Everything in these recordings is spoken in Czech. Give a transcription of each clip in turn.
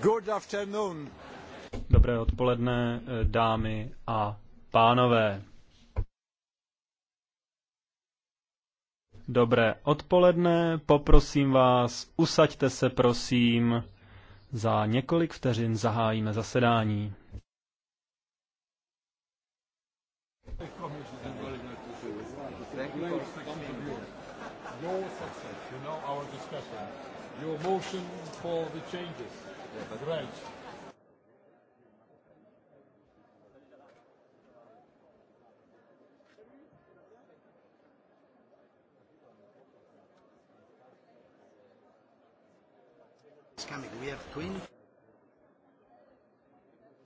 Good afternoon. Dobré odpoledne, dámy a pánové. Dobré odpoledne, poprosím vás, usaďte se prosím. Za několik vteřin zahájíme zasedání. No Your motion for the changes. It's coming. We have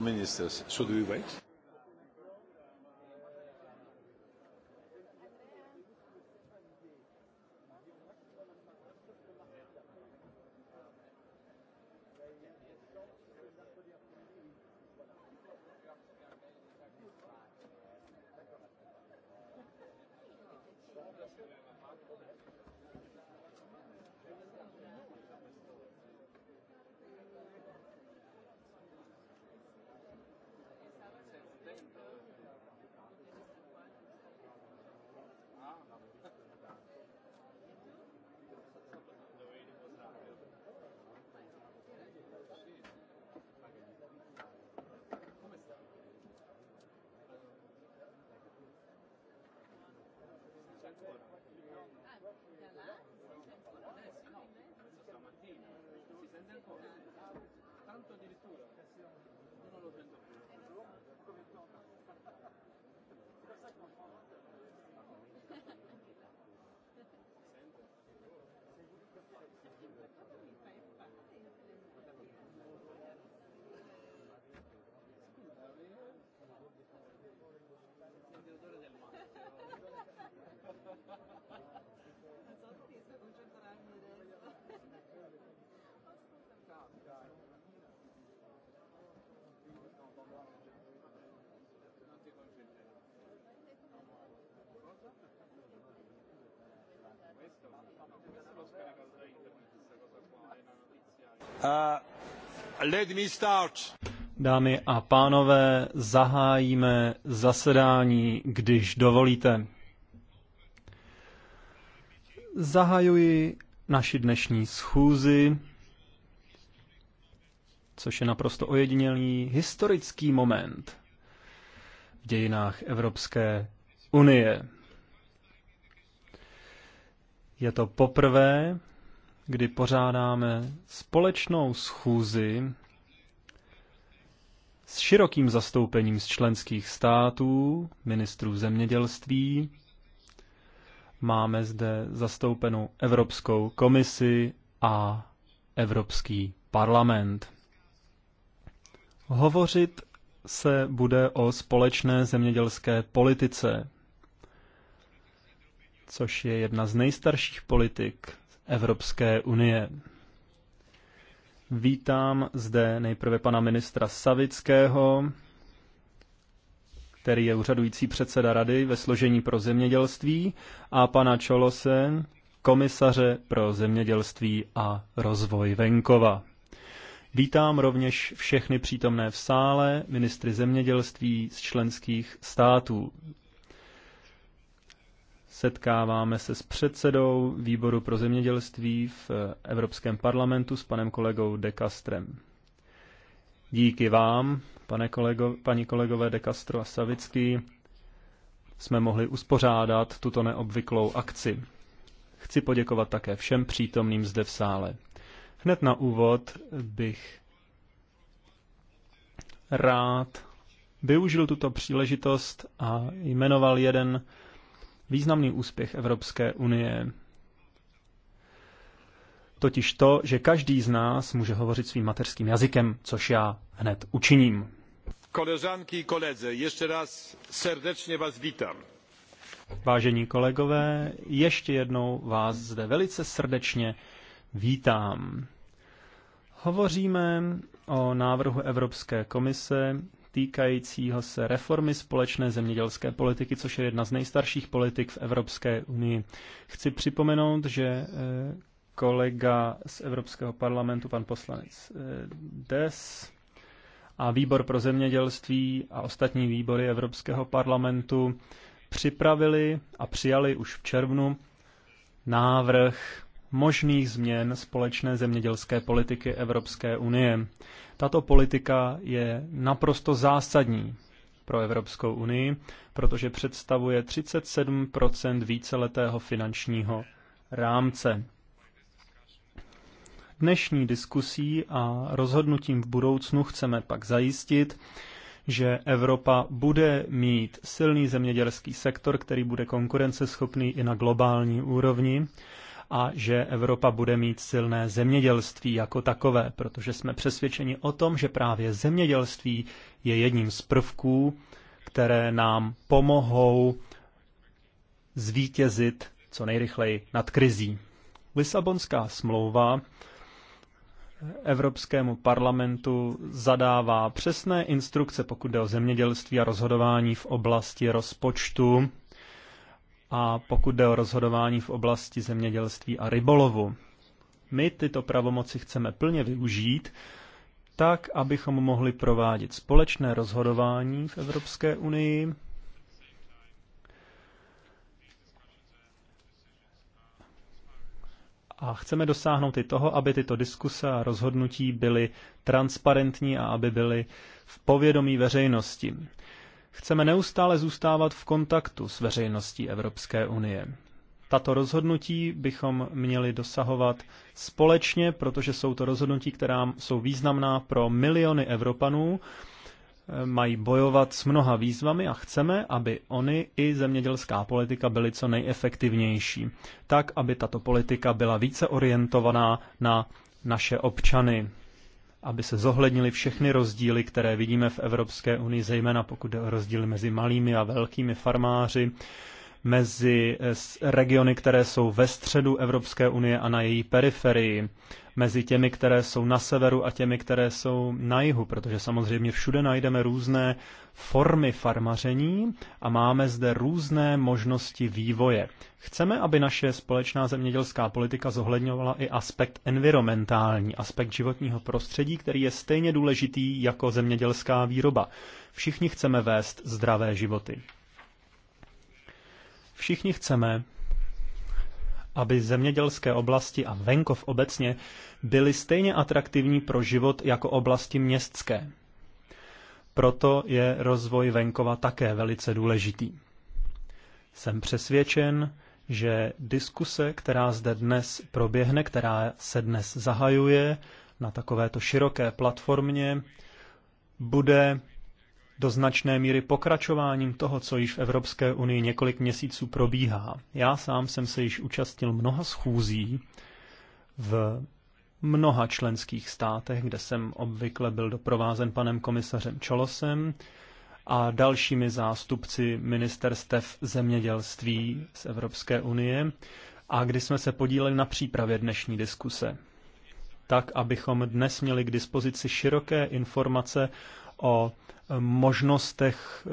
ministers. Should we wait? Uh, Dámy a pánové, zahájíme zasedání, když dovolíte. Zahajuji naši dnešní schůzi, což je naprosto ojedinělý historický moment v dějinách Evropské unie. Je to poprvé, kdy pořádáme společnou schůzi s širokým zastoupením z členských států, ministrů zemědělství. Máme zde zastoupenou Evropskou komisi a Evropský parlament. Hovořit se bude o společné zemědělské politice což je jedna z nejstarších politik Evropské unie. Vítám zde nejprve pana ministra Savického, který je úřadující předseda rady ve složení pro zemědělství, a pana Čolose, komisaře pro zemědělství a rozvoj venkova. Vítám rovněž všechny přítomné v sále, ministry zemědělství z členských států. Setkáváme se s předsedou výboru pro zemědělství v eh, Evropském parlamentu s panem kolegou De Castrem. Díky vám, pane kolego, paní kolegové De Castro a Savický, jsme mohli uspořádat tuto neobvyklou akci. Chci poděkovat také všem přítomným zde v sále. Hned na úvod bych rád využil tuto příležitost a jmenoval jeden významný úspěch Evropské unie. Totiž to, že každý z nás může hovořit svým mateřským jazykem, což já hned učiním. Koleżanki i ještě raz srdečně vás vítám. Vážení kolegové, ještě jednou vás zde velice srdečně vítám. Hovoříme o návrhu Evropské komise týkajícího se reformy společné zemědělské politiky, což je jedna z nejstarších politik v Evropské unii. Chci připomenout, že eh, kolega z Evropského parlamentu, pan poslanec eh, Des, a výbor pro zemědělství a ostatní výbory Evropského parlamentu připravili a přijali už v červnu návrh možných změn společné zemědělské politiky Evropské unie. Tato politika je naprosto zásadní pro Evropskou unii, protože představuje 37 víceletého finančního rámce. Dnešní diskusí a rozhodnutím v budoucnu chceme pak zajistit, že Evropa bude mít silný zemědělský sektor, který bude konkurenceschopný i na globální úrovni a že Evropa bude mít silné zemědělství jako takové, protože jsme přesvědčeni o tom, že právě zemědělství je jedním z prvků, které nám pomohou zvítězit co nejrychleji nad krizí. Lisabonská smlouva Evropskému parlamentu zadává přesné instrukce, pokud jde o zemědělství a rozhodování v oblasti rozpočtu a pokud jde o rozhodování v oblasti zemědělství a rybolovu. My tyto pravomoci chceme plně využít, tak, abychom mohli provádět společné rozhodování v Evropské unii, A chceme dosáhnout i toho, aby tyto diskuse a rozhodnutí byly transparentní a aby byly v povědomí veřejnosti. Chceme neustále zůstávat v kontaktu s veřejností Evropské unie. Tato rozhodnutí bychom měli dosahovat společně, protože jsou to rozhodnutí, která jsou významná pro miliony Evropanů, eh, mají bojovat s mnoha výzvami a chceme, aby oni i zemědělská politika byly co nejefektivnější, tak aby tato politika byla více orientovaná na naše občany, aby se zohlednili všechny rozdíly, které vidíme v Evropské unii, zejména pokud jde o rozdíly mezi malými a velkými farmáři, mezi eh, regiony, které jsou ve středu Evropské unie a na její periferii mezi těmi, které jsou na severu a těmi, které jsou na jihu, protože samozřejmě všude najdeme různé formy farmaření a máme zde různé možnosti vývoje. Chceme, aby naše společná zemědělská politika zohledňovala i aspekt environmentální, aspekt životního prostředí, který je stejně důležitý jako zemědělská výroba. Všichni chceme vést zdravé životy. Všichni chceme, aby zemědělské oblasti a venkov obecně byly stejně atraktivní pro život jako oblasti městské. Proto je rozvoj venkova také velice důležitý. Jsem přesvědčen, že diskuse, která zde dnes proběhne, která se dnes zahajuje na takovéto široké platformě, bude do značné míry pokračováním toho, co již v Evropské unii několik měsíců probíhá. Já sám jsem se již účastnil mnoha schůzí v mnoha členských státech, kde jsem obvykle byl doprovázen panem komisařem Čolosem a dalšími zástupci ministerstev zemědělství z Evropské unie a kdy jsme se podíleli na přípravě dnešní diskuse. Tak, abychom dnes měli k dispozici široké informace o možnostech eh,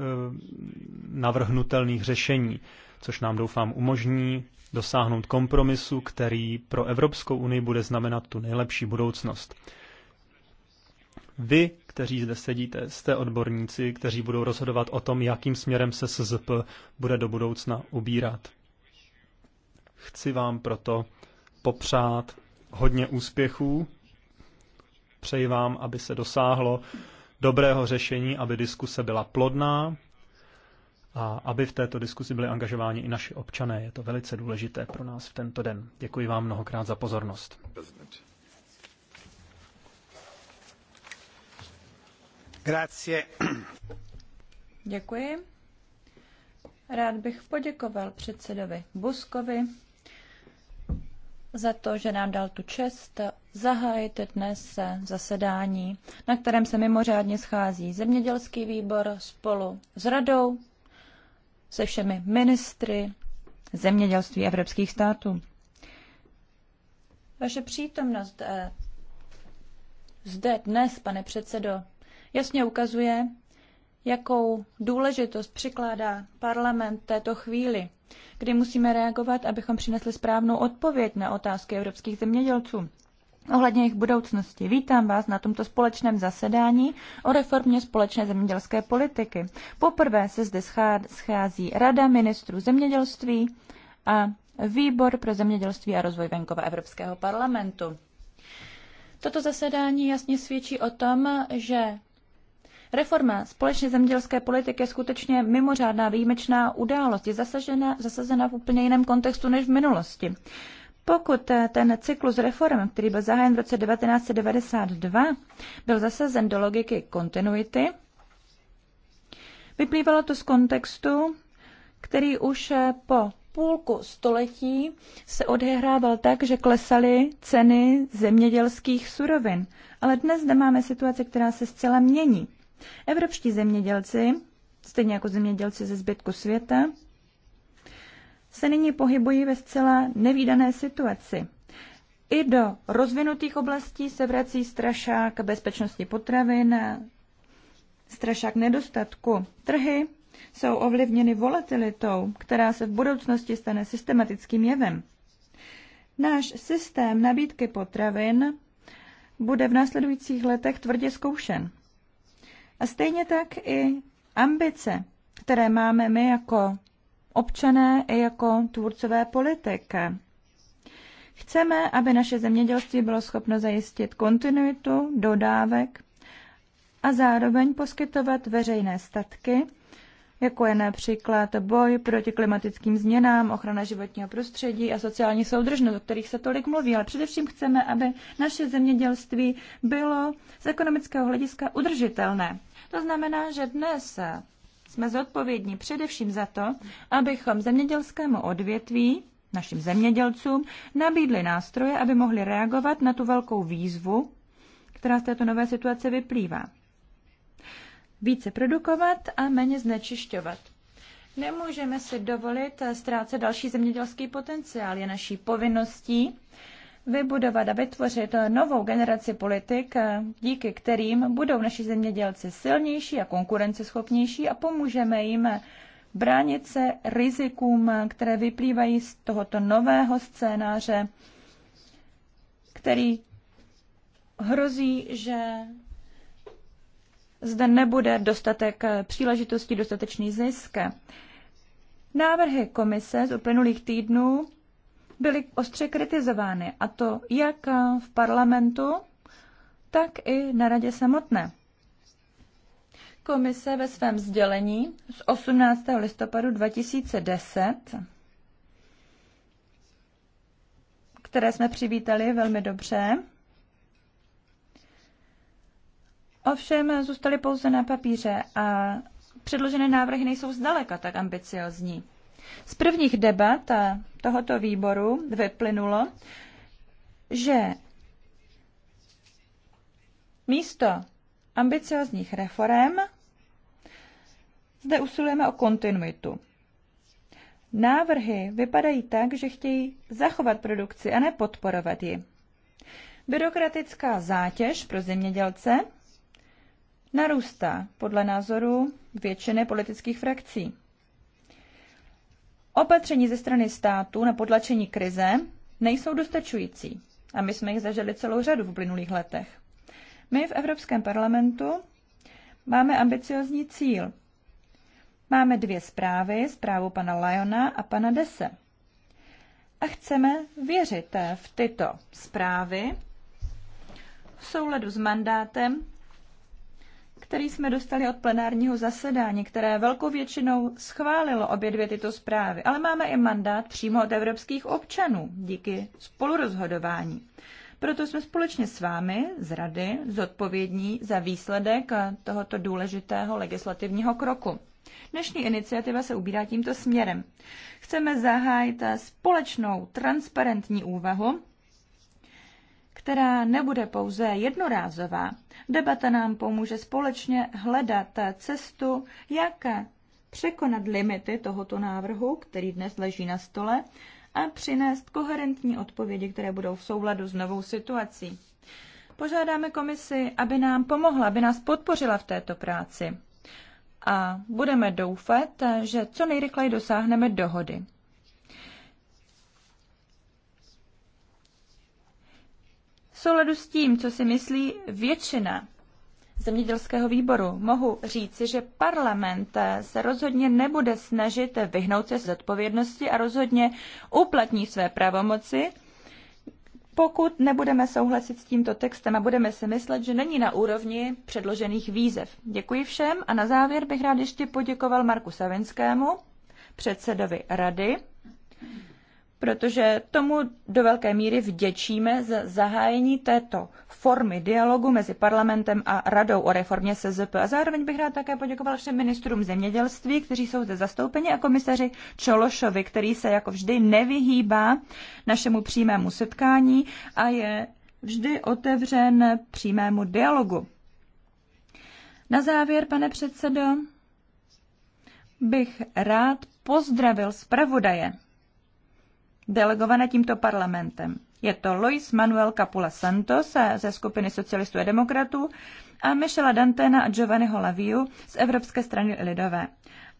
navrhnutelných řešení, což nám doufám umožní dosáhnout kompromisu, který pro Evropskou unii bude znamenat tu nejlepší budoucnost. Vy, kteří zde sedíte, jste odborníci, kteří budou rozhodovat o tom, jakým směrem se SZP bude do budoucna ubírat. Chci vám proto popřát hodně úspěchů. Přeji vám, aby se dosáhlo dobrého řešení, aby diskuse byla plodná a aby v této diskusi byly angažováni i naši občané. Je to velice důležité pro nás v tento den. Děkuji vám mnohokrát za pozornost. Grazie. Děkuji. Rád bych poděkoval předsedovi Buskovi za to, že nám dal tu čest zahájit dnes zasedání, na kterém se mimořádně schází zemědělský výbor spolu s radou, se všemi ministry zemědělství evropských států. Vaše přítomnost eh, zde dnes, pane předsedo, jasně ukazuje, jakou důležitost přikládá parlament této chvíli, kdy musíme reagovat, abychom přinesli správnou odpověď na otázky evropských zemědělců. Ohledně jejich budoucnosti vítám vás na tomto společném zasedání o reformě společné zemědělské politiky. Poprvé se zde schází Rada ministrů zemědělství a Výbor pro zemědělství a rozvoj venkova Evropského parlamentu. Toto zasedání jasně svědčí o tom, že Reforma společné zemědělské politiky je skutečně mimořádná výjimečná událost, je zasažena, zasazena v úplně jiném kontextu než v minulosti. Pokud eh, ten cyklus reform, který byl zahájen v roce 1992, byl zasazen do logiky kontinuity, vyplývalo to z kontextu, který už eh, po půlku století se odehrával tak, že klesaly ceny zemědělských surovin. Ale dnes zde máme situaci, která se zcela mění. Evropští zemědělci, stejně jako zemědělci ze zbytku světa, se nyní pohybují ve zcela nevýdané situaci. I do rozvinutých oblastí se vrací strašák bezpečnosti potravin, strašák nedostatku. Trhy jsou ovlivněny volatilitou, která se v budoucnosti stane systematickým jevem. Náš systém nabídky potravin bude v následujících letech tvrdě zkoušen. A stejně tak i ambice, které máme my jako občané i jako tvůrcové politiky. Chceme, aby naše zemědělství bylo schopno zajistit kontinuitu dodávek a zároveň poskytovat veřejné statky, jako je například boj proti klimatickým změnám, ochrana životního prostředí a sociální soudržnost, o kterých se tolik mluví, ale především chceme, aby naše zemědělství bylo z ekonomického hlediska udržitelné. To znamená, že dnes jsme zodpovědní především za to, abychom zemědělskému odvětví, našim zemědělcům, nabídli nástroje, aby mohli reagovat na tu velkou výzvu, která z této nové situace vyplývá. Více produkovat a méně znečišťovat. Nemůžeme si dovolit ztrácet další zemědělský potenciál. Je naší povinností vybudovat a vytvořit novou generaci politik, eh, díky kterým budou naši zemědělci silnější a konkurenceschopnější a pomůžeme jim bránit se rizikům, které vyplývají z tohoto nového scénáře, který hrozí, že zde nebude dostatek eh, příležitostí, dostatečný zisk. Návrhy komise z uplynulých týdnů byly ostře kritizovány, a to jak v parlamentu, tak i na radě samotné. Komise ve svém sdělení z 18. listopadu 2010, které jsme přivítali velmi dobře, ovšem zůstaly pouze na papíře a předložené návrhy nejsou zdaleka tak ambiciozní. Z prvních debat eh, tohoto výboru vyplynulo, že místo ambiciozních reform zde usilujeme o kontinuitu. Návrhy vypadají tak, že chtějí zachovat produkci a ne podporovat ji. Byrokratická zátěž pro zemědělce narůstá podle názoru většiny politických frakcí. Opatření ze strany států na potlačení krize nejsou dostačující a my jsme jich zažili celou řadu v uplynulých letech. My v Evropském parlamentu máme ambiciozní cíl. Máme dvě zprávy, zprávu pana Lajona a pana Dese. A chceme věřit v tyto zprávy v souladu s mandátem, který jsme dostali od plenárního zasedání, které velkou většinou schválilo obě dvě tyto zprávy, ale máme i mandát přímo od evropských občanů díky spolurozhodování. Proto jsme společně s vámi z Rady zodpovědní za výsledek tohoto důležitého legislativního kroku. Dnešní iniciativa se ubírá tímto směrem. Chceme zahájit společnou transparentní úvahu která nebude pouze jednorázová. Debata nám pomůže společně hledat cestu, jak překonat limity tohoto návrhu, který dnes leží na stole, a přinést koherentní odpovědi, které budou v souladu s novou situací. Požádáme komisi, aby nám pomohla, aby nás podpořila v této práci. A budeme doufat, že co nejrychleji dosáhneme dohody. souladu s tím, co si myslí většina zemědělského výboru, mohu říci, že parlament se rozhodně nebude snažit vyhnout se zodpovědnosti a rozhodně uplatní své pravomoci, pokud nebudeme souhlasit s tímto textem a budeme si myslet, že není na úrovni předložených výzev. Děkuji všem a na závěr bych rád ještě poděkoval Marku Savinskému, předsedovi rady, protože tomu do velké míry vděčíme za zahájení této formy dialogu mezi parlamentem a radou o reformě SZP. A zároveň bych rád také poděkoval všem ministrům zemědělství, kteří jsou zde zastoupeni a komisaři Čološovi, který se jako vždy nevyhýbá našemu přímému setkání a je vždy otevřen přímému dialogu. Na závěr, pane předsedo, bych rád pozdravil zpravodaje delegované tímto parlamentem. Je to Luis Manuel Capula Santos ze skupiny socialistů a demokratů a Michela Dantena a Giovanniho Laviu z Evropské strany lidové.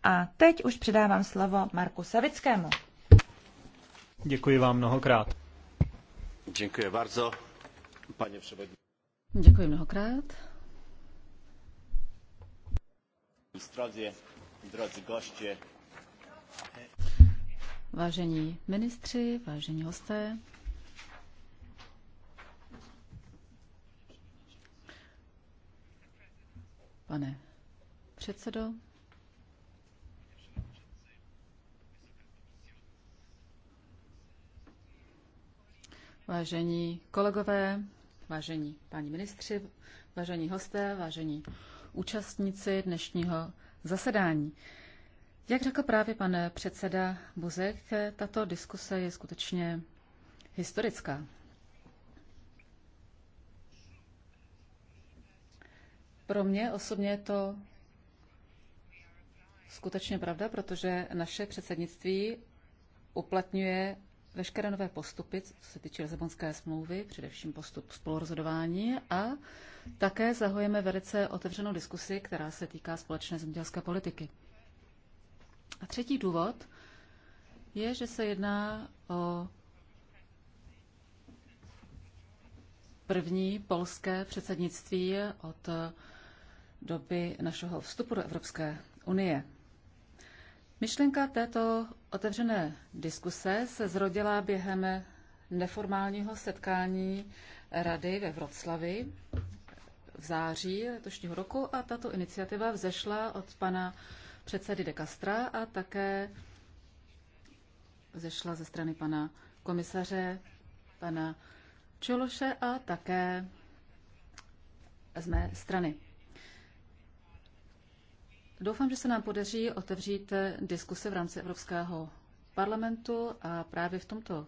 A teď už předávám slovo Marku Savickému. Děkuji vám mnohokrát. Děkuji bardzo, paní předsedající. Děkuji mnohokrát. Zdravě, drazí goště. Vážení ministři, vážení hosté, pane předsedo, vážení kolegové, vážení páni ministři, vážení hosté, vážení účastníci dnešního zasedání. Jak řekl právě pan předseda Buzek, tato diskuse je skutečně historická. Pro mě osobně je to skutečně pravda, protože naše předsednictví uplatňuje veškeré nové postupy, co se týče Lisabonské smlouvy, především postup spolurozhodování a také zahojeme velice otevřenou diskusi, která se týká společné zemědělské politiky. A třetí důvod je, že se jedná o první polské předsednictví od doby našeho vstupu do Evropské unie. Myšlenka této otevřené diskuse se zrodila během neformálního setkání Rady ve Vroclavi v září letošního roku a tato iniciativa vzešla od pana předsedy de Castra a také zešla ze strany pana komisaře, pana Čološe a také z mé strany. Doufám, že se nám podaří otevřít diskuse v rámci Evropského parlamentu a právě v tomto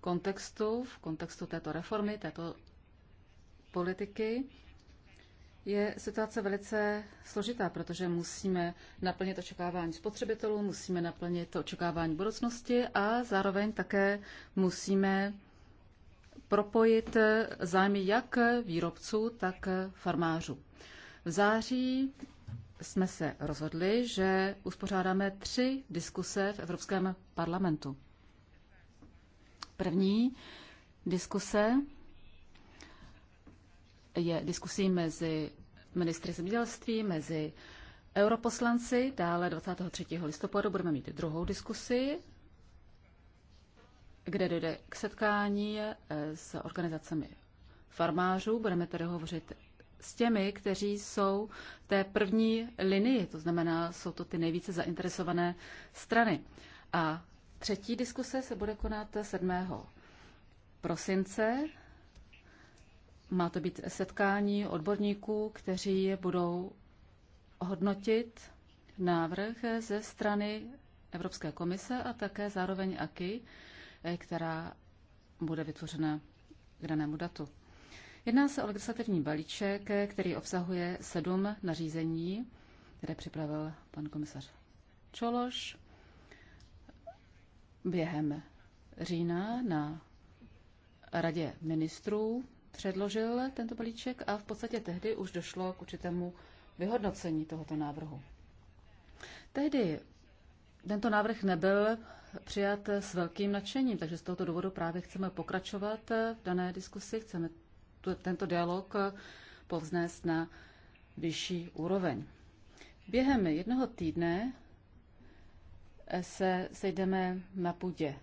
kontextu, v kontextu této reformy, této politiky, je situace velice složitá, protože musíme naplnit očekávání spotřebitelů, musíme naplnit očekávání budoucnosti a zároveň také musíme propojit zájmy jak výrobců, tak farmářů. V září jsme se rozhodli, že uspořádáme tři diskuse v Evropském parlamentu. První diskuse je diskusí mezi ministry zemědělství, mezi europoslanci. Dále 23. listopadu budeme mít druhou diskusi, kde dojde k setkání eh, s organizacemi farmářů. Budeme tedy hovořit s těmi, kteří jsou té první linii, to znamená, jsou to ty nejvíce zainteresované strany. A třetí diskuse se bude konat 7. prosince má to být setkání odborníků, kteří budou hodnotit návrh ze strany Evropské komise a také zároveň AKI, eh, která bude vytvořena k danému datu. Jedná se o legislativní balíček, eh, který obsahuje sedm nařízení, které připravil pan komisař Čološ během října na radě ministrů předložil tento balíček a v podstatě tehdy už došlo k určitému vyhodnocení tohoto návrhu. Tehdy tento návrh nebyl přijat s velkým nadšením, takže z tohoto důvodu právě chceme pokračovat v dané diskusi, chceme tento dialog povznést na vyšší úroveň. Během jednoho týdne se sejdeme na půdě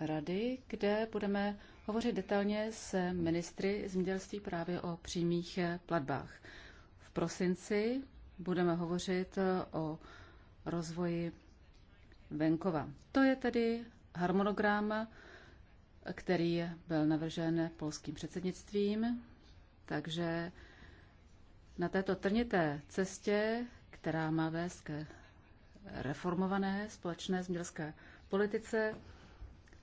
rady, kde budeme hovořit detailně s ministry zemědělství právě o přímých eh, platbách. V prosinci budeme hovořit eh, o rozvoji venkova. To je tedy harmonogram, který byl navržen polským předsednictvím, takže na této trnité cestě, která má vést ke reformované společné zemědělské politice,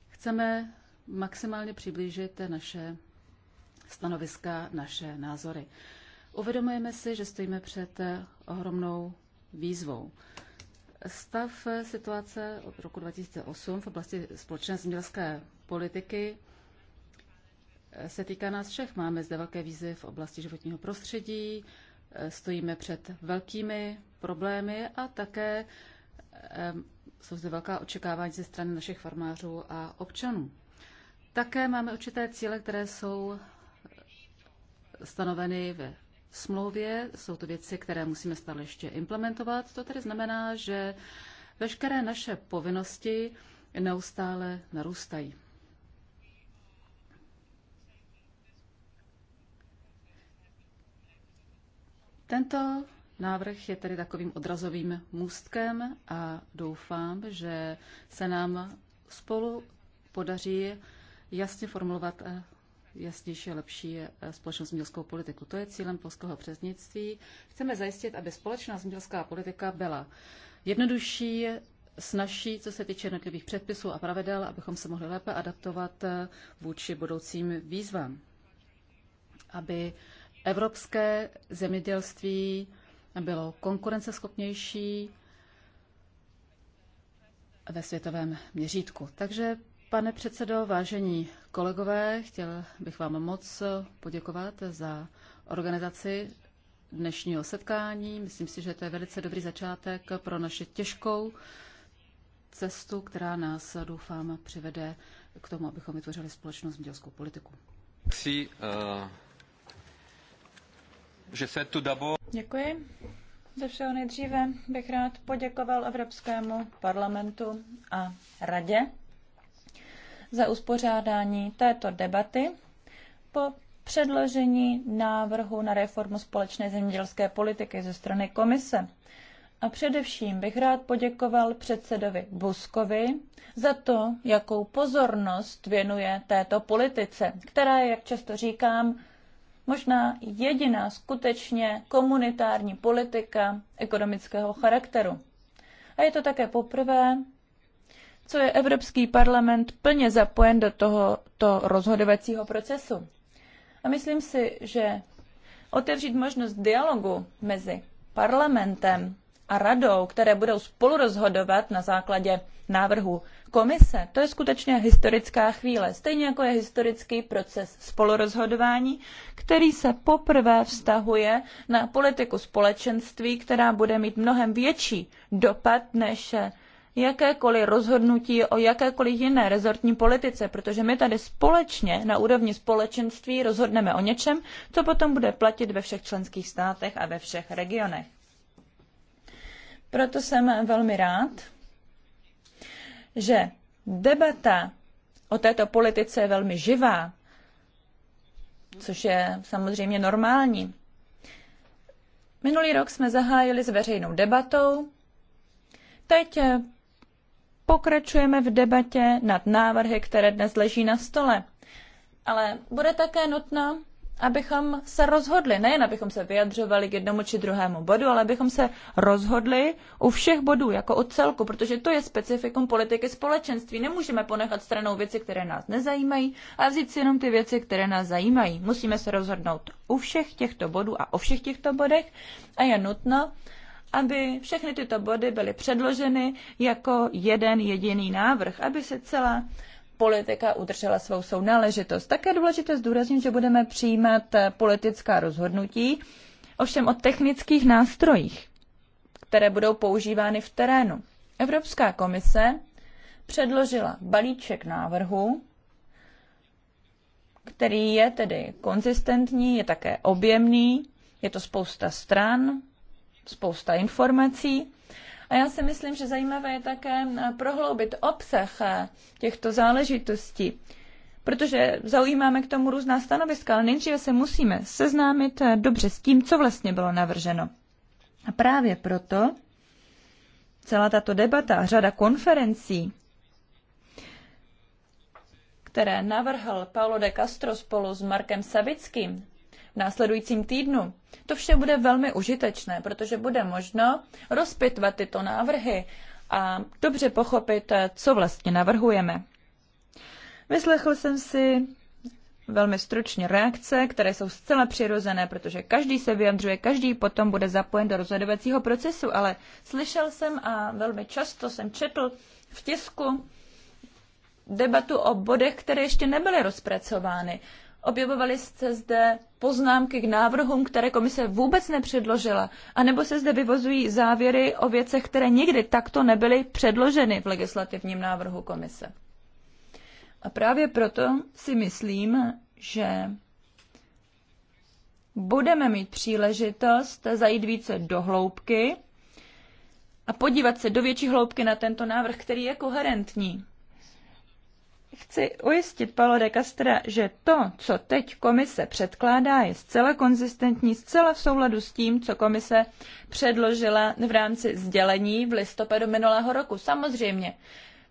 chceme maximálně přiblížit naše stanoviska, naše názory. Uvědomujeme si, že stojíme před ohromnou výzvou. Stav situace od roku 2008 v oblasti společné zemědělské politiky se týká nás všech. Máme zde velké výzvy v oblasti životního prostředí, stojíme před velkými problémy a také eh, jsou zde velká očekávání ze strany našich farmářů a občanů. Také máme určité cíle, které jsou stanoveny ve smlouvě. Jsou to věci, které musíme stále ještě implementovat. To tedy znamená, že veškeré naše povinnosti neustále narůstají. Tento návrh je tedy takovým odrazovým můstkem a doufám, že se nám spolu podaří jasně formulovat eh, jasnější a lepší eh, společnou zemědělskou politiku. To je cílem polského předsednictví. Chceme zajistit, aby společná zemědělská politika byla jednodušší, snažší, co se týče jednotlivých předpisů a pravidel, abychom se mohli lépe adaptovat eh, vůči budoucím výzvám. Aby evropské zemědělství bylo konkurenceschopnější ve světovém měřítku. Takže Pane předsedo, vážení kolegové, chtěl bych vám moc poděkovat za organizaci dnešního setkání. Myslím si, že to je velice dobrý začátek pro naše těžkou cestu, která nás, doufám, přivede k tomu, abychom vytvořili společnou zemědělskou politiku. Eh, Děkuji. Ze všeho nejdříve bych rád poděkoval Evropskému parlamentu a radě za uspořádání této debaty po předložení návrhu na reformu společné zemědělské politiky ze strany komise. A především bych rád poděkoval předsedovi Buskovi za to, jakou pozornost věnuje této politice, která je, jak často říkám, možná jediná skutečně komunitární politika ekonomického charakteru. A je to také poprvé, co je Evropský parlament plně zapojen do tohoto rozhodovacího procesu. A myslím si, že otevřít možnost dialogu mezi parlamentem a radou, které budou spolu rozhodovat na základě návrhu komise, to je skutečně historická chvíle, stejně jako je historický proces spolurozhodování, který se poprvé vztahuje na politiku společenství, která bude mít mnohem větší dopad než jakékoliv rozhodnutí o jakékoliv jiné rezortní politice, protože my tady společně na úrovni společenství rozhodneme o něčem, co potom bude platit ve všech členských státech a ve všech regionech. Proto jsem velmi rád, že debata o této politice je velmi živá, což je samozřejmě normální. Minulý rok jsme zahájili s veřejnou debatou. Teď pokračujeme v debatě nad návrhy, které dnes leží na stole. Ale bude také nutno, abychom se rozhodli, nejen abychom se vyjadřovali k jednomu či druhému bodu, ale abychom se rozhodli u všech bodů jako o celku, protože to je specifikum politiky společenství. Nemůžeme ponechat stranou věci, které nás nezajímají, a vzít si jenom ty věci, které nás zajímají. Musíme se rozhodnout u všech těchto bodů a o všech těchto bodech a je nutno, aby všechny tyto body byly předloženy jako jeden jediný návrh, aby se celá politika udržela svou sounáležitost. Také je důležité zdůraznit, že budeme přijímat politická rozhodnutí, ovšem o technických nástrojích, které budou používány v terénu. Evropská komise předložila balíček návrhu, který je tedy konzistentní, je také objemný, je to spousta stran, spousta informací. A já si myslím, že zajímavé je také eh, prohloubit obsah eh, těchto záležitostí, protože zaujímáme k tomu různá stanoviska, ale nejdříve se musíme seznámit eh, dobře s tím, co vlastně bylo navrženo. A právě proto celá tato debata a řada konferencí, které navrhl Paulo de Castro spolu s Markem Savickým, následujícím týdnu. To vše bude velmi užitečné, protože bude možno rozpitvat tyto návrhy a dobře pochopit, co vlastně navrhujeme. Vyslechl jsem si velmi stručně reakce, které jsou zcela přirozené, protože každý se vyjadřuje, každý potom bude zapojen do rozhodovacího procesu, ale slyšel jsem a velmi často jsem četl v tisku debatu o bodech, které ještě nebyly rozpracovány objevovaly se zde poznámky k návrhům, které komise vůbec nepředložila, anebo se zde vyvozují závěry o věcech, které nikdy takto nebyly předloženy v legislativním návrhu komise. A právě proto si myslím, že budeme mít příležitost zajít více do hloubky a podívat se do větší hloubky na tento návrh, který je koherentní. Chci ujistit Paolo de Castra, že to, co teď komise předkládá, je zcela konzistentní, zcela v souladu s tím, co komise předložila v rámci sdělení v listopadu minulého roku. Samozřejmě,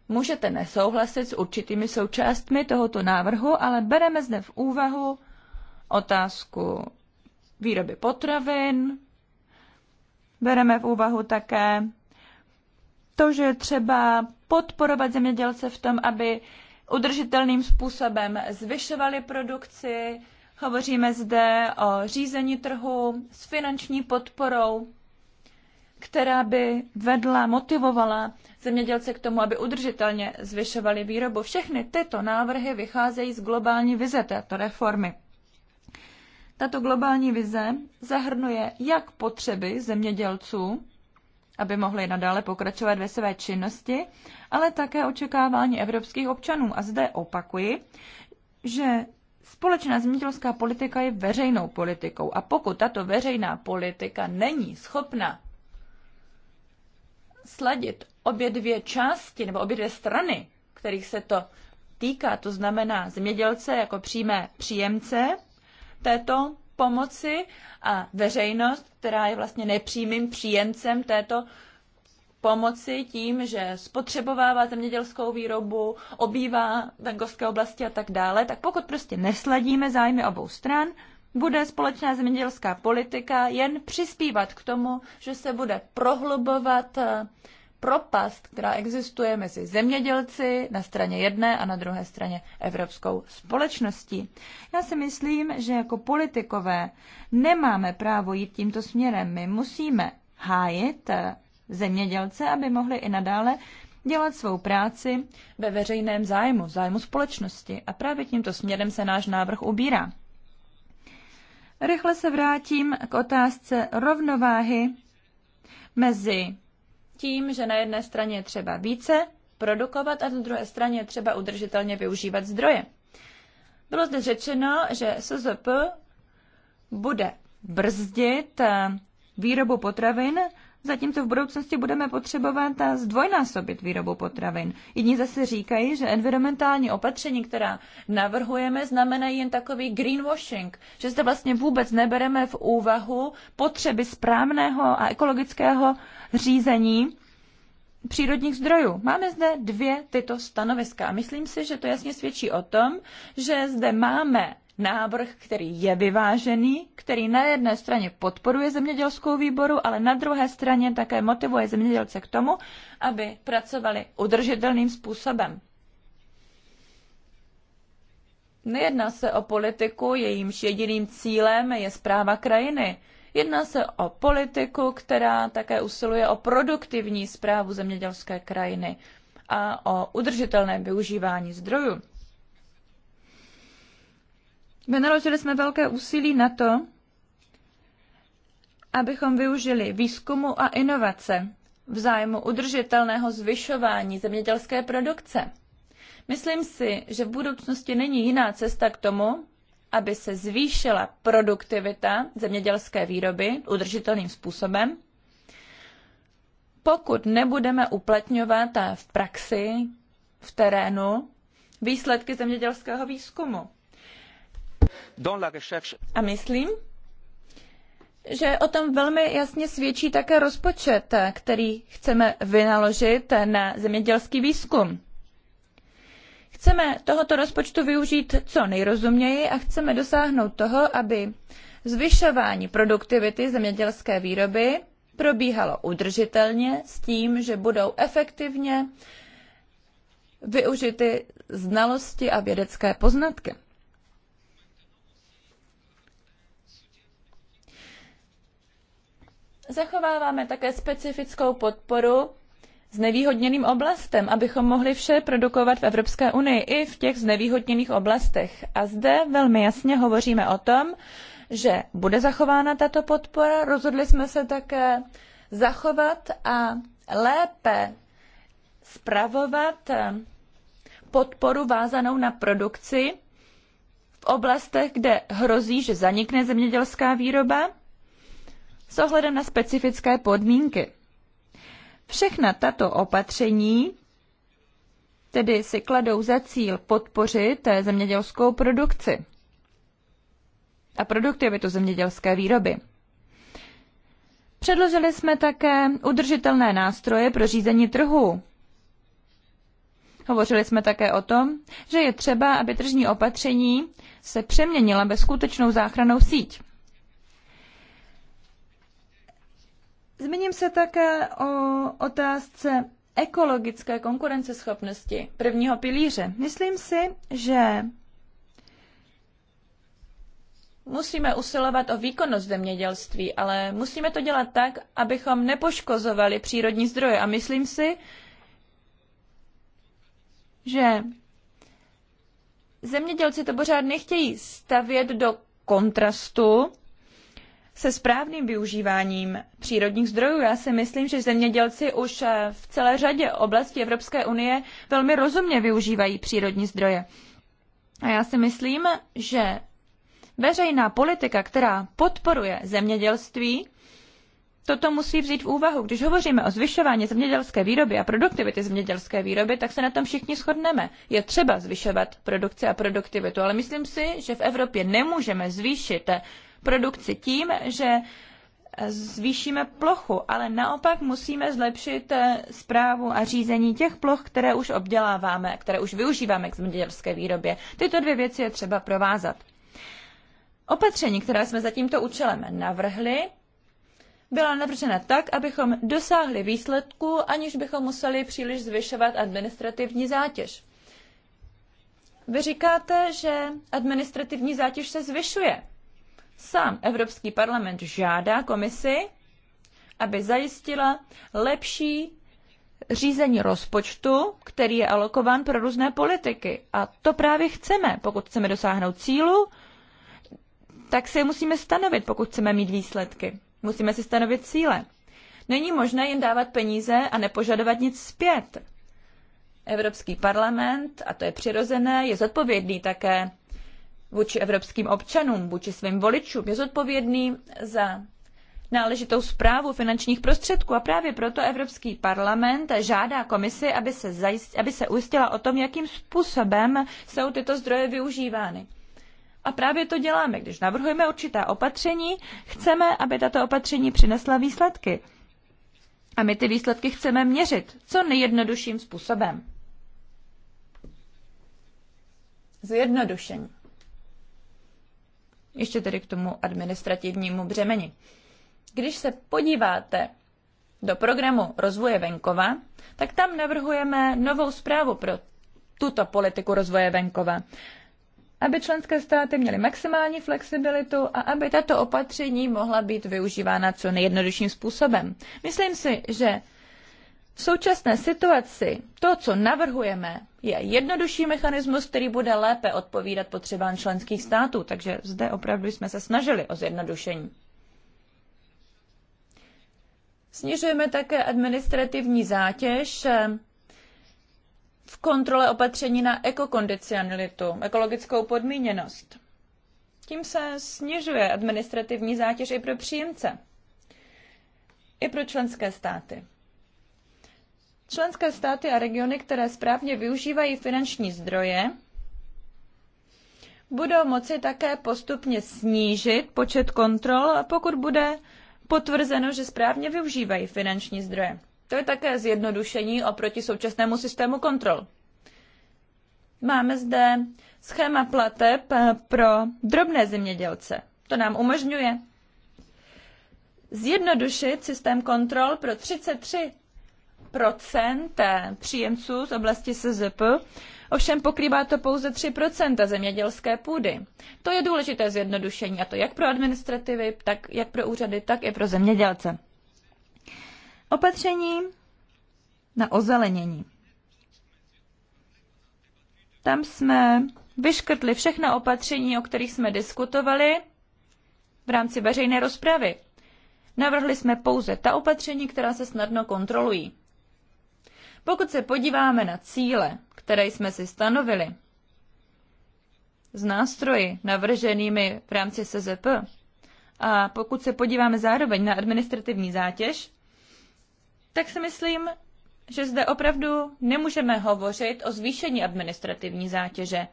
můžete nesouhlasit s určitými součástmi tohoto návrhu, ale bereme zde v úvahu otázku výroby potravin, bereme v úvahu také to, že třeba podporovat zemědělce v tom, aby udržitelným způsobem zvyšovali produkci. Hovoříme zde o řízení trhu s finanční podporou, která by vedla, motivovala zemědělce k tomu, aby udržitelně zvyšovali výrobu. Všechny tyto návrhy vycházejí z globální vize této reformy. Tato globální vize zahrnuje jak potřeby zemědělců, aby mohli nadále pokračovat ve své činnosti, ale také očekávání evropských občanů. A zde opakuji, že společná zemědělská politika je veřejnou politikou a pokud tato veřejná politika není schopna sladit obě dvě části nebo obě dvě strany, kterých se to týká, to znamená zemědělce jako přímé příjemce této pomoci a veřejnost, která je vlastně nepřímým příjemcem této pomoci tím, že spotřebovává zemědělskou výrobu, obývá venkovské oblasti a tak dále, tak pokud prostě nesladíme zájmy obou stran, bude společná zemědělská politika jen přispívat k tomu, že se bude prohlubovat eh, propast, která existuje mezi zemědělci na straně jedné a na druhé straně evropskou společností. Já si myslím, že jako politikové nemáme právo jít tímto směrem. My musíme hájit zemědělce, aby mohli i nadále dělat svou práci ve veřejném zájmu, zájmu společnosti. A právě tímto směrem se náš návrh ubírá. Rychle se vrátím k otázce rovnováhy mezi tím, že na jedné straně je třeba více produkovat a na druhé straně je třeba udržitelně využívat zdroje. Bylo zde řečeno, že SZP bude brzdit eh, výrobu potravin, zatímco v budoucnosti budeme potřebovat eh, zdvojnásobit výrobu potravin. Jiní zase říkají, že environmentální opatření, která navrhujeme, znamenají jen takový greenwashing, že zde vlastně vůbec nebereme v úvahu potřeby správného a ekologického řízení přírodních zdrojů. Máme zde dvě tyto stanoviska a myslím si, že to jasně svědčí o tom, že zde máme návrh, který je vyvážený, který na jedné straně podporuje zemědělskou výboru, ale na druhé straně také motivuje zemědělce k tomu, aby pracovali udržitelným způsobem. Nejedná se o politiku, jejímž jediným cílem je zpráva krajiny. Jedná se o politiku, která také usiluje o produktivní zprávu zemědělské krajiny a o udržitelné využívání zdrojů. Vynaložili jsme velké úsilí na to, abychom využili výzkumu a inovace v zájmu udržitelného zvyšování zemědělské produkce. Myslím si, že v budoucnosti není jiná cesta k tomu, aby se zvýšila produktivita zemědělské výroby udržitelným způsobem, pokud nebudeme uplatňovat v praxi, v terénu, výsledky zemědělského výzkumu. A myslím, že o tom velmi jasně svědčí také rozpočet, který chceme vynaložit na zemědělský výzkum. Chceme tohoto rozpočtu využít co nejrozuměji a chceme dosáhnout toho, aby zvyšování produktivity zemědělské výroby probíhalo udržitelně s tím, že budou efektivně využity znalosti a vědecké poznatky. Zachováváme také specifickou podporu znevýhodněným oblastem, abychom mohli vše produkovat v Evropské unii i v těch znevýhodněných oblastech. A zde velmi jasně hovoříme o tom, že bude zachována tato podpora. Rozhodli jsme se také zachovat a lépe spravovat eh, podporu vázanou na produkci v oblastech, kde hrozí, že zanikne zemědělská výroba s ohledem na specifické podmínky. Všechna tato opatření tedy si kladou za cíl podpořit eh, zemědělskou produkci a produktivitu zemědělské výroby. Předložili jsme také udržitelné nástroje pro řízení trhu. Hovořili jsme také o tom, že je třeba, aby tržní opatření se přeměnila ve skutečnou záchranou síť. Zmíním se také o otázce ekologické konkurenceschopnosti prvního pilíře. Myslím si, že musíme usilovat o výkonnost zemědělství, ale musíme to dělat tak, abychom nepoškozovali přírodní zdroje. A myslím si, že zemědělci to pořád nechtějí stavět do kontrastu se správným využíváním přírodních zdrojů. Já si myslím, že zemědělci už eh, v celé řadě oblastí Evropské unie velmi rozumně využívají přírodní zdroje. A já si myslím, že veřejná politika, která podporuje zemědělství, Toto musí vzít v úvahu. Když hovoříme o zvyšování zemědělské výroby a produktivity zemědělské výroby, tak se na tom všichni shodneme. Je třeba zvyšovat produkci a produktivitu, ale myslím si, že v Evropě nemůžeme zvýšit produkci tím, že zvýšíme plochu, ale naopak musíme zlepšit zprávu eh, a řízení těch ploch, které už obděláváme, které už využíváme k zemědělské výrobě. Tyto dvě věci je třeba provázat. Opatření, která jsme za tímto účelem navrhli, byla navržena tak, abychom dosáhli výsledku, aniž bychom museli příliš zvyšovat administrativní zátěž. Vy říkáte, že administrativní zátěž se zvyšuje. Sám Evropský parlament žádá komisi, aby zajistila lepší řízení rozpočtu, který je alokován pro různé politiky. A to právě chceme. Pokud chceme dosáhnout cílu, tak si je musíme stanovit, pokud chceme mít výsledky. Musíme si stanovit cíle. Není možné jen dávat peníze a nepožadovat nic zpět. Evropský parlament, a to je přirozené, je zodpovědný také vůči evropským občanům, vůči svým voličům, je zodpovědný za náležitou zprávu finančních prostředků a právě proto Evropský parlament žádá komisi, aby se, zajist, aby se ujistila o tom, jakým způsobem jsou tyto zdroje využívány. A právě to děláme, když navrhujeme určitá opatření, chceme, aby tato opatření přinesla výsledky. A my ty výsledky chceme měřit co nejjednodušším způsobem. Zjednodušení. Ještě tedy k tomu administrativnímu břemeni. Když se podíváte do programu rozvoje venkova, tak tam navrhujeme novou zprávu pro tuto politiku rozvoje venkova aby členské státy měly maximální flexibilitu a aby tato opatření mohla být využívána co nejjednodušším způsobem. Myslím si, že v současné situaci to, co navrhujeme, je jednodušší mechanismus, který bude lépe odpovídat potřebám členských států. Takže zde opravdu jsme se snažili o zjednodušení. Snižujeme také administrativní zátěž eh, v kontrole opatření na ekokondicionalitu, ekologickou podmíněnost. Tím se snižuje administrativní zátěž i pro příjemce, i pro členské státy. Členské státy a regiony, které správně využívají finanční zdroje, budou moci také postupně snížit počet kontrol, pokud bude potvrzeno, že správně využívají finanční zdroje. To je také zjednodušení oproti současnému systému kontrol. Máme zde schéma plateb eh, pro drobné zemědělce. To nám umožňuje zjednodušit systém kontrol pro 33 příjemců z oblasti SZP, ovšem pokrývá to pouze 3 zemědělské půdy. To je důležité zjednodušení, a to jak pro administrativy, tak jak pro úřady, tak i pro zemědělce. Opatření na ozelenění. Tam jsme vyškrtli všechna opatření, o kterých jsme diskutovali v rámci veřejné rozpravy. Navrhli jsme pouze ta opatření, která se snadno kontrolují. Pokud se podíváme na cíle, které jsme si stanovili, z nástroji navrženými v rámci SZP, a pokud se podíváme zároveň na administrativní zátěž, tak si myslím, že zde opravdu nemůžeme hovořit o zvýšení administrativní zátěže.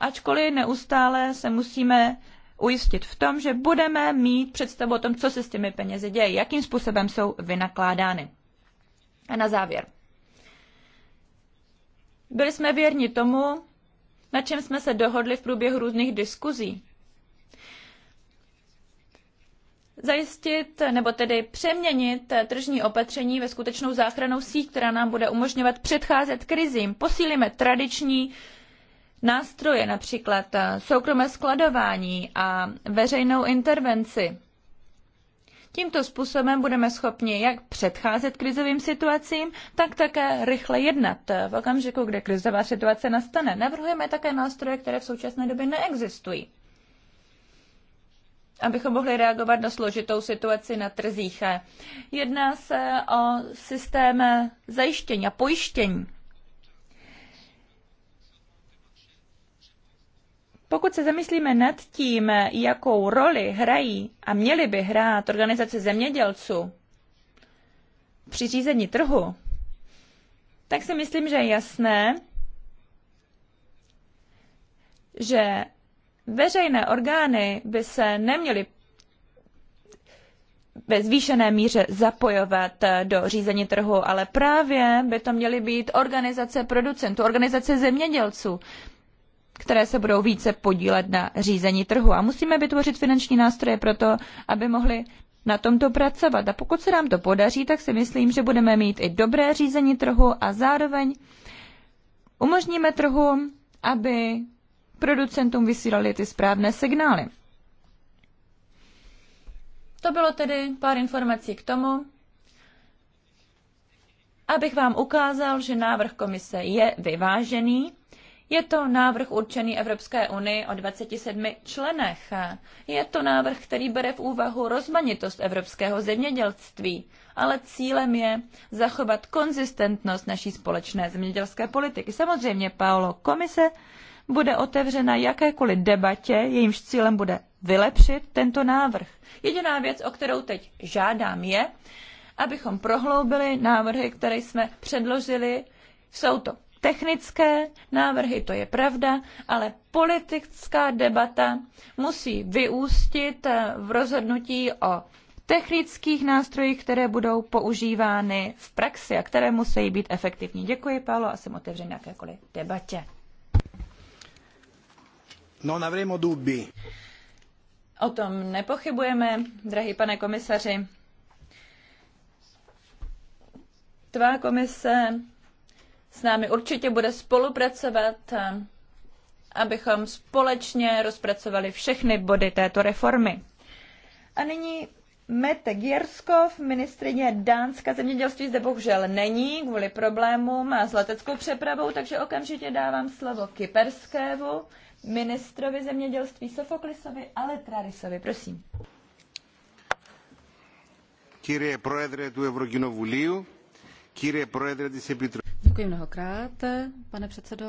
Ačkoliv neustále se musíme ujistit v tom, že budeme mít představu o tom, co se s těmi penězi děje, jakým způsobem jsou vynakládány. A na závěr. Byli jsme věrni tomu, na čem jsme se dohodli v průběhu různých diskuzí. Zajistit nebo tedy přeměnit tržní opatření ve skutečnou záchranou síť, která nám bude umožňovat předcházet krizím. Posílíme tradiční nástroje, například soukromé skladování a veřejnou intervenci. Tímto způsobem budeme schopni jak předcházet krizovým situacím, tak také rychle jednat v okamžiku, kde krizová situace nastane. Navrhujeme také nástroje, které v současné době neexistují abychom mohli reagovat na složitou situaci na trzích. Jedná se o systém zajištění a pojištění Pokud se zamyslíme nad tím, jakou roli hrají a měly by hrát organizace zemědělců při řízení trhu, tak si myslím, že je jasné, že veřejné orgány by se neměly ve zvýšené míře zapojovat do řízení trhu, ale právě by to měly být organizace producentů, organizace zemědělců které se budou více podílet na řízení trhu. A musíme vytvořit finanční nástroje pro to, aby mohli na tomto pracovat. A pokud se nám to podaří, tak si myslím, že budeme mít i dobré řízení trhu a zároveň umožníme trhu, aby producentům vysílali ty správné signály. To bylo tedy pár informací k tomu, abych vám ukázal, že návrh komise je vyvážený je to návrh určený Evropské unii o 27 členech. Je to návrh, který bere v úvahu rozmanitost evropského zemědělství, ale cílem je zachovat konzistentnost naší společné zemědělské politiky. Samozřejmě, Paolo, komise bude otevřena jakékoliv debatě, jejímž cílem bude vylepšit tento návrh. Jediná věc, o kterou teď žádám, je, abychom prohloubili návrhy, které jsme předložili. Jsou to technické návrhy, to je pravda, ale politická debata musí vyústit eh, v rozhodnutí o technických nástrojích, které budou používány v praxi a které musí být efektivní. Děkuji, Paolo, a jsem otevřen jakékoliv debatě. No, avremo dubbi. O tom nepochybujeme, drahý pane komisaři. Tvá komise s námi určitě bude spolupracovat, abychom společně rozpracovali všechny body této reformy. A nyní Mete Gierskov, ministrině Dánska zemědělství, zde bohužel není kvůli problémům s leteckou přepravou, takže okamžitě dávám slovo Kyperskému ministrovi zemědělství Sofoklisovi Letrarisovi. Prosím. Kyrie proedre tu Eurokinovulíu, kyrie proedre tis Děkuji mnohokrát, pane předsedo.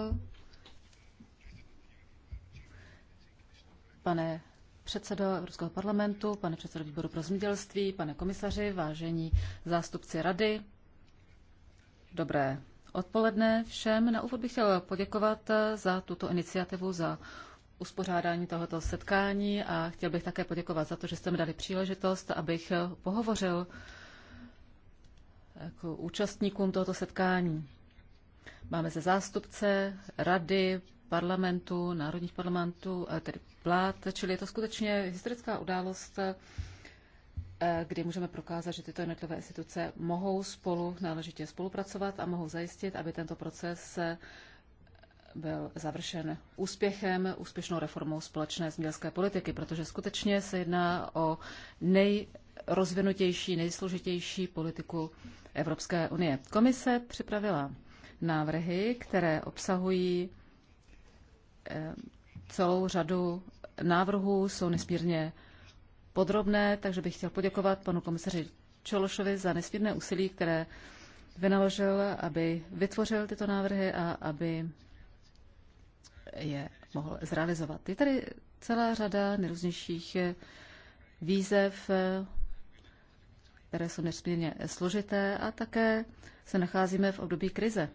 Pane předsedo Evropského parlamentu, pane předsedo výboru pro zemědělství, pane komisaři, vážení zástupci rady, dobré odpoledne všem. Na úvod bych chtěl poděkovat za tuto iniciativu, za uspořádání tohoto setkání a chtěl bych také poděkovat za to, že jste mi dali příležitost, abych pohovořil k jako účastníkům tohoto setkání. Máme se zástupce rady, parlamentu, národních parlamentů, eh, tedy vlád, čili je to skutečně historická událost, eh, kdy můžeme prokázat, že tyto jednotlivé instituce mohou spolu náležitě spolupracovat a mohou zajistit, aby tento proces eh, byl završen úspěchem, úspěšnou reformou společné zemědělské politiky, protože skutečně se jedná o nejrozvinutější, nejsložitější politiku Evropské unie. Komise připravila návrhy, které obsahují eh, celou řadu návrhů, jsou nesmírně podrobné, takže bych chtěl poděkovat panu komisaři Čološovi za nesmírné úsilí, které vynaložil, aby vytvořil tyto návrhy a aby je mohl zrealizovat. Je tady celá řada nejrůznějších eh, výzev, eh, které jsou nesmírně složité a také se nacházíme v období krize.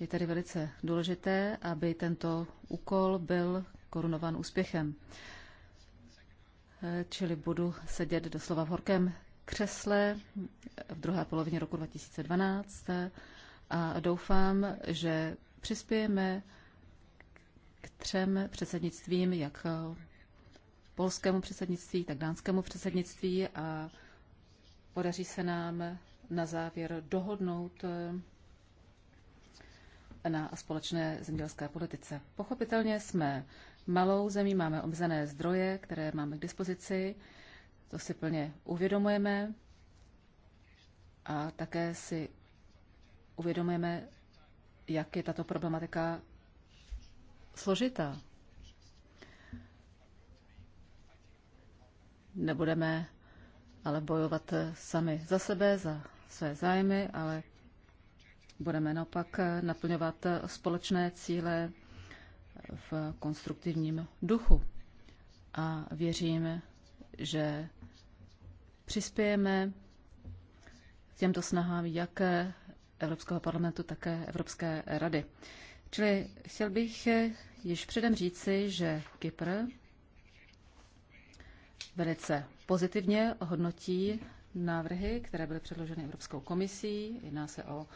Je tedy velice důležité, aby tento úkol byl korunovan úspěchem. Eh, čili budu sedět doslova v horkém křesle v druhé polovině roku 2012 eh, a doufám, že přispějeme k třem předsednictvím, jak eh, polskému předsednictví, tak dánskému předsednictví a podaří se nám na závěr dohodnout na společné zemědělské politice. Pochopitelně jsme malou zemí, máme omezené zdroje, které máme k dispozici, to si plně uvědomujeme a také si uvědomujeme, jak je tato problematika složitá. Nebudeme ale bojovat sami za sebe, za své zájmy, ale Budeme naopak naplňovat společné cíle v konstruktivním duchu. A věřím, že přispějeme k těmto snahám jak Evropského parlamentu, tak Evropské rady. Čili chtěl bych již předem říci, že Kypr velice pozitivně hodnotí návrhy, které byly předloženy Evropskou komisí. Jedná se o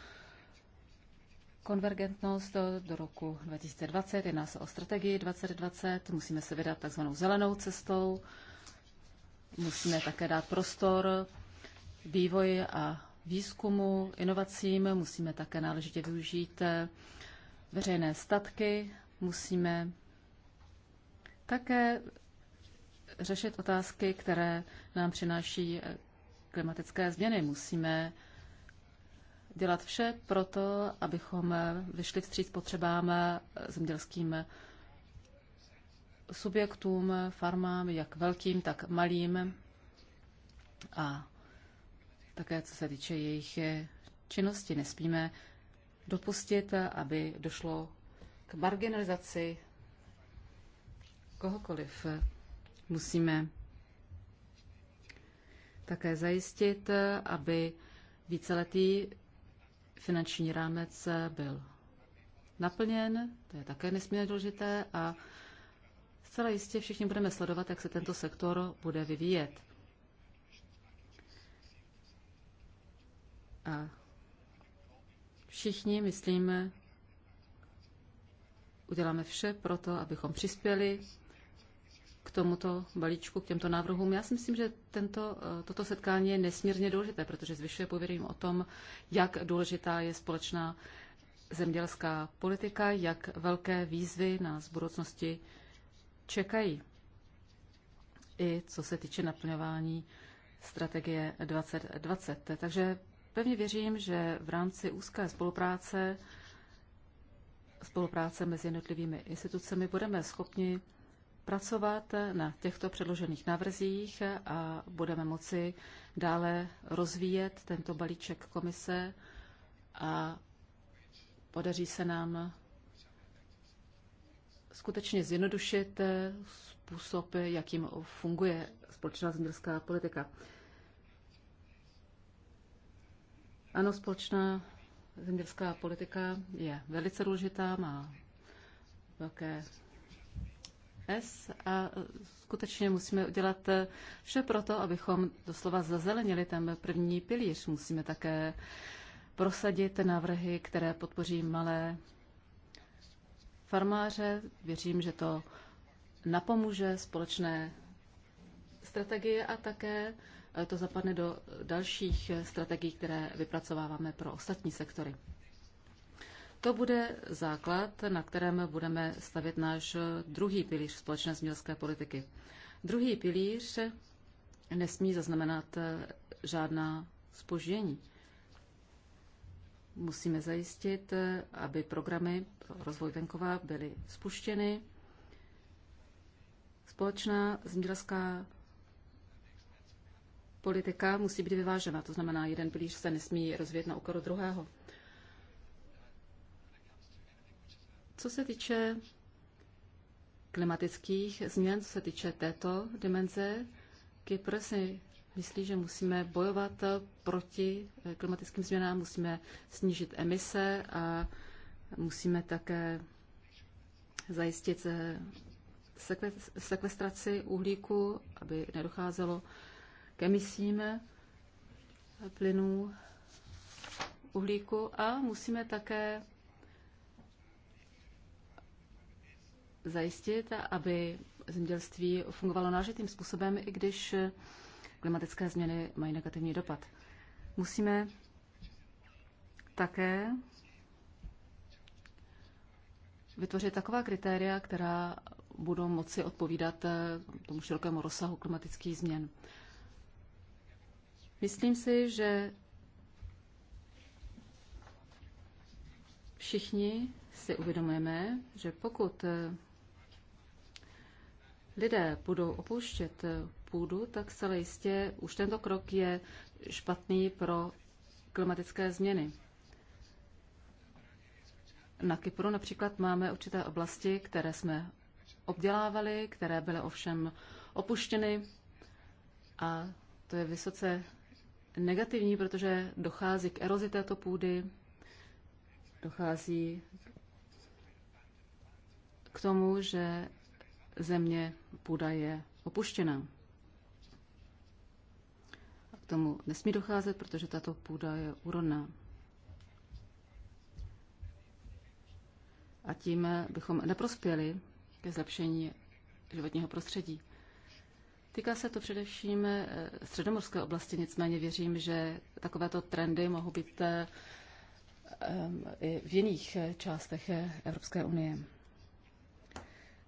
konvergentnost do, do roku 2020. Jedná se o strategii 2020. Musíme se vydat takzvanou zelenou cestou. Musíme také dát prostor vývoji a výzkumu, inovacím. Musíme také náležitě využít eh, veřejné statky. Musíme také řešit otázky, které nám přináší eh, klimatické změny. Musíme dělat vše pro to, abychom vyšli vstříc potřebám zemědělským subjektům, farmám, jak velkým, tak malým a také co se týče jejich činnosti. Nespíme dopustit, aby došlo k marginalizaci kohokoliv. Musíme také zajistit, aby víceletý finanční rámec byl naplněn, to je také nesmírně důležité a zcela jistě všichni budeme sledovat, jak se tento sektor bude vyvíjet. A všichni, myslím, uděláme vše pro to, abychom přispěli k tomuto balíčku, k těmto návrhům. Já si myslím, že tento, eh, toto setkání je nesmírně důležité, protože zvyšuje povědomí o tom, jak důležitá je společná zemědělská politika, jak velké výzvy nás v budoucnosti čekají. I co se týče naplňování strategie 2020. Takže pevně věřím, že v rámci úzké spolupráce spolupráce mezi jednotlivými institucemi budeme schopni pracovat na těchto předložených návrzích a budeme moci dále rozvíjet tento balíček komise a podaří se nám skutečně zjednodušit způsob, jakým funguje společná zemědělská politika. Ano, společná zemědělská politika je velice důležitá, má velké s a skutečně musíme udělat eh, vše proto, abychom doslova zazelenili ten první pilíř. Musíme také prosadit návrhy, které podpoří malé farmáře. Věřím, že to napomůže společné strategie a také eh, to zapadne do dalších eh, strategií, které vypracováváme pro ostatní sektory. To bude základ, na kterém budeme stavět náš druhý pilíř společné zemědělské politiky. Druhý pilíř nesmí zaznamenat eh, žádná spoždění. Musíme zajistit, eh, aby programy pro rozvoj venkova byly spuštěny. Společná zemědělská politika musí být vyvážena, to znamená, jeden pilíř se nesmí rozvíjet na úkor druhého. Co se týče klimatických změn, co se týče této dimenze, Kypr si myslí, že musíme bojovat proti eh, klimatickým změnám, musíme snížit emise a musíme také zajistit eh, sekvestraci uhlíku, aby nedocházelo k emisím plynů uhlíku a musíme také zajistit, aby zemědělství fungovalo nážitým způsobem, i když klimatické změny mají negativní dopad. Musíme také vytvořit taková kritéria, která budou moci odpovídat eh, tomu širokému rozsahu klimatických změn. Myslím si, že všichni si uvědomujeme, že pokud eh, lidé budou opouštět půdu, tak zcela jistě už tento krok je špatný pro klimatické změny. Na Kypru například máme určité oblasti, které jsme obdělávali, které byly ovšem opuštěny a to je vysoce negativní, protože dochází k erozi této půdy, dochází k tomu, že země půda je opuštěná. A k tomu nesmí docházet, protože tato půda je úrodná. A tím bychom neprospěli ke zlepšení životního prostředí. Týká se to především eh, středomorské oblasti, nicméně věřím, že takovéto trendy mohou být eh, eh, i v jiných částech Evropské unie.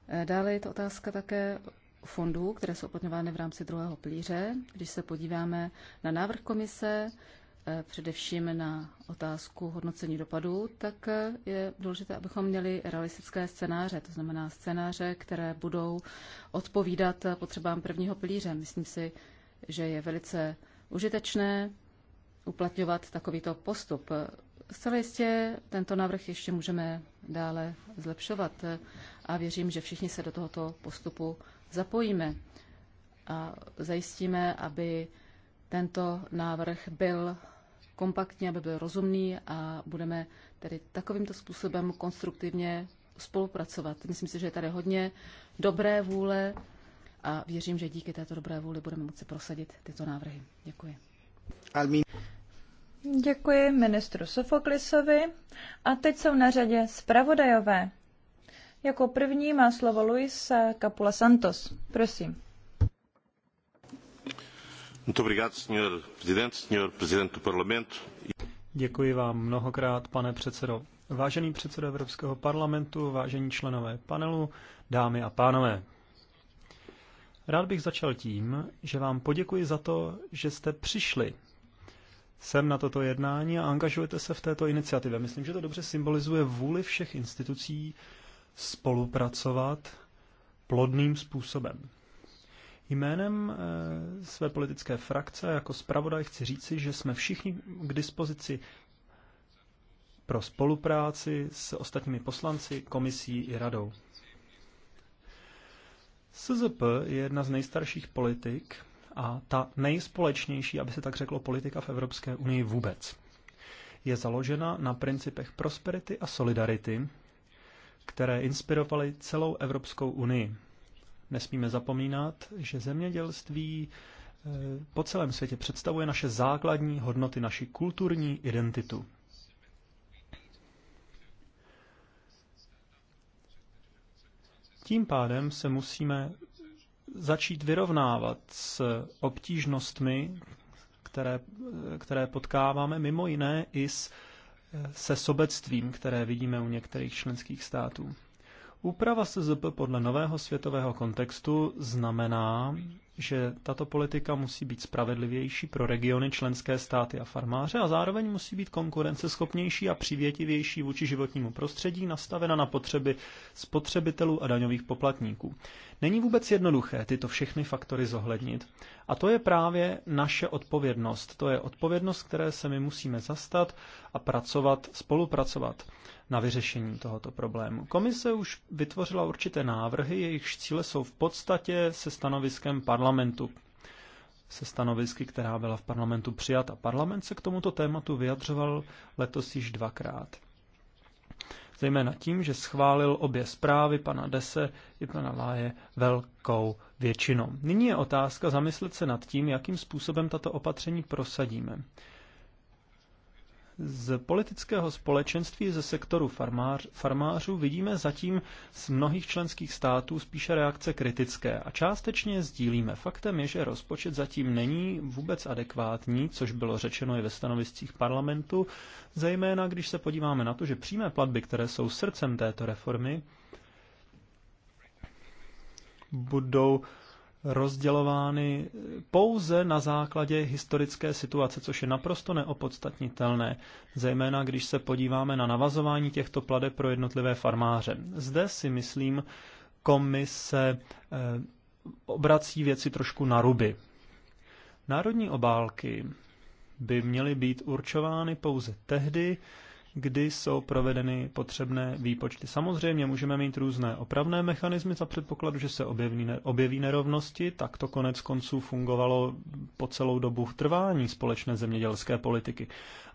Eh, dále je to otázka také fondů, které jsou uplatňovány v rámci druhého pilíře. Když se podíváme na návrh komise, eh, především na otázku hodnocení dopadů, tak eh, je důležité, abychom měli realistické scénáře, to znamená scénáře, které budou odpovídat potřebám prvního pilíře. Myslím si, že je velice užitečné uplatňovat takovýto postup. Zcela jistě tento návrh ještě můžeme dále zlepšovat a věřím, že všichni se do tohoto postupu zapojíme a zajistíme, aby tento návrh byl kompaktní, aby byl rozumný a budeme tedy takovýmto způsobem konstruktivně spolupracovat. Myslím si, že je tady hodně dobré vůle a věřím, že díky této dobré vůli budeme moci prosadit tyto návrhy. Děkuji. Děkuji ministru Sofoklisovi. A teď jsou na řadě zpravodajové. Jako první má slovo Luis Capula Santos. Prosím. Děkuji vám mnohokrát, pane předsedo. Vážený předsedo Evropského parlamentu, vážení členové panelu, dámy a pánové. Rád bych začal tím, že vám poděkuji za to, že jste přišli sem na toto jednání a angažujete se v této iniciativě. Myslím, že to dobře symbolizuje vůli všech institucí spolupracovat plodným způsobem. Jménem eh, své politické frakce jako zpravodaj chci říci, že jsme všichni k dispozici pro spolupráci s ostatními poslanci, komisí i radou. SZP je jedna z nejstarších politik a ta nejspolečnější, aby se tak řeklo, politika v Evropské unii vůbec. Je založena na principech prosperity a solidarity, které inspirovaly celou Evropskou unii. Nesmíme zapomínat, že zemědělství eh, po celém světě představuje naše základní hodnoty, naši kulturní identitu. Tím pádem se musíme začít vyrovnávat s obtížnostmi, které, eh, které potkáváme mimo jiné i s se sobectvím, které vidíme u některých členských států. Úprava SZP podle nového světového kontextu znamená, že tato politika musí být spravedlivější pro regiony, členské státy a farmáře a zároveň musí být konkurenceschopnější a přivětivější vůči životnímu prostředí, nastavena na potřeby spotřebitelů a daňových poplatníků. Není vůbec jednoduché tyto všechny faktory zohlednit. A to je právě naše odpovědnost. To je odpovědnost, které se my musíme zastat a pracovat, spolupracovat na vyřešení tohoto problému. Komise už vytvořila určité návrhy, jejichž cíle jsou v podstatě se stanoviskem parlamentu. Se stanovisky, která byla v parlamentu přijata. Parlament se k tomuto tématu vyjadřoval letos již dvakrát. Zejména tím, že schválil obě zprávy pana Dese i pana Láje velkou většinou. Nyní je otázka zamyslet se nad tím, jakým způsobem tato opatření prosadíme. Z politického společenství ze sektoru farmář, farmářů vidíme zatím z mnohých členských států spíše reakce kritické a částečně sdílíme. Faktem je, že rozpočet zatím není vůbec adekvátní, což bylo řečeno i ve stanoviscích parlamentu, zejména když se podíváme na to, že přímé platby, které jsou srdcem této reformy, budou rozdělovány pouze na základě historické situace, což je naprosto neopodstatnitelné, zejména když se podíváme na navazování těchto pladeb pro jednotlivé farmáře. Zde si myslím, komise eh, obrací věci trošku na ruby. Národní obálky by měly být určovány pouze tehdy, kdy jsou provedeny potřebné výpočty. Samozřejmě můžeme mít různé opravné mechanismy za předpokladu, že se objeví, objeví nerovnosti, tak to konec konců fungovalo po celou dobu trvání společné zemědělské politiky.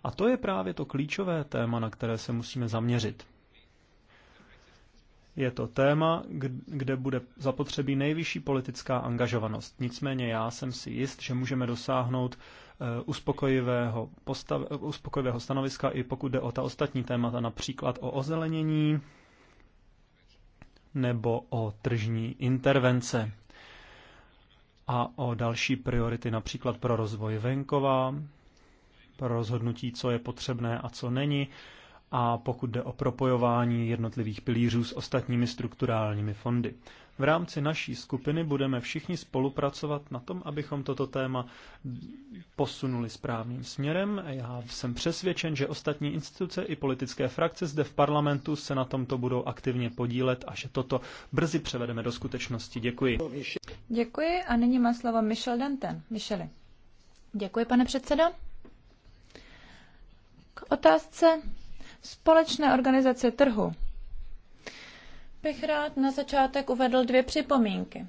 A to je právě to klíčové téma, na které se musíme zaměřit. Je to téma, kde bude zapotřebí nejvyšší politická angažovanost. Nicméně já jsem si jist, že můžeme dosáhnout Eh, uspokojivého, postav, eh, uspokojivého stanoviska, i pokud jde o ta ostatní témata, například o ozelenění nebo o tržní intervence a o další priority, například pro rozvoj venkova, pro rozhodnutí, co je potřebné a co není, a pokud jde o propojování jednotlivých pilířů s ostatními strukturálními fondy. V rámci naší skupiny budeme všichni spolupracovat na tom, abychom toto téma posunuli správným směrem. Já jsem přesvědčen, že ostatní instituce i politické frakce zde v parlamentu se na tomto budou aktivně podílet a že toto brzy převedeme do skutečnosti. Děkuji. Děkuji a nyní má slovo Michel Danten. Michele. Děkuji, pane předsedo. K otázce společné organizace trhu bych rád na začátek uvedl dvě připomínky.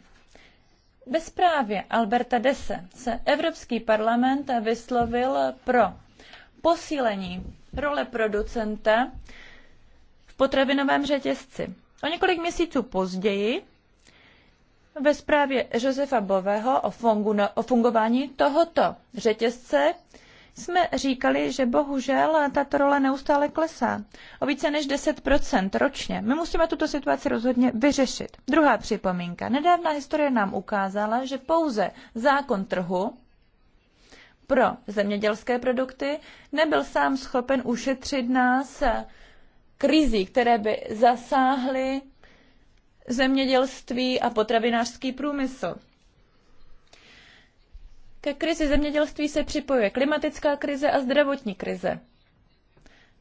Ve zprávě Alberta Desse se Evropský parlament vyslovil pro posílení role producenta v potravinovém řetězci. O několik měsíců později ve zprávě Josefa Bového o, fungu, o fungování tohoto řetězce jsme říkali, že bohužel tato role neustále klesá o více než 10% ročně. My musíme tuto situaci rozhodně vyřešit. Druhá připomínka. Nedávná historie nám ukázala, že pouze zákon trhu pro zemědělské produkty nebyl sám schopen ušetřit nás krizí, které by zasáhly zemědělství a potravinářský průmysl. Ke krizi zemědělství se připojuje klimatická krize a zdravotní krize.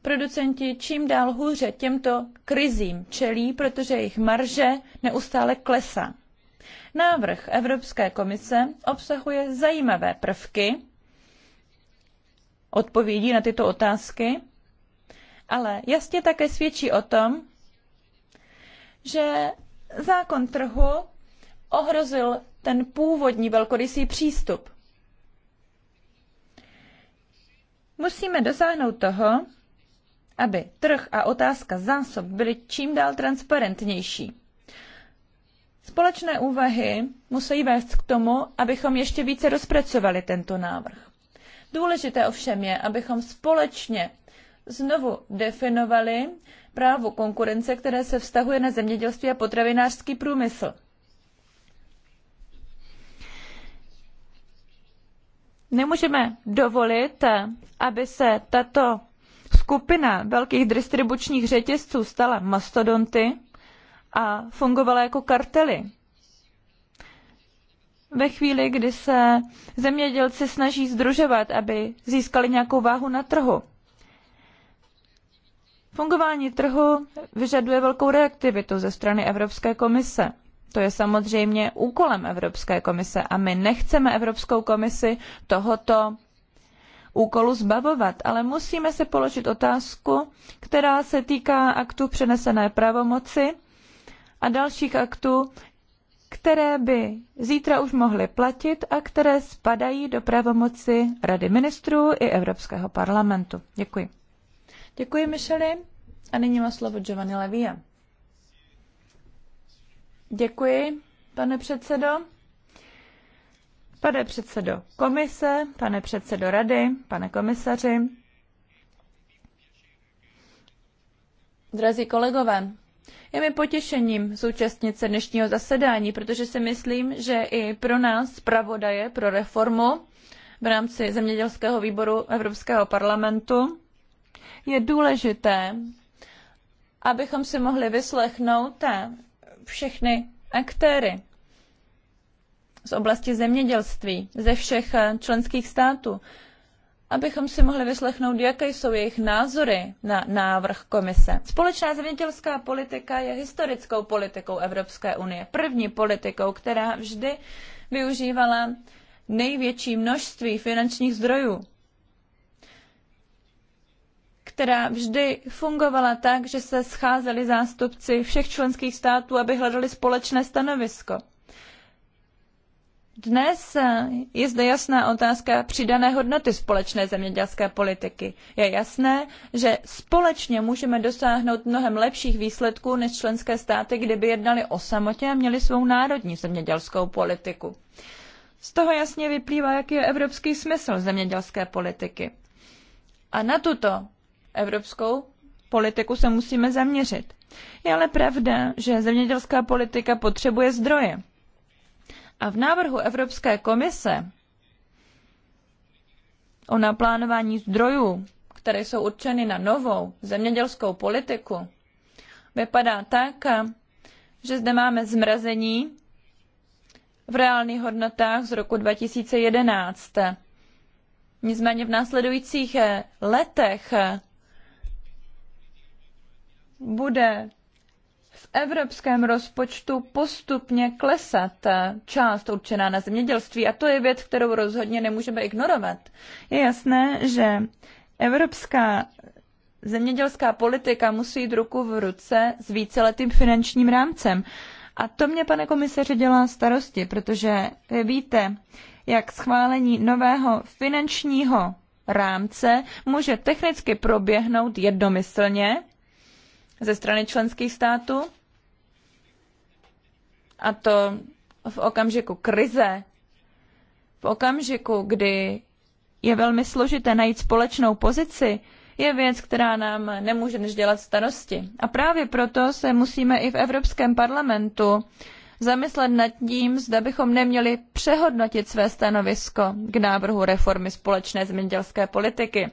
Producenti čím dál hůře těmto krizím čelí, protože jejich marže neustále klesá. Návrh Evropské komise obsahuje zajímavé prvky, odpovědí na tyto otázky, ale jasně také svědčí o tom, že zákon trhu ohrozil ten původní velkorysý přístup. Musíme dosáhnout toho, aby trh a otázka zásob byly čím dál transparentnější. Společné úvahy musí vést k tomu, abychom ještě více rozpracovali tento návrh. Důležité ovšem je, abychom společně znovu definovali právo konkurence, které se vztahuje na zemědělství a potravinářský průmysl. Nemůžeme dovolit, eh, aby se tato skupina velkých distribučních řetězců stala mastodonty a fungovala jako kartely. Ve chvíli, kdy se zemědělci snaží združovat, aby získali nějakou váhu na trhu. Fungování trhu vyžaduje velkou reaktivitu ze strany Evropské komise. To je samozřejmě úkolem Evropské komise a my nechceme Evropskou komisi tohoto úkolu zbavovat, ale musíme si položit otázku, která se týká aktů přenesené pravomoci a dalších aktů, které by zítra už mohly platit a které spadají do pravomoci Rady ministrů i Evropského parlamentu. Děkuji. Děkuji, Micheli. A nyní má slovo Giovanni Levia. Děkuji, pane předsedo. Pane předsedo komise, pane předsedo rady, pane komisaři. Drazí kolegové, je mi potěšením zúčastnit se dnešního zasedání, protože si myslím, že i pro nás zpravodaje pro reformu v rámci zemědělského výboru Evropského parlamentu je důležité, abychom si mohli vyslechnout všechny aktéry z oblasti zemědělství, ze všech eh, členských států, abychom si mohli vyslechnout, jaké jsou jejich názory na návrh komise. Společná zemědělská politika je historickou politikou Evropské unie, první politikou, která vždy využívala největší množství finančních zdrojů která vždy fungovala tak, že se scházeli zástupci všech členských států, aby hledali společné stanovisko. Dnes je zde jasná otázka přidané hodnoty společné zemědělské politiky. Je jasné, že společně můžeme dosáhnout mnohem lepších výsledků než členské státy, kdyby jednali o samotě a měli svou národní zemědělskou politiku. Z toho jasně vyplývá, jaký je evropský smysl zemědělské politiky. A na tuto evropskou politiku se musíme zaměřit. Je ale pravda, že zemědělská politika potřebuje zdroje. A v návrhu Evropské komise o naplánování zdrojů, které jsou určeny na novou zemědělskou politiku, vypadá tak, že zde máme zmrazení v reálných hodnotách z roku 2011. Nicméně v následujících letech bude v evropském rozpočtu postupně klesat část určená na zemědělství a to je věc, kterou rozhodně nemůžeme ignorovat. Je jasné, že evropská zemědělská politika musí jít ruku v ruce s víceletým finančním rámcem. A to mě, pane komisaři, dělá starosti, protože vy víte, jak schválení nového finančního rámce může technicky proběhnout jednomyslně ze strany členských států. A to v okamžiku krize, v okamžiku, kdy je velmi složité najít společnou pozici, je věc, která nám nemůže než dělat starosti. A právě proto se musíme i v Evropském parlamentu zamyslet nad tím, zda bychom neměli přehodnotit své stanovisko k návrhu reformy společné zemědělské politiky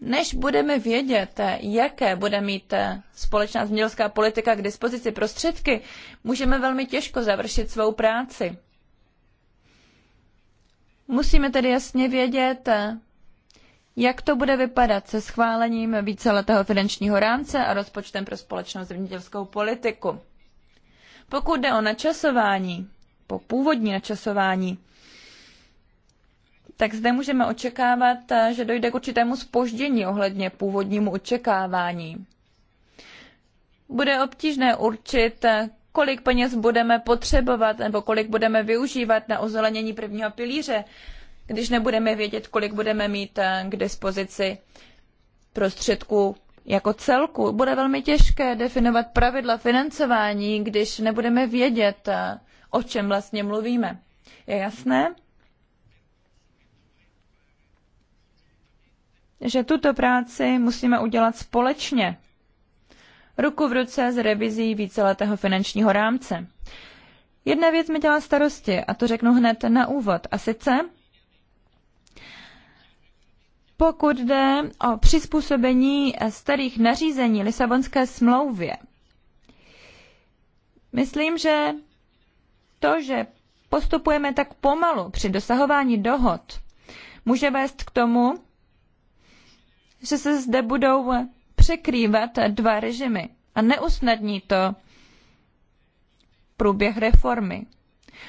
než budeme vědět, jaké bude mít eh, společná zemědělská politika k dispozici prostředky, můžeme velmi těžko završit svou práci. Musíme tedy jasně vědět, eh, jak to bude vypadat se schválením víceletého finančního rámce a rozpočtem pro společnou zemědělskou politiku. Pokud jde o načasování, po původní načasování, tak zde můžeme očekávat, eh, že dojde k určitému spoždění ohledně původnímu očekávání. Bude obtížné určit, eh, kolik peněz budeme potřebovat nebo kolik budeme využívat na ozelenění prvního pilíře, když nebudeme vědět, kolik budeme mít eh, k dispozici prostředků jako celku. Bude velmi těžké definovat pravidla financování, když nebudeme vědět, o čem vlastně mluvíme. Je jasné, že tuto práci musíme udělat společně, ruku v ruce s revizí víceletého finančního rámce. Jedna věc mi dělá starosti, a to řeknu hned na úvod, a sice pokud jde o přizpůsobení starých nařízení Lisabonské smlouvě, myslím, že to, že postupujeme tak pomalu při dosahování dohod, může vést k tomu, že se zde budou překrývat dva režimy a neusnadní to průběh reformy.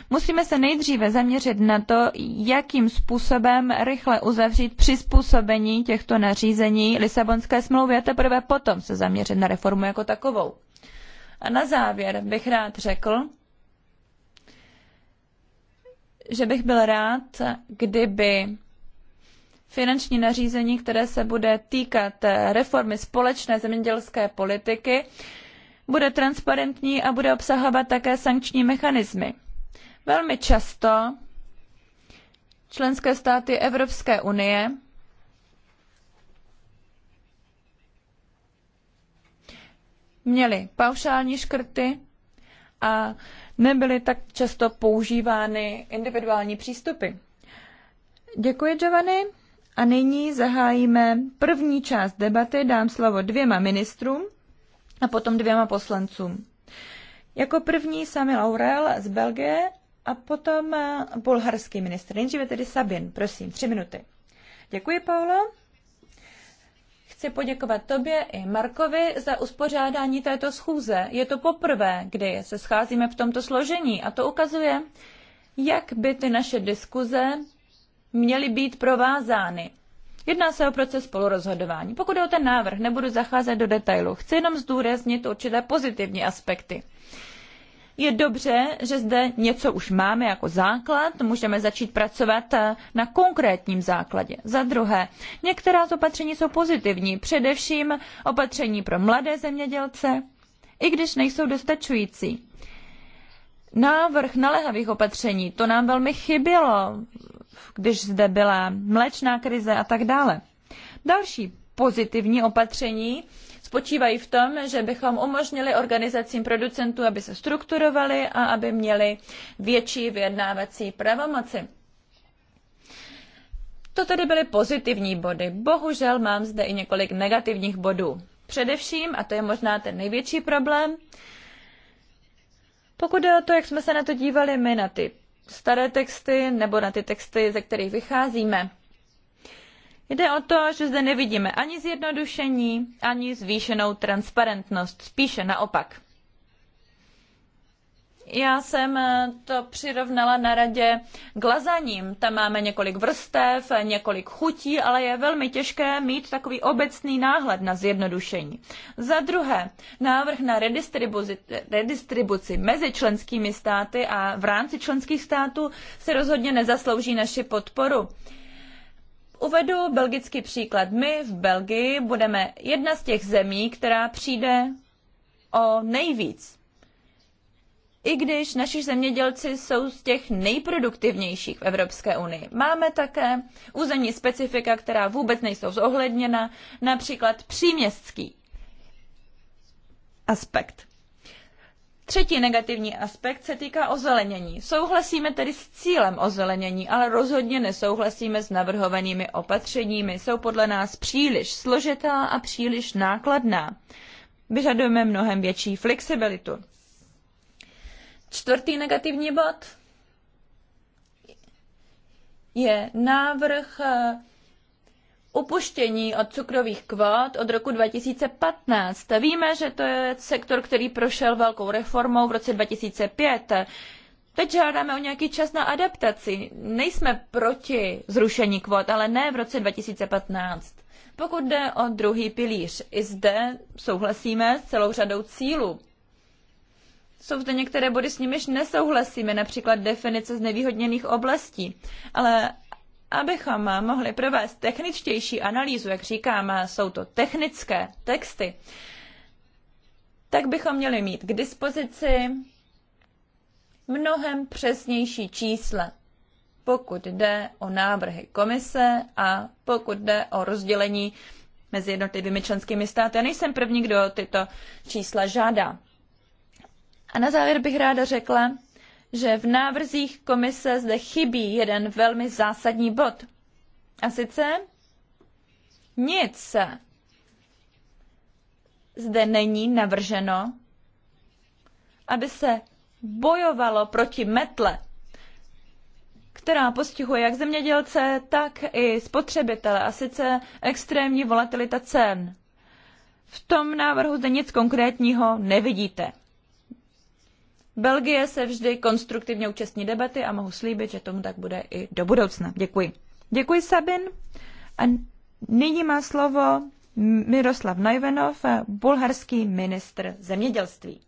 Musíme se nejdříve zaměřit na to, jakým způsobem rychle uzavřít přizpůsobení těchto nařízení Lisabonské smlouvy a teprve potom se zaměřit na reformu jako takovou. A na závěr bych rád řekl, že bych byl rád, kdyby finanční nařízení, které se bude týkat reformy společné zemědělské politiky, bude transparentní a bude obsahovat také sankční mechanismy. Velmi často členské státy Evropské unie měly paušální škrty a nebyly tak často používány individuální přístupy. Děkuji, Giovanni. A nyní zahájíme první část debaty, dám slovo dvěma ministrům a potom dvěma poslancům. Jako první Sami Laurel z Belgie a potom eh, bulharský ministr. Nejdříve tedy Sabin, prosím, tři minuty. Děkuji, Paula. Chci poděkovat tobě i Markovi za uspořádání této schůze. Je to poprvé, kdy se scházíme v tomto složení a to ukazuje, jak by ty naše diskuze měly být provázány. Jedná se o proces spolurozhodování. Pokud je o ten návrh, nebudu zacházet do detailu. Chci jenom zdůraznit určité pozitivní aspekty. Je dobře, že zde něco už máme jako základ, můžeme začít pracovat eh, na konkrétním základě. Za druhé, některá z opatření jsou pozitivní, především opatření pro mladé zemědělce, i když nejsou dostačující návrh naléhavých opatření, to nám velmi chybělo, když zde byla mléčná krize a tak dále. Další pozitivní opatření spočívají v tom, že bychom umožnili organizacím producentů, aby se strukturovali a aby měli větší vyjednávací pravomoci. To tedy byly pozitivní body. Bohužel mám zde i několik negativních bodů. Především, a to je možná ten největší problém, pokud je o to, jak jsme se na to dívali my, na ty staré texty nebo na ty texty, ze kterých vycházíme, Jde o to, že zde nevidíme ani zjednodušení, ani zvýšenou transparentnost, spíše naopak. Já jsem eh, to přirovnala na radě k lazaním. Tam máme několik vrstev, eh, několik chutí, ale je velmi těžké mít takový obecný náhled na zjednodušení. Za druhé, návrh na redistribuci, redistribuci mezi členskými státy a v rámci členských států se rozhodně nezaslouží naši podporu. Uvedu belgický příklad. My v Belgii budeme jedna z těch zemí, která přijde o nejvíc i když naši zemědělci jsou z těch nejproduktivnějších v Evropské unii. Máme také územní specifika, která vůbec nejsou zohledněna, například příměstský aspekt. Třetí negativní aspekt se týká ozelenění. Souhlasíme tedy s cílem ozelenění, ale rozhodně nesouhlasíme s navrhovanými opatřeními. Jsou podle nás příliš složitá a příliš nákladná. Vyžadujeme mnohem větší flexibilitu. Čtvrtý negativní bod je návrh eh, upuštění od cukrových kvót od roku 2015. Víme, že to je sektor, který prošel velkou reformou v roce 2005. Teď žádáme o nějaký čas na adaptaci. Nejsme proti zrušení kvot, ale ne v roce 2015. Pokud jde o druhý pilíř, i zde souhlasíme s celou řadou cílů jsou zde některé body, s nimiž nesouhlasíme, například definice znevýhodněných oblastí. Ale abychom mohli provést techničtější analýzu, jak říkám, jsou to technické texty, tak bychom měli mít k dispozici mnohem přesnější čísla, pokud jde o návrhy komise a pokud jde o rozdělení mezi jednotlivými členskými státy. Já nejsem první, kdo tyto čísla žádá. A na závěr bych ráda řekla, že v návrzích komise zde chybí jeden velmi zásadní bod. A sice nic zde není navrženo, aby se bojovalo proti metle, která postihuje jak zemědělce, tak i spotřebitele, a sice extrémní volatilita cen. V tom návrhu zde nic konkrétního nevidíte. Belgie se vždy konstruktivně účastní debaty a mohu slíbit, že tomu tak bude i do budoucna. Děkuji. Děkuji, Sabin. A nyní má slovo Miroslav Najvenov, bulharský ministr zemědělství.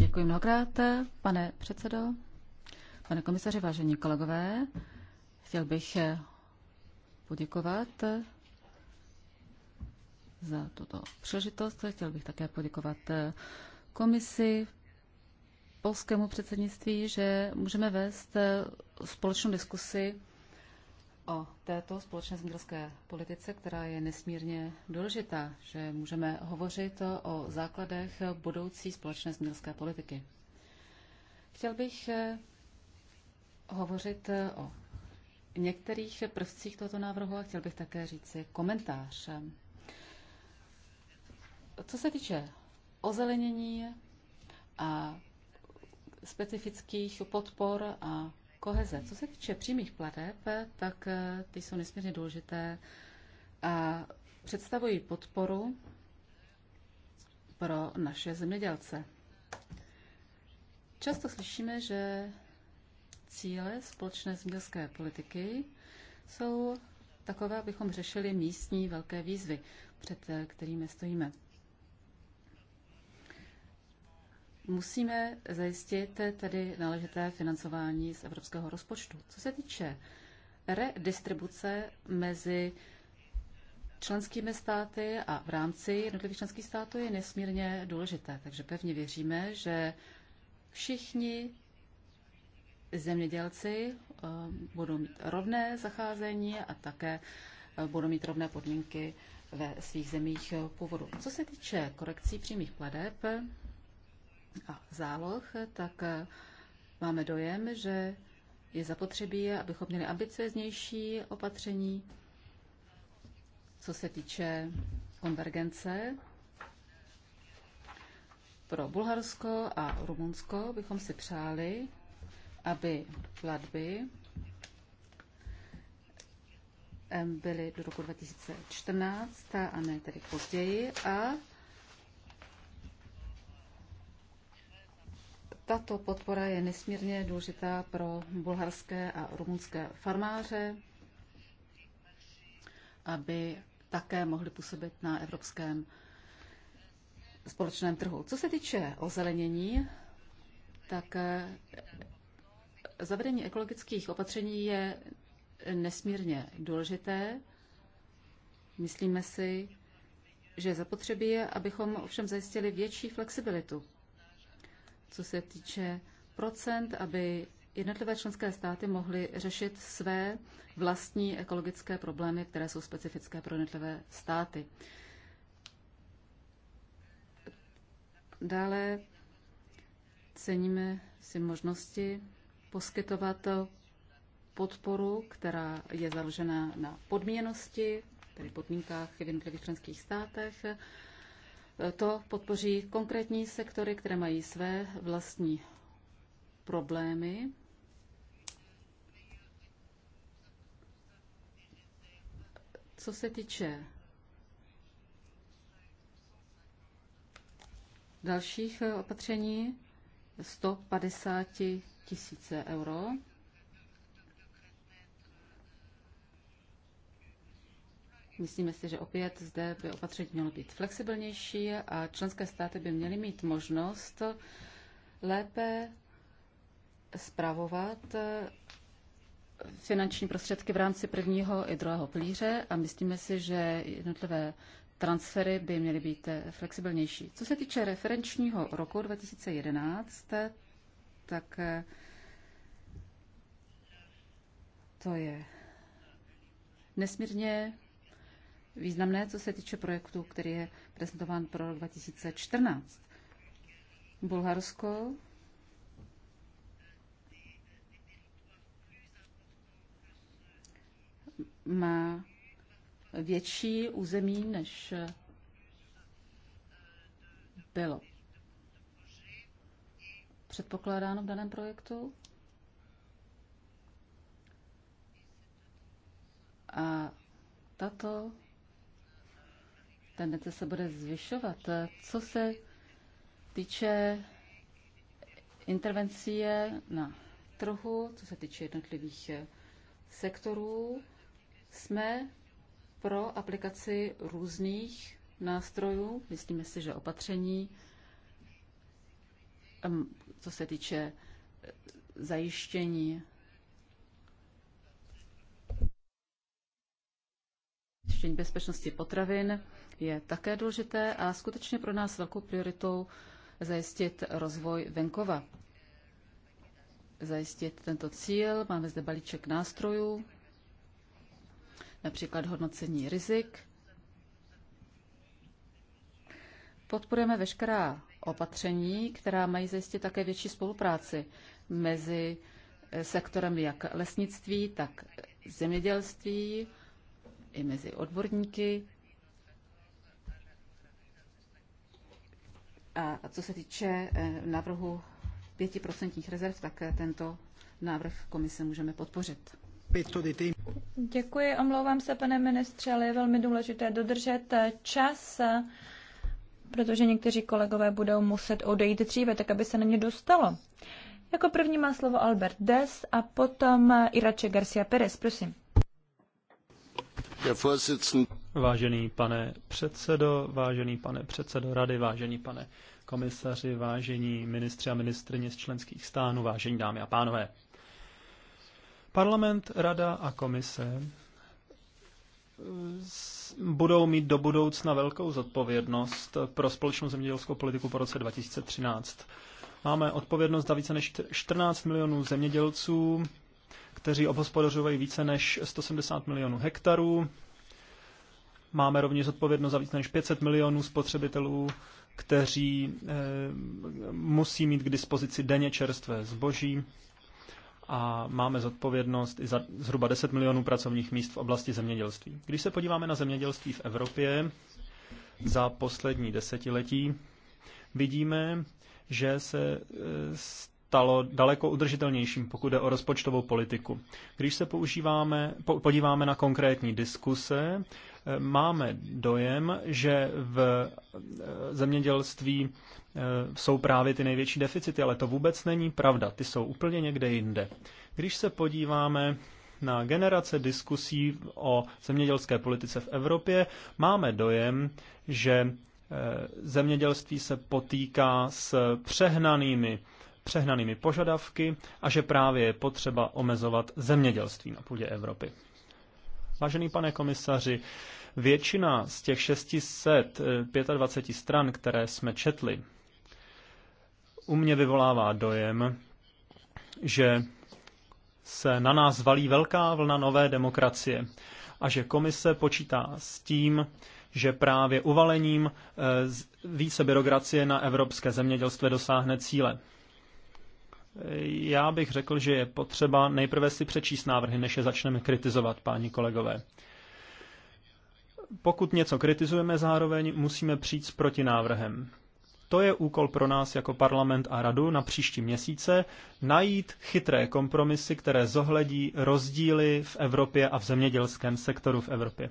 Děkuji mnohokrát, pane předsedo, pane komisaři, vážení kolegové. Chtěl bych poděkovat za tuto příležitost. Chtěl bych také poděkovat eh, komisi, polskému předsednictví, že můžeme vést eh, společnou diskusi o této společné zemědělské politice, která je nesmírně důležitá, že můžeme hovořit o základech budoucí společné zemědělské politiky. Chtěl bych eh, hovořit o některých prvcích tohoto návrhu a chtěl bych také říct komentář co se týče ozelenění a specifických podpor a koheze, co se týče přímých plateb, tak eh, ty jsou nesmírně důležité a představují podporu pro naše zemědělce. Často slyšíme, že cíle společné zemědělské politiky jsou takové, abychom řešili místní velké výzvy, před eh, kterými stojíme. musíme zajistit tedy náležité financování z evropského rozpočtu. Co se týče redistribuce mezi členskými státy a v rámci jednotlivých členských států je nesmírně důležité. Takže pevně věříme, že všichni zemědělci eh, budou mít rovné zacházení a také eh, budou mít rovné podmínky ve svých zemích eh, původu. Co se týče korekcí přímých pladeb, a záloh, tak eh, máme dojem, že je zapotřebí, abychom měli ambicioznější opatření, co se týče konvergence. Pro Bulharsko a Rumunsko bychom si přáli, aby platby byly do roku 2014 a ne tedy později a Tato podpora je nesmírně důležitá pro bulharské a rumunské farmáře, aby také mohli působit na evropském společném trhu. Co se týče ozelenění, tak eh, zavedení ekologických opatření je nesmírně důležité. Myslíme si, že zapotřebí je, abychom ovšem zajistili větší flexibilitu co se týče procent, aby jednotlivé členské státy mohly řešit své vlastní ekologické problémy, které jsou specifické pro jednotlivé státy. Dále ceníme si možnosti poskytovat podporu, která je založena na podmíněnosti, tedy podmínkách v jednotlivých členských státech. To podpoří konkrétní sektory, které mají své vlastní problémy. Co se týče dalších opatření, 150 tisíce euro. Myslíme si, že opět zde by opatření mělo být flexibilnější a členské státy by měly mít možnost lépe zpravovat eh, finanční prostředky v rámci prvního i druhého plíře a myslíme si, že jednotlivé transfery by měly být eh, flexibilnější. Co se týče referenčního roku 2011, tak eh, to je nesmírně významné, co se týče projektu, který je prezentován pro rok 2014. Bulharsko má větší území, než bylo předpokládáno v daném projektu. A tato tendence se bude zvyšovat. Co se týče intervencí na trhu, co se týče jednotlivých sektorů, jsme pro aplikaci různých nástrojů. Myslíme si, že opatření, co se týče eh, zajištění zajištění bezpečnosti potravin, je také důležité a skutečně pro nás velkou prioritou zajistit rozvoj venkova. Zajistit tento cíl, máme zde balíček nástrojů, například hodnocení rizik. Podporujeme veškerá opatření, která mají zajistit také větší spolupráci mezi eh, sektorem jak lesnictví, tak zemědělství, i mezi odborníky, A co se týče eh, návrhu 5% rezerv, tak eh, tento návrh komise můžeme podpořit. Děkuji, omlouvám se, pane ministře, ale je velmi důležité dodržet eh, čas, protože někteří kolegové budou muset odejít dříve, tak aby se na ně dostalo. Jako první má slovo Albert Des a potom Irače Garcia Perez, prosím. Vážený pane předsedo, vážený pane předsedo rady, vážený pane komisaři, vážení ministři a ministrině z členských stánů, vážení dámy a pánové. Parlament, rada a komise budou mít do budoucna velkou zodpovědnost pro společnou zemědělskou politiku po roce 2013. Máme odpovědnost za více než 14 milionů zemědělců, kteří obhospodařují více než 170 milionů hektarů, Máme rovněž odpovědnost za víc než 500 milionů spotřebitelů, kteří e, musí mít k dispozici denně čerstvé zboží a máme zodpovědnost i za zhruba 10 milionů pracovních míst v oblasti zemědělství. Když se podíváme na zemědělství v Evropě za poslední desetiletí, vidíme, že se eh, stalo daleko udržitelnějším, pokud jde o rozpočtovou politiku. Když se používáme, po, podíváme na konkrétní diskuse máme dojem, že v eh, zemědělství eh, jsou právě ty největší deficity, ale to vůbec není pravda. Ty jsou úplně někde jinde. Když se podíváme na generace diskusí o zemědělské politice v Evropě, máme dojem, že eh, zemědělství se potýká s přehnanými přehnanými požadavky a že právě je potřeba omezovat zemědělství na půdě Evropy. Vážený pane komisaři, většina z těch 625 eh, stran, které jsme četli, u mě vyvolává dojem, že se na nás valí velká vlna nové demokracie a že komise počítá s tím, že právě uvalením eh, více byrokracie na evropské zemědělství dosáhne cíle. Já bych řekl, že je potřeba nejprve si přečíst návrhy, než je začneme kritizovat, páni kolegové. Pokud něco kritizujeme zároveň, musíme přijít s protinávrhem. To je úkol pro nás jako parlament a radu na příští měsíce najít chytré kompromisy, které zohledí rozdíly v Evropě a v zemědělském sektoru v Evropě.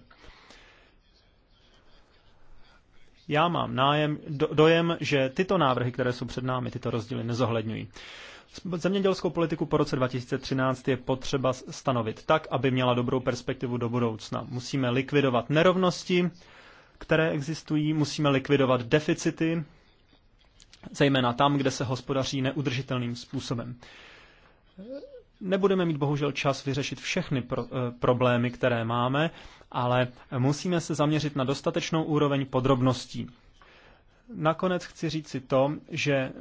Já mám nájem, do, dojem, že tyto návrhy, které jsou před námi, tyto rozdíly nezohledňují. Zemědělskou politiku po roce 2013 je potřeba stanovit tak, aby měla dobrou perspektivu do budoucna. Musíme likvidovat nerovnosti, které existují, musíme likvidovat deficity, zejména tam, kde se hospodaří neudržitelným způsobem. Nebudeme mít bohužel čas vyřešit všechny pro, e, problémy, které máme, ale musíme se zaměřit na dostatečnou úroveň podrobností. Nakonec chci říci to, že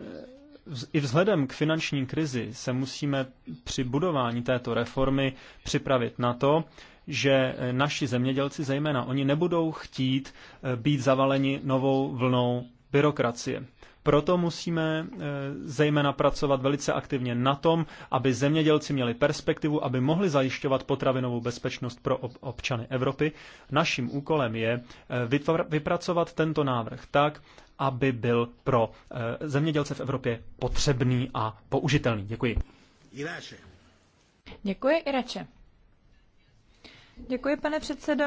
i vzhledem k finanční krizi se musíme při budování této reformy připravit na to, že eh, naši zemědělci, zejména oni, nebudou chtít eh, být zavaleni novou vlnou byrokracie. Proto musíme eh, zejména pracovat velice aktivně na tom, aby zemědělci měli perspektivu, aby mohli zajišťovat potravinovou bezpečnost pro občany Evropy. Naším úkolem je vypracovat tento návrh tak, aby byl pro eh, zemědělce v Evropě potřebný a použitelný. Děkuji. Irače. Děkuji, Irače. Děkuji, pane předsedo.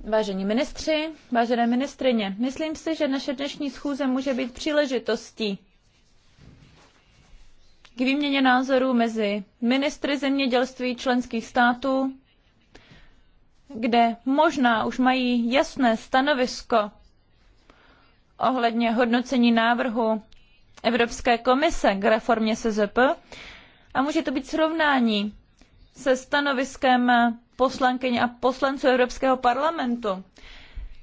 Vážení ministři, vážené ministrině, myslím si, že naše dnešní schůze může být příležitostí k výměně názorů mezi ministry zemědělství členských států, kde možná už mají jasné stanovisko ohledně hodnocení návrhu Evropské komise k reformě SZP a může to být srovnání se stanoviskem poslankyně a poslanců Evropského parlamentu.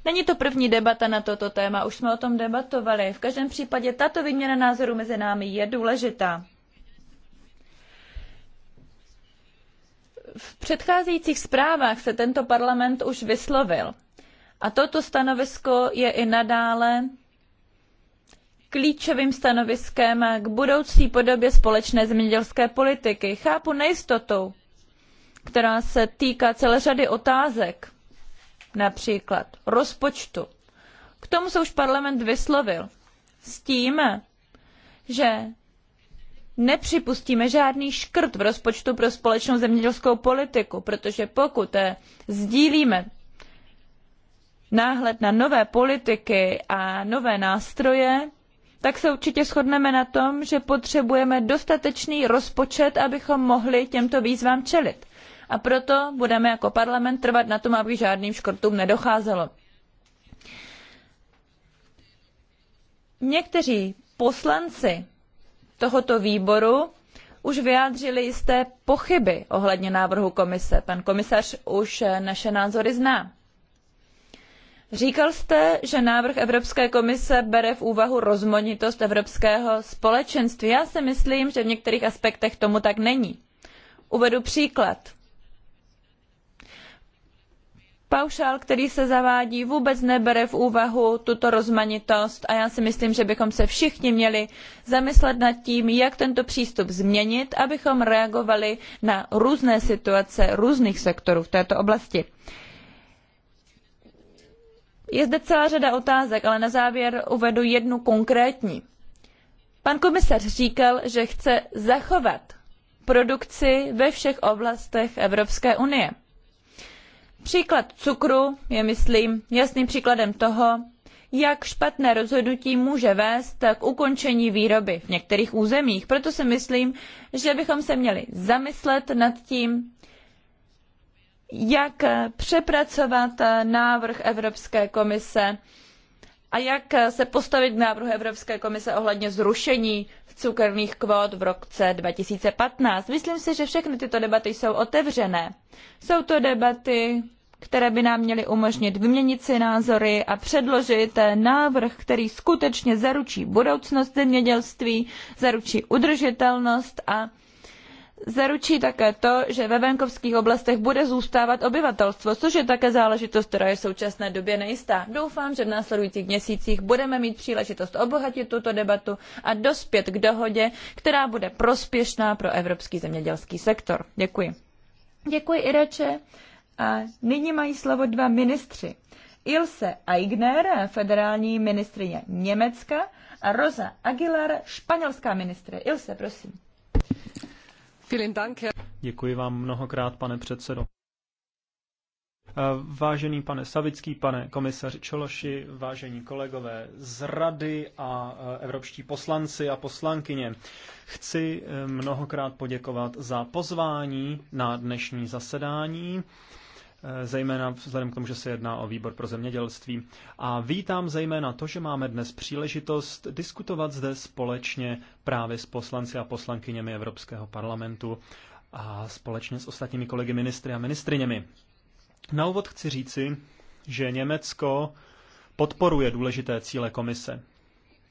Není to první debata na toto téma, už jsme o tom debatovali. V každém případě tato výměna názorů mezi námi je důležitá. V předcházejících zprávách se tento parlament už vyslovil. A toto stanovisko je i nadále klíčovým stanoviskem k budoucí podobě společné zemědělské politiky. Chápu nejistotu, která se týká celé řady otázek, například rozpočtu. K tomu se už parlament vyslovil s tím, že nepřipustíme žádný škrt v rozpočtu pro společnou zemědělskou politiku, protože pokud eh, sdílíme náhled na nové politiky a nové nástroje, tak se určitě shodneme na tom, že potřebujeme dostatečný rozpočet, abychom mohli těmto výzvám čelit. A proto budeme jako parlament trvat na tom, aby žádným škrtům nedocházelo. Někteří poslanci tohoto výboru už vyjádřili jisté pochyby ohledně návrhu komise. Pan komisař už naše názory zná. Říkal jste, že návrh Evropské komise bere v úvahu rozmanitost evropského společenství. Já si myslím, že v některých aspektech tomu tak není. Uvedu příklad. Paušál, který se zavádí, vůbec nebere v úvahu tuto rozmanitost a já si myslím, že bychom se všichni měli zamyslet nad tím, jak tento přístup změnit, abychom reagovali na různé situace různých sektorů v této oblasti. Je zde celá řada otázek, ale na závěr uvedu jednu konkrétní. Pan komisař říkal, že chce zachovat produkci ve všech oblastech Evropské unie. Příklad cukru je, myslím, jasným příkladem toho, jak špatné rozhodnutí může vést k ukončení výroby v některých územích. Proto si myslím, že bychom se měli zamyslet nad tím, jak přepracovat návrh Evropské komise a jak se postavit k návrhu Evropské komise ohledně zrušení cukerných kvót v roce 2015. Myslím si, že všechny tyto debaty jsou otevřené. Jsou to debaty, které by nám měly umožnit vyměnit si názory a předložit návrh, který skutečně zaručí budoucnost zemědělství, zaručí udržitelnost a zaručí také to, že ve venkovských oblastech bude zůstávat obyvatelstvo, což je také záležitost, která je v současné době nejistá. Doufám, že v následujících měsících budeme mít příležitost obohatit tuto debatu a dospět k dohodě, která bude prospěšná pro evropský zemědělský sektor. Děkuji. Děkuji, Ireče. A nyní mají slovo dva ministři. Ilse Aigner, federální ministrině Německa, a Rosa Aguilar, španělská ministrině. Ilse, prosím. Děkuji vám mnohokrát, pane předsedo. Eh, vážený pane Savický, pane komisaři Čološi, vážení kolegové z Rady a eh, evropští poslanci a poslankyně, chci eh, mnohokrát poděkovat za pozvání na dnešní zasedání. Eh, zejména vzhledem k tomu, že se jedná o výbor pro zemědělství. A vítám zejména to, že máme dnes příležitost diskutovat zde společně právě s poslanci a poslankyněmi Evropského parlamentu a společně s ostatními kolegy ministry a ministriněmi. Na úvod chci říci, že Německo podporuje důležité cíle komise.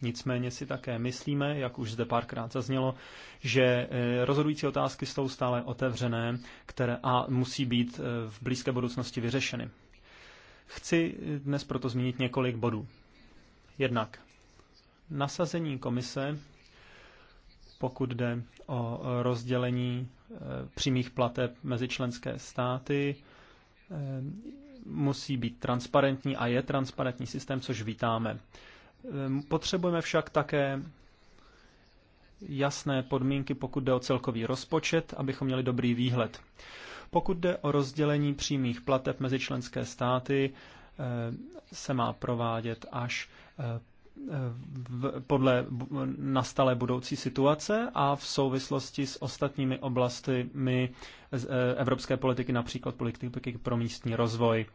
Nicméně si také myslíme, jak už zde párkrát zaznělo, že e, rozhodující otázky jsou stále otevřené které a musí být e, v blízké budoucnosti vyřešeny. Chci e, dnes proto zmínit několik bodů. Jednak nasazení komise, pokud jde o rozdělení přímých plateb mezi členské státy, musí být transparentní a je transparentní systém, což vítáme. Ehm, potřebujeme však také jasné podmínky, pokud jde o celkový rozpočet, abychom měli dobrý výhled. Pokud jde o rozdělení přímých plateb mezi členské státy, ehm, se má provádět až ehm, v, podle nastalé budoucí situace a v souvislosti s ostatními oblastmi e, evropské politiky, například politiky pro místní rozvoj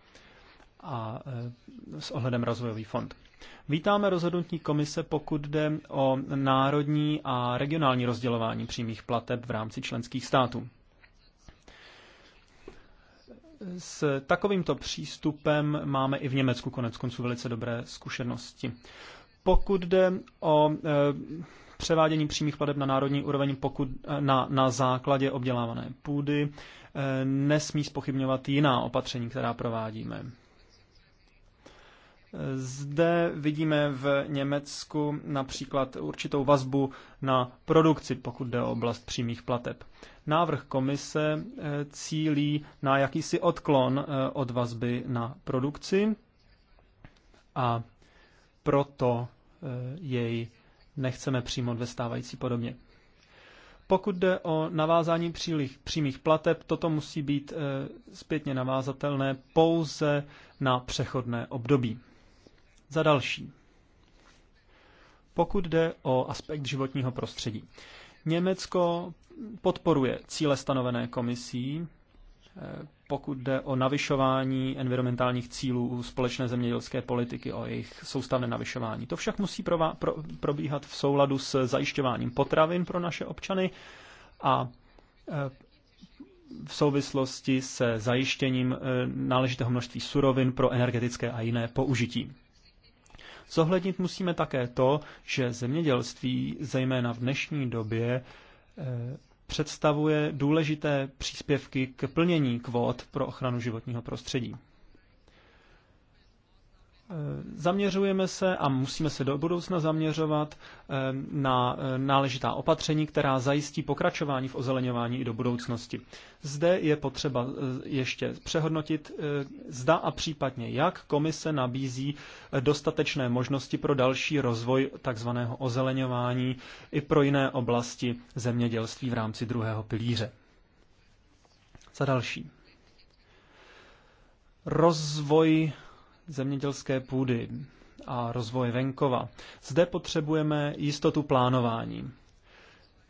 a e, s ohledem rozvojový fond. Vítáme rozhodnutí komise, pokud jde o národní a regionální rozdělování přímých plateb v rámci členských států. S takovýmto přístupem máme i v Německu konec konců velice dobré zkušenosti. Pokud jde o e, převádění přímých plateb na národní úroveň pokud, e, na, na základě obdělávané půdy, e, nesmí spochybňovat jiná opatření, která provádíme. Zde vidíme v Německu například určitou vazbu na produkci, pokud jde o oblast přímých plateb. Návrh komise eh, cílí na jakýsi odklon eh, od vazby na produkci a proto eh, jej nechceme přijmout ve stávající podobě. Pokud jde o navázání přílich přímých plateb, toto musí být zpětně navázatelné pouze na přechodné období. Za další, pokud jde o aspekt životního prostředí. Německo podporuje cíle stanovené komisí, eh, pokud jde o navyšování environmentálních cílů společné zemědělské politiky, o jejich soustavné navyšování. To však musí pro, pro, probíhat v souladu s zajišťováním potravin pro naše občany a eh, v souvislosti se zajištěním eh, náležitého množství surovin pro energetické a jiné použití. Zohlednit musíme také to, že zemědělství, zejména v dnešní době, eh, představuje důležité příspěvky k plnění kvót pro ochranu životního prostředí. Eh, zaměřujeme se a musíme se do budoucna zaměřovat eh, na eh, náležitá opatření, která zajistí pokračování v ozeleňování i do budoucnosti. Zde je potřeba ještě přehodnotit, zda a případně jak komise nabízí dostatečné možnosti pro další rozvoj takzvaného ozeleňování i pro jiné oblasti zemědělství v rámci druhého pilíře. Za další. Rozvoj zemědělské půdy a rozvoj venkova. Zde potřebujeme jistotu plánování.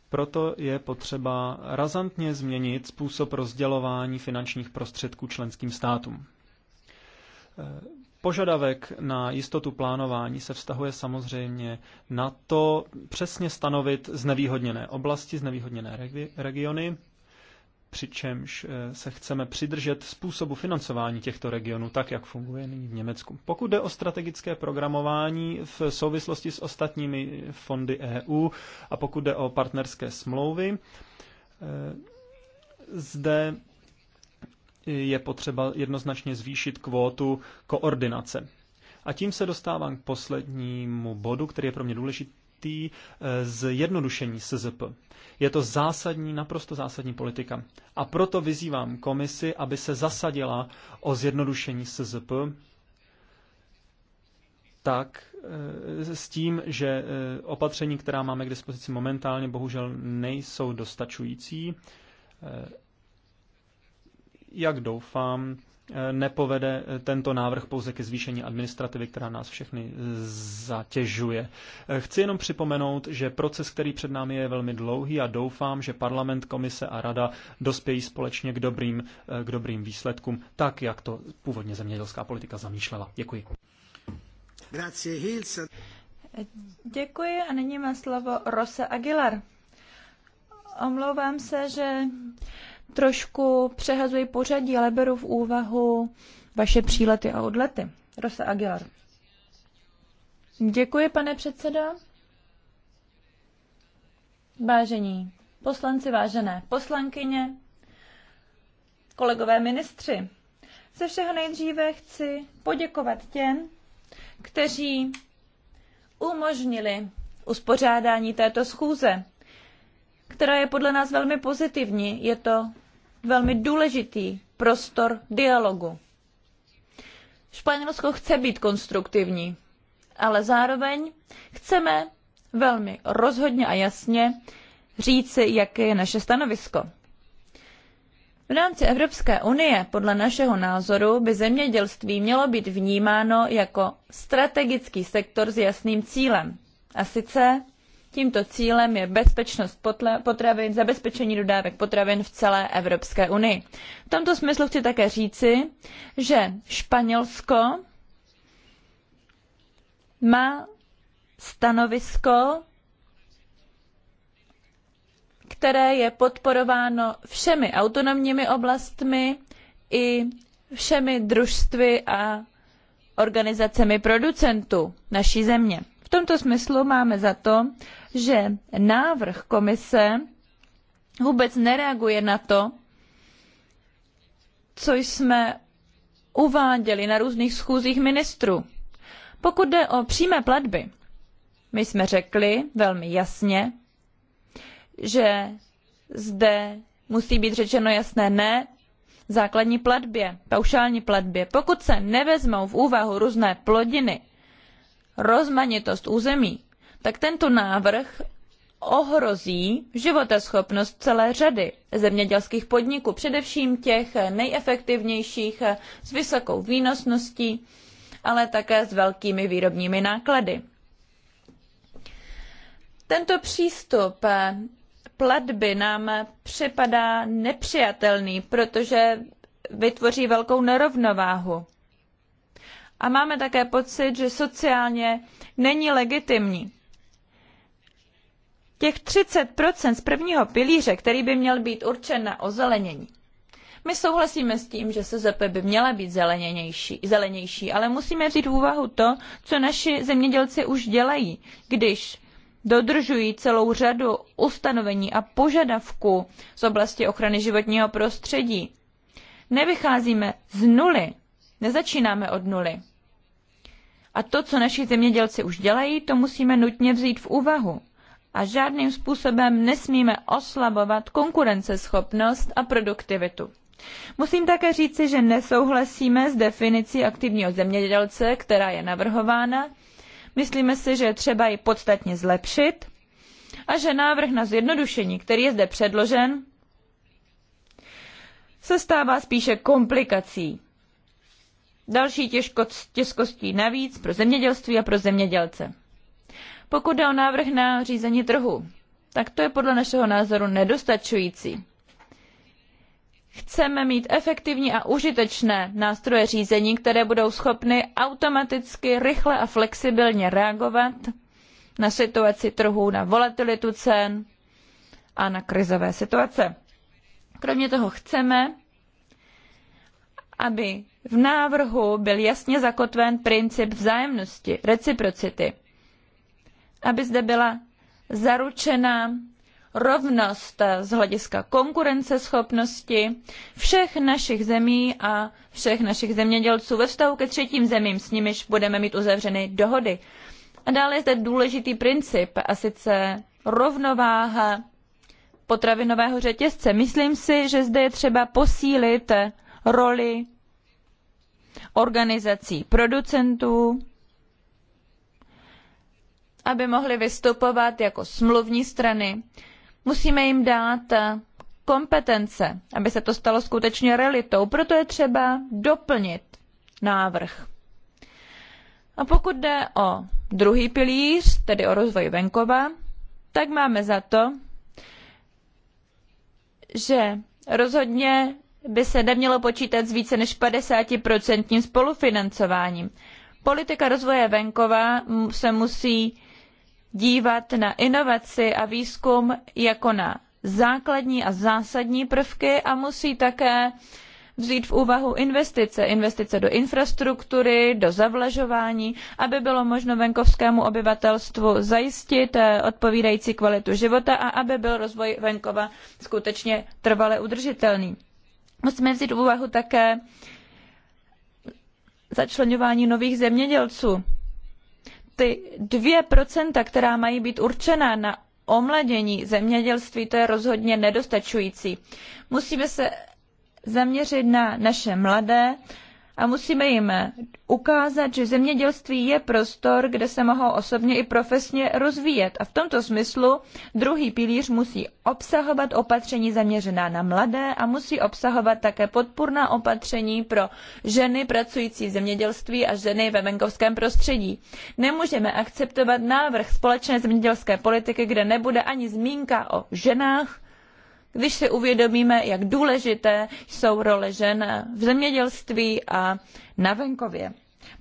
Proto je potřeba razantně změnit způsob rozdělování finančních prostředků členským státům. E, požadavek na jistotu plánování se vztahuje samozřejmě na to přesně stanovit znevýhodněné oblasti, znevýhodněné regiony přičemž eh, se chceme přidržet způsobu financování těchto regionů tak, jak funguje nyní v Německu. Pokud jde o strategické programování v souvislosti s ostatními fondy EU a pokud jde o partnerské smlouvy, eh, zde je potřeba jednoznačně zvýšit kvótu koordinace. A tím se dostávám k poslednímu bodu, který je pro mě důležitý, určitý eh, zjednodušení SZP. Je to zásadní, naprosto zásadní politika. A proto vyzývám komisi, aby se zasadila o zjednodušení SZP tak eh, s tím, že eh, opatření, která máme k dispozici momentálně, bohužel nejsou dostačující. Jak doufám, nepovede eh, tento návrh pouze ke zvýšení administrativy, která nás všechny zatěžuje. Eh, chci jenom připomenout, že proces, který před námi je velmi dlouhý a doufám, že parlament, komise a rada dospějí společně k dobrým, eh, k dobrým výsledkům, tak jak to původně zemědělská politika zamýšlela. Děkuji. Děkuji a nyní má slovo Rosa Aguilar. Omlouvám se, že trošku přehazuji pořadí, ale beru v úvahu vaše přílety a odlety. Rosa Aguilar. Děkuji, pane předsedo. Vážení poslanci, vážené poslankyně, kolegové ministři, ze všeho nejdříve chci poděkovat těm, kteří umožnili uspořádání této schůze, která je podle nás velmi pozitivní. Je to velmi důležitý prostor dialogu. Španělsko chce být konstruktivní, ale zároveň chceme velmi rozhodně a jasně říci, jaké je naše stanovisko. V rámci Evropské unie podle našeho názoru by zemědělství mělo být vnímáno jako strategický sektor s jasným cílem, a sice Tímto cílem je bezpečnost potravin, zabezpečení dodávek potravin v celé Evropské unii. V tomto smyslu chci také říci, že Španělsko má stanovisko, které je podporováno všemi autonomními oblastmi i všemi družstvy a organizacemi producentů naší země tomto smyslu máme za to, že návrh komise vůbec nereaguje na to, co jsme uváděli na různých schůzích ministrů. Pokud jde o přímé platby, my jsme řekli velmi jasně, že zde musí být řečeno jasné ne základní platbě, paušální platbě. Pokud se nevezmou v úvahu různé plodiny, rozmanitost území, tak tento návrh ohrozí životaschopnost celé řady zemědělských podniků, především těch nejefektivnějších s vysokou výnosností, ale také s velkými výrobními náklady. Tento přístup eh, platby nám připadá nepřijatelný, protože vytvoří velkou nerovnováhu a máme také pocit, že sociálně není legitimní. Těch 30% z prvního pilíře, který by měl být určen na ozelenění. My souhlasíme s tím, že SZP by měla být zelenější, zelenější, ale musíme vzít v úvahu to, co naši zemědělci už dělají, když dodržují celou řadu ustanovení a požadavků z oblasti ochrany životního prostředí. Nevycházíme z nuly, nezačínáme od nuly. A to, co naši zemědělci už dělají, to musíme nutně vzít v úvahu. A žádným způsobem nesmíme oslabovat konkurenceschopnost a produktivitu. Musím také říci, že nesouhlasíme s definicí aktivního zemědělce, která je navrhována. Myslíme si, že je třeba ji podstatně zlepšit a že návrh na zjednodušení, který je zde předložen, se stává spíše komplikací další těžkostí navíc pro zemědělství a pro zemědělce. Pokud jde o návrh na řízení trhu, tak to je podle našeho názoru nedostačující. Chceme mít efektivní a užitečné nástroje řízení, které budou schopny automaticky, rychle a flexibilně reagovat na situaci trhu, na volatilitu cen a na krizové situace. Kromě toho chceme, aby v návrhu byl jasně zakotven princip vzájemnosti, reciprocity, aby zde byla zaručena rovnost z hlediska konkurenceschopnosti všech našich zemí a všech našich zemědělců ve vztahu ke třetím zemím, s nimiž budeme mít uzavřeny dohody. A dále je zde důležitý princip, a sice rovnováha potravinového řetězce. Myslím si, že zde je třeba posílit roli organizací producentů, aby mohly vystupovat jako smluvní strany. Musíme jim dát eh, kompetence, aby se to stalo skutečně realitou. Proto je třeba doplnit návrh. A pokud jde o druhý pilíř, tedy o rozvoj venkova, tak máme za to, že rozhodně by se nemělo počítat s více než 50% spolufinancováním. Politika rozvoje venkova se musí dívat na inovaci a výzkum jako na základní a zásadní prvky a musí také vzít v úvahu investice, investice do infrastruktury, do zavlažování, aby bylo možno venkovskému obyvatelstvu zajistit eh, odpovídající kvalitu života a aby byl rozvoj venkova skutečně trvale udržitelný. Musíme vzít v úvahu také začlenování nových zemědělců. Ty 2%, která mají být určena na omladění zemědělství, to je rozhodně nedostačující. Musíme se zaměřit na naše mladé, a musíme jim ukázat, že zemědělství je prostor, kde se mohou osobně i profesně rozvíjet. A v tomto smyslu druhý pilíř musí obsahovat opatření zaměřená na mladé a musí obsahovat také podpůrná opatření pro ženy pracující v zemědělství a ženy ve venkovském prostředí. Nemůžeme akceptovat návrh společné zemědělské politiky, kde nebude ani zmínka o ženách, když si uvědomíme, jak důležité jsou role žen v zemědělství a na venkově.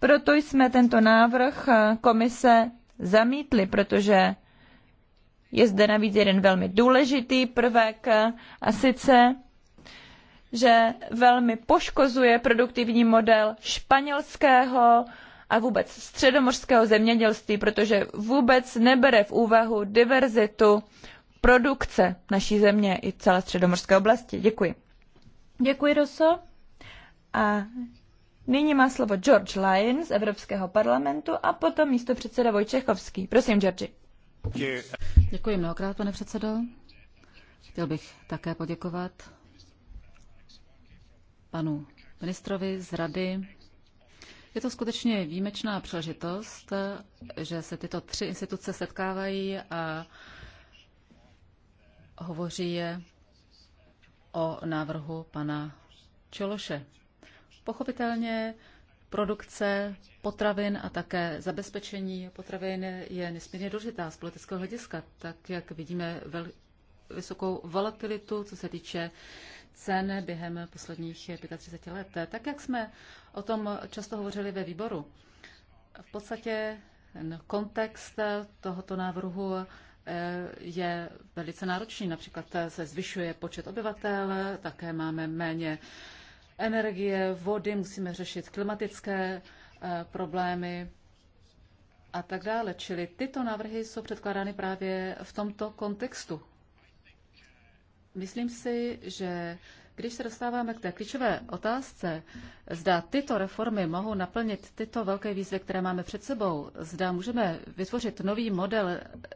Proto jsme tento návrh komise zamítli, protože je zde navíc jeden velmi důležitý prvek a sice, že velmi poškozuje produktivní model španělského a vůbec středomořského zemědělství, protože vůbec nebere v úvahu diverzitu produkce naší země i celé středomorské oblasti. Děkuji. Děkuji, Roso. A nyní má slovo George Lyon z Evropského parlamentu a potom místo předseda Vojčechovský. Prosím, Georgi. Děkuji. Děkuji mnohokrát, pane předsedo. Chtěl bych také poděkovat panu ministrovi z rady. Je to skutečně výjimečná příležitost, že se tyto tři instituce setkávají a hovoří je o návrhu pana Čološe. Pochopitelně produkce potravin a také zabezpečení potravin je nesmírně důležitá z politického hlediska, tak jak vidíme vel, vysokou volatilitu, co se týče cen během posledních 35 let. Tak jak jsme o tom často hovořili ve výboru, v podstatě kontext tohoto návrhu Eh, je velice náročný. Například eh, se zvyšuje počet obyvatel, také máme méně energie, vody, musíme řešit klimatické eh, problémy a tak dále. Čili tyto návrhy jsou předkládány právě v tomto kontextu. Myslím si, že když se dostáváme k té klíčové otázce, zda tyto reformy mohou naplnit tyto velké výzvy, které máme před sebou, zda můžeme vytvořit nový model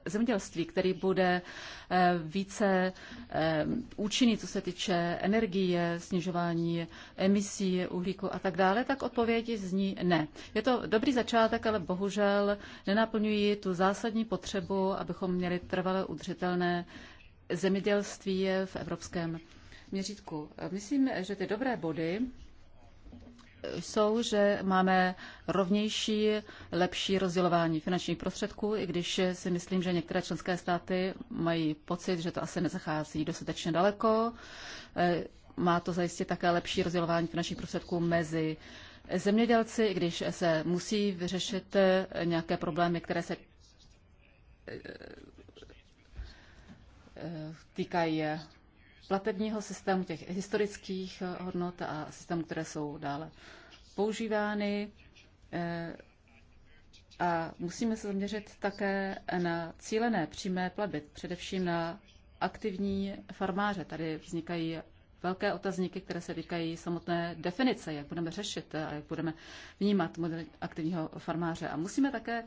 zemědělství, který bude eh, více eh, účinný, co se týče energie, snižování emisí uhlíku a tak dále, tak odpověď zní ne. Je to dobrý začátek, ale bohužel nenaplňují tu zásadní potřebu, abychom měli trvale udržitelné zemědělství v Evropském měřítku. Myslím, že ty dobré body jsou, že máme rovnější, lepší rozdělování finančních prostředků, i když si myslím, že některé členské státy mají pocit, že to asi nezachází dostatečně daleko. Má to zajistit také lepší rozdělování finančních prostředků mezi zemědělci, i když se musí vyřešit nějaké problémy, které se eh, eh, týkají platebního systému, těch historických eh, hodnot a systémů, které jsou dále používány. Eh, a musíme se zaměřit také na cílené přímé platby, především na aktivní farmáře. Tady vznikají velké otazníky, které se týkají samotné definice, jak budeme řešit a jak budeme vnímat model aktivního farmáře. A musíme také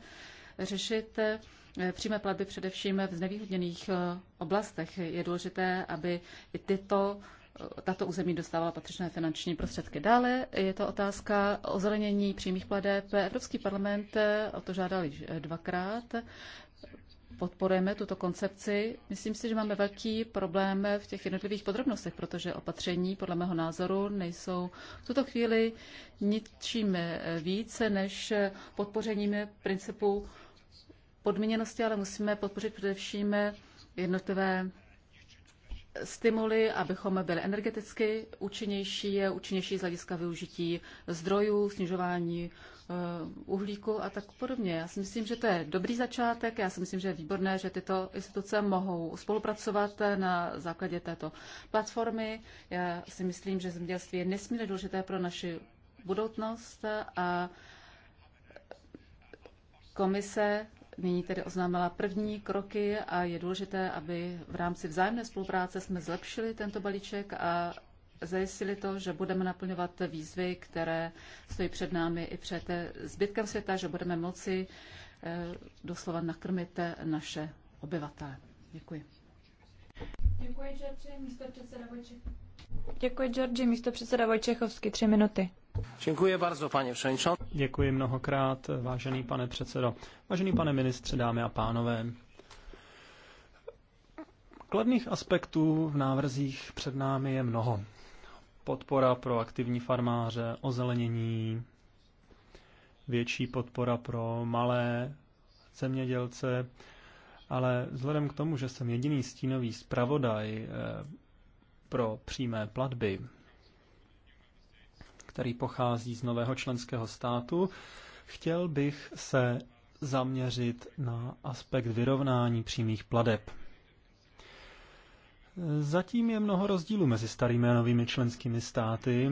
řešit eh, Eh, přímé platby především v znevýhodněných eh, oblastech. Je důležité, aby i tyto eh, tato území dostávala patřičné finanční prostředky. Dále je to otázka o zelenění přímých pladeb. Evropský parlament o to žádal již dvakrát. Podporujeme tuto koncepci. Myslím si, že máme velký problém v těch jednotlivých podrobnostech, protože opatření podle mého názoru nejsou v tuto chvíli ničím více než podpořením principu podmíněnosti, ale musíme podpořit především jednotlivé stimuly, abychom byli energeticky účinnější, účinnější z hlediska využití zdrojů, snižování eh, uhlíku a tak podobně. Já si myslím, že to je dobrý začátek, já si myslím, že je výborné, že tyto instituce mohou spolupracovat na základě této platformy. Já si myslím, že zemědělství je nesmírně důležité pro naši budoucnost a komise nyní tedy oznámila první kroky a je důležité, aby v rámci vzájemné spolupráce jsme zlepšili tento balíček a zajistili to, že budeme naplňovat výzvy, které stojí před námi i před zbytkem světa, že budeme moci eh, doslova nakrmit naše obyvatele. Děkuji. Děkuji, čerči, místo předseda Vojček. Děkuji, Georgi. Místo předseda Vojčechovský, tři minuty. Děkuji bardzo, pane Šenčon. Děkuji mnohokrát, vážený pane předsedo. Vážený pane ministře, dámy a pánové. Kladných aspektů v návrzích před námi je mnoho. Podpora pro aktivní farmáře, ozelenění, větší podpora pro malé zemědělce, ale vzhledem k tomu, že jsem jediný stínový zpravodaj eh, pro přímé platby, který pochází z nového členského státu, chtěl bych se zaměřit na aspekt vyrovnání přímých plateb. Zatím je mnoho rozdílů mezi starými a novými členskými státy,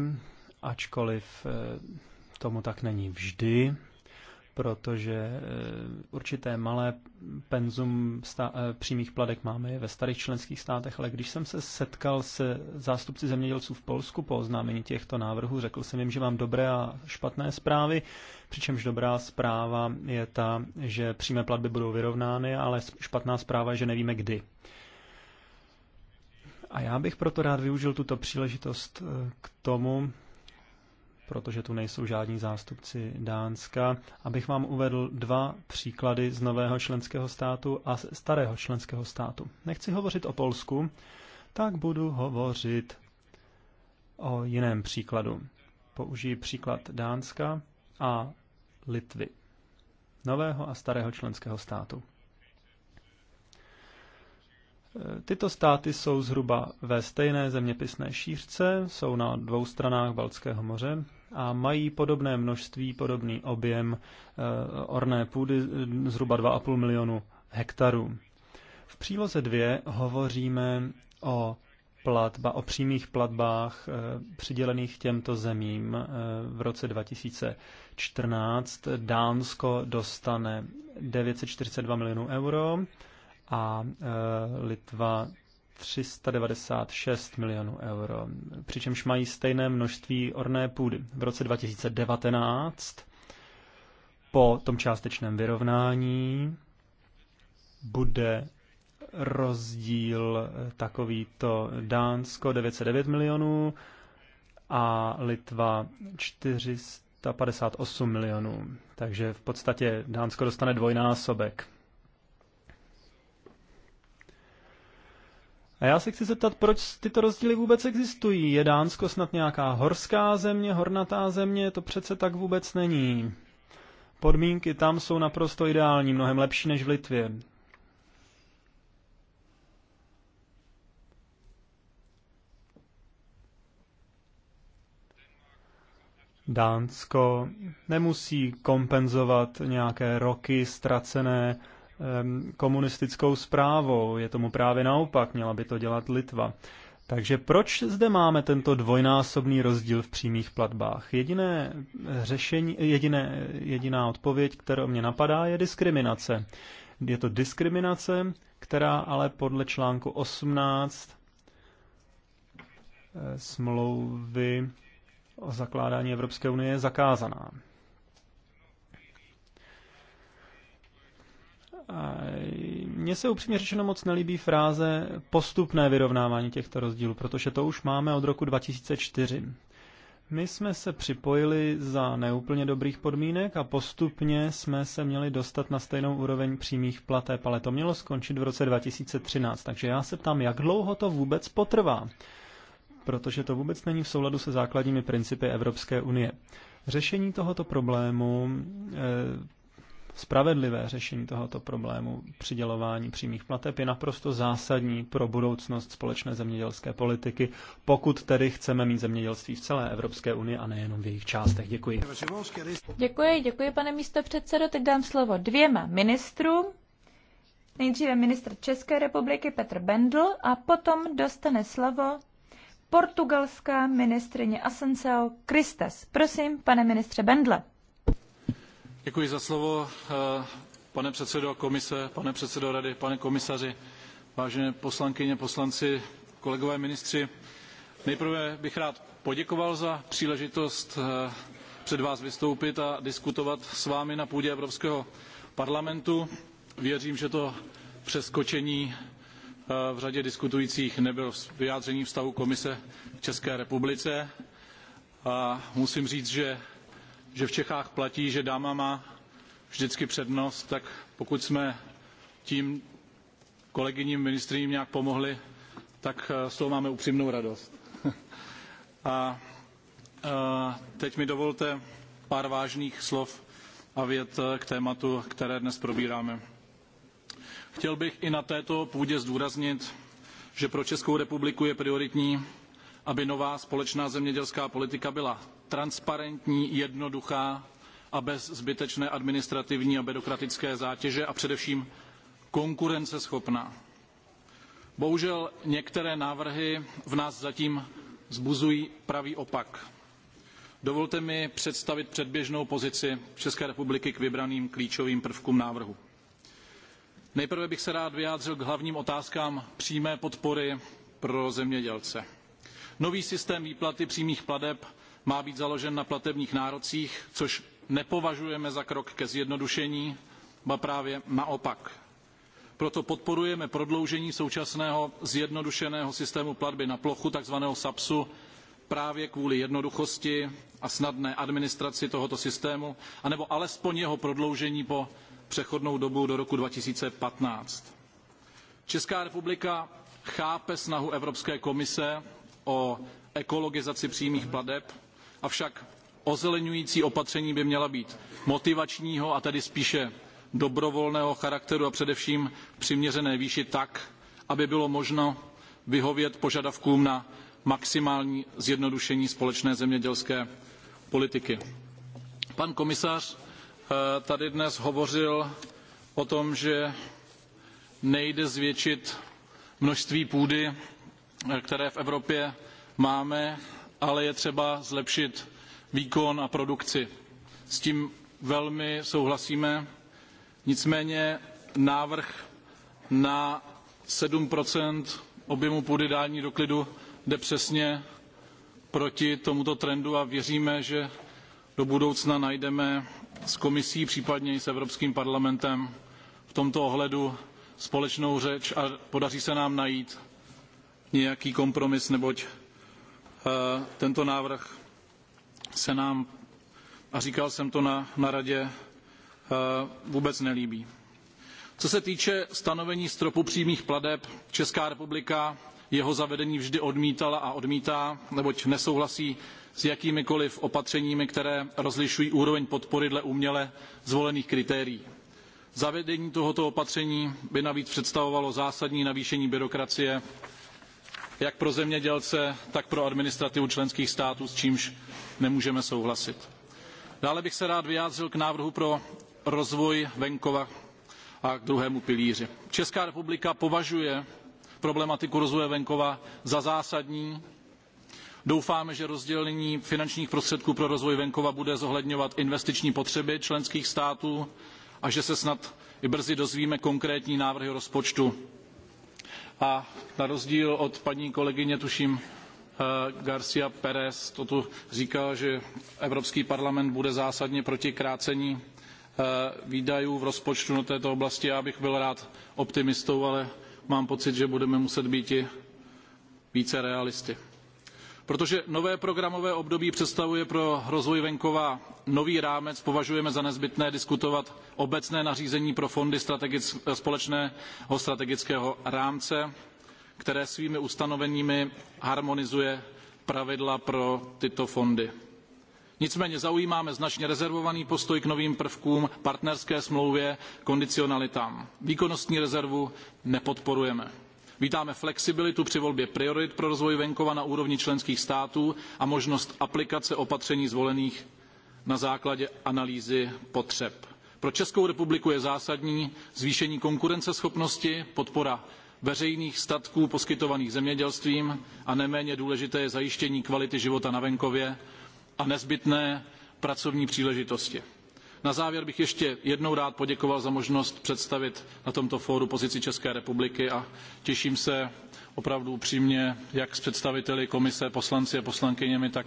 ačkoliv eh, tomu tak není vždy protože eh, určité malé penzum eh, přímých pladek máme ve starých členských státech, ale když jsem se setkal se zástupci zemědělců v Polsku po oznámení těchto návrhů, řekl jsem jim, že mám dobré a špatné zprávy, přičemž dobrá zpráva je ta, že přímé platby budou vyrovnány, ale špatná zpráva je, že nevíme kdy. A já bych proto rád využil tuto příležitost eh, k tomu, protože tu nejsou žádní zástupci Dánska, abych vám uvedl dva příklady z nového členského státu a z starého členského státu. Nechci hovořit o Polsku, tak budu hovořit o jiném příkladu. Použiji příklad Dánska a Litvy, nového a starého členského státu. Tyto státy jsou zhruba ve stejné zeměpisné šířce, jsou na dvou stranách Baltského moře a mají podobné množství, podobný objem eh, orné půdy, eh, zhruba 2,5 milionu hektarů. V příloze 2 hovoříme o platba, o přímých platbách eh, přidělených těmto zemím v roce 2014. Dánsko dostane 942 milionů euro a Litva 396 milionů euro, přičemž mají stejné množství orné půdy. V roce 2019 po tom částečném vyrovnání bude rozdíl takovýto Dánsko 909 milionů a Litva 458 milionů. Takže v podstatě Dánsko dostane dvojnásobek A já se chci zeptat, proč tyto rozdíly vůbec existují? Je Dánsko snad nějaká horská země, hornatá země? To přece tak vůbec není. Podmínky tam jsou naprosto ideální, mnohem lepší než v Litvě. Dánsko nemusí kompenzovat nějaké roky ztracené komunistickou zprávou. Je tomu právě naopak, měla by to dělat Litva. Takže proč zde máme tento dvojnásobný rozdíl v přímých platbách? Jediné řešení, jediné, jediná odpověď, kterou mě napadá, je diskriminace. Je to diskriminace, která ale podle článku 18 eh, smlouvy o zakládání Evropské unie je zakázaná. Mně se upřímně řečeno moc nelíbí fráze postupné vyrovnávání těchto rozdílů, protože to už máme od roku 2004. My jsme se připojili za neúplně dobrých podmínek a postupně jsme se měli dostat na stejnou úroveň přímých plateb, ale to mělo skončit v roce 2013. Takže já se ptám, jak dlouho to vůbec potrvá, protože to vůbec není v souladu se základními principy Evropské unie. Řešení tohoto problému eh, Spravedlivé řešení tohoto problému přidělování přímých plateb je naprosto zásadní pro budoucnost společné zemědělské politiky, pokud tedy chceme mít zemědělství v celé Evropské unii a nejenom v jejich částech. Děkuji. Děkuji, děkuji, pane místo předsedo. Teď dám slovo dvěma ministrům. Nejdříve ministr České republiky Petr Bendl a potom dostane slovo portugalská ministrině Asenseo Kristes. Prosím, pane ministře Bendle. Děkuji za slovo, eh, pane předsedo komise, pane předsedo rady, pane komisaři, vážené poslankyně, poslanci, kolegové ministři. Nejprve bych rád poděkoval za příležitost eh, před vás vystoupit a diskutovat s vámi na půdě Evropského parlamentu. Věřím, že to přeskočení eh, v řadě diskutujících nebylo vyjádřením vztahu komise k České republice. A musím říct, že že v Čechách platí, že dáma má vždycky přednost, tak pokud jsme tím kolegyním ministrím nějak pomohli, tak eh, z toho máme upřímnou radost. a, a eh, teď mi dovolte pár vážných slov a věd eh, k tématu, které dnes probíráme. Chtěl bych i na této půdě zdůraznit, že pro Českou republiku je prioritní, aby nová společná zemědělská politika byla transparentní, jednoduchá a bez zbytečné administrativní a byrokratické zátěže a především konkurenceschopná. Bohužel některé návrhy v nás zatím zbuzují pravý opak. Dovolte mi představit předběžnou pozici České republiky k vybraným klíčovým prvkům návrhu. Nejprve bych se rád vyjádřil k hlavním otázkám přímé podpory pro zemědělce. Nový systém výplaty přímých pladeb má být založen na platebních nárocích, což nepovažujeme za krok ke zjednodušení, ba právě naopak. Proto podporujeme prodloužení současného zjednodušeného systému platby na plochu, takzvaného SAPSu, právě kvůli jednoduchosti a snadné administraci tohoto systému, anebo alespoň jeho prodloužení po přechodnou dobu do roku 2015. Česká republika chápe snahu Evropské komise o ekologizaci přímých plateb avšak ozelenující opatření by měla být motivačního a tedy spíše dobrovolného charakteru a především v přiměřené výši tak, aby bylo možno vyhovět požadavkům na maximální zjednodušení společné zemědělské politiky. Pan komisař eh, tady dnes hovořil o tom, že nejde zvětšit množství půdy, eh, které v Evropě máme, ale je třeba zlepšit výkon a produkci. S tím velmi souhlasíme. Nicméně návrh na 7 objemu půdy dání do klidu jde přesně proti tomuto trendu a věříme, že do budoucna najdeme s komisí, případně i s Evropským parlamentem v tomto ohledu společnou řeč a podaří se nám najít nějaký kompromis, neboť Eh, tento návrh se nám, a říkal jsem to na, na radě, eh, vůbec nelíbí. Co se týče stanovení stropu přímých pladeb, Česká republika jeho zavedení vždy odmítala a odmítá, neboť nesouhlasí s jakýmikoliv opatřeními, které rozlišují úroveň podpory dle uměle zvolených kritérií. Zavedení tohoto opatření by navíc představovalo zásadní navýšení byrokracie jak pro zemědělce, tak pro administrativu členských států, s čímž nemůžeme souhlasit. Dále bych se rád vyjádřil k návrhu pro rozvoj venkova a k druhému pilíři. Česká republika považuje problematiku rozvoje venkova za zásadní. Doufáme, že rozdělení finančních prostředků pro rozvoj venkova bude zohledňovat investiční potřeby členských států a že se snad i brzy dozvíme konkrétní návrhy rozpočtu a na rozdíl od paní kolegyně, tuším, eh, Garcia Pérez to tu říkal, že Evropský parlament bude zásadně proti krácení eh, výdajů v rozpočtu na této oblasti. Já bych byl rád optimistou, ale mám pocit, že budeme muset být i více realisty. Protože nové programové období představuje pro rozvoj venkova nový rámec, považujeme za nezbytné diskutovat obecné nařízení pro fondy společného strategického rámce, které svými ustanoveními harmonizuje pravidla pro tyto fondy. Nicméně zaujímáme značně rezervovaný postoj k novým prvkům partnerské smlouvě, kondicionalitám. Výkonnostní rezervu nepodporujeme. Vítáme flexibilitu při volbě priorit pro rozvoj venkova na úrovni členských států a možnost aplikace opatření zvolených na základě analýzy potřeb. Pro Českou republiku je zásadní zvýšení konkurenceschopnosti, podpora veřejných statků poskytovaných zemědělstvím a neméně důležité je zajištění kvality života na venkově a nezbytné pracovní příležitosti. Na závěr bych ještě jednou rád poděkoval za možnost představit na tomto fóru pozici České republiky a těším se opravdu upřímně jak s představiteli komise, poslanci a poslankyněmi, tak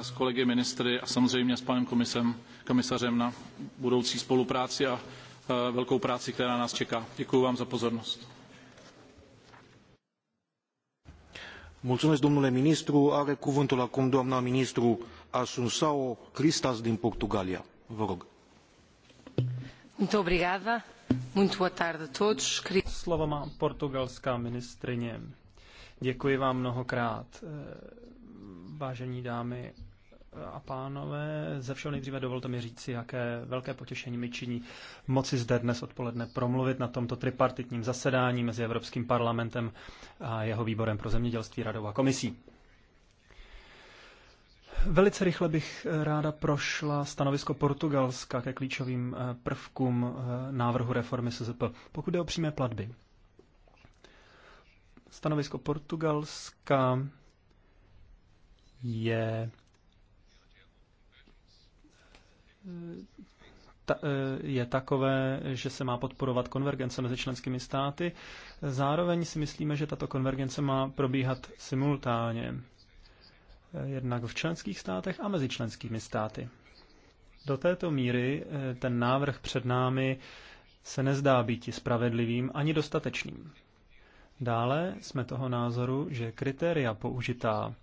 eh, s kolegy ministry a samozřejmě s panem komisem, komisařem na budoucí spolupráci a eh, velkou práci, která nás čeká. Děkuji vám za pozornost. Mulțumesc, domnule ministru. Are cuvântul acum doamna ministru Asunsao Cristas din Portugalia. Slovo má portugalská ministrině. Děkuji vám mnohokrát. Eh, vážení dámy eh, a pánové, ze všeho nejdříve dovolte mi říci, jaké velké potěšení mi činí moci zde dnes odpoledne promluvit na tomto tripartitním zasedání mezi Evropským parlamentem a jeho výborem pro zemědělství, radou a komisí. Velice rychle bych eh, ráda prošla stanovisko Portugalska ke klíčovým eh, prvkům eh, návrhu reformy SZP, pokud jde o přímé platby. Stanovisko Portugalska je ta, je takové, že se má podporovat konvergence mezi členskými státy. Zároveň si myslíme, že tato konvergence má probíhat simultánně jednak v členských státech a mezi členskými státy. Do této míry eh, ten návrh před námi se nezdá být spravedlivým ani dostatečným. Dále jsme toho názoru, že kritéria použitá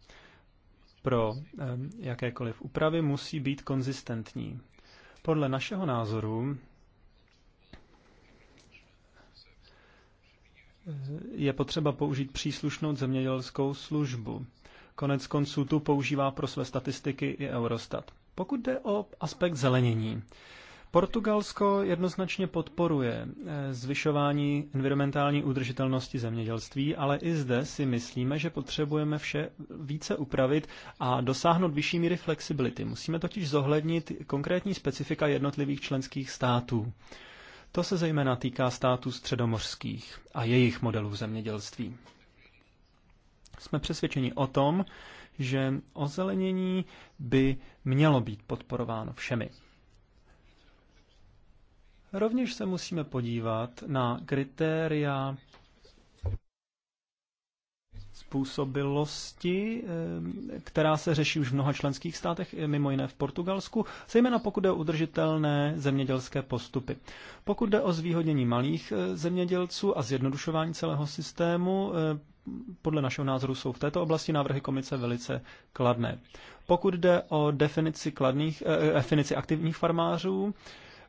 pro eh, jakékoliv úpravy musí být konzistentní. Podle našeho názoru eh, je potřeba použít příslušnou zemědělskou službu Konec konců tu používá pro své statistiky i Eurostat. Pokud jde o aspekt zelenění, Portugalsko jednoznačně podporuje eh, zvyšování environmentální udržitelnosti zemědělství, ale i zde si myslíme, že potřebujeme vše více upravit a dosáhnout vyšší míry flexibility. Musíme totiž zohlednit konkrétní specifika jednotlivých členských států. To se zejména týká států středomořských a jejich modelů zemědělství. Jsme přesvědčeni o tom, že ozelenění by mělo být podporováno všemi. Rovněž se musíme podívat na kritéria způsobilosti, eh, která se řeší už v mnoha členských státech, eh, mimo jiné v Portugalsku, zejména pokud jde o udržitelné zemědělské postupy. Pokud jde o zvýhodnění malých eh, zemědělců a zjednodušování celého systému, podle našeho názoru jsou v této oblasti návrhy komice velice kladné. Pokud jde o definici, kladných, eh, definici aktivních farmářů, eh,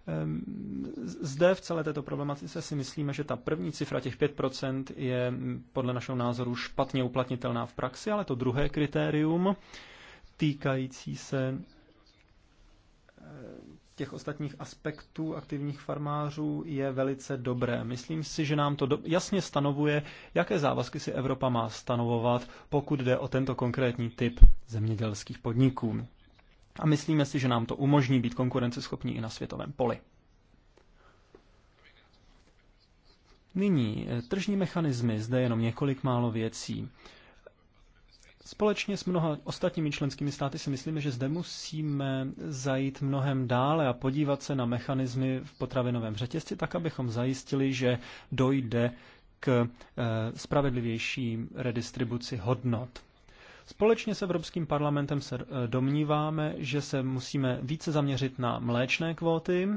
Ehm, zde v celé této problematice si myslíme, že ta první cifra těch 5% je mm, podle našeho názoru špatně uplatnitelná v praxi, ale to druhé kritérium týkající se ehm, těch ostatních aspektů aktivních farmářů je velice dobré. Myslím si, že nám to jasně stanovuje, jaké závazky si Evropa má stanovovat, pokud jde o tento konkrétní typ zemědělských podniků a myslíme si, že nám to umožní být konkurenceschopní i na světovém poli. Nyní eh, tržní mechanismy, zde jenom několik málo věcí. Společně s mnoha ostatními členskými státy si myslíme, že zde musíme zajít mnohem dále a podívat se na mechanismy v potravinovém řetězci, tak abychom zajistili, že dojde k eh, spravedlivější redistribuci hodnot. Společně s Evropským parlamentem se eh, domníváme, že se musíme více zaměřit na mléčné kvóty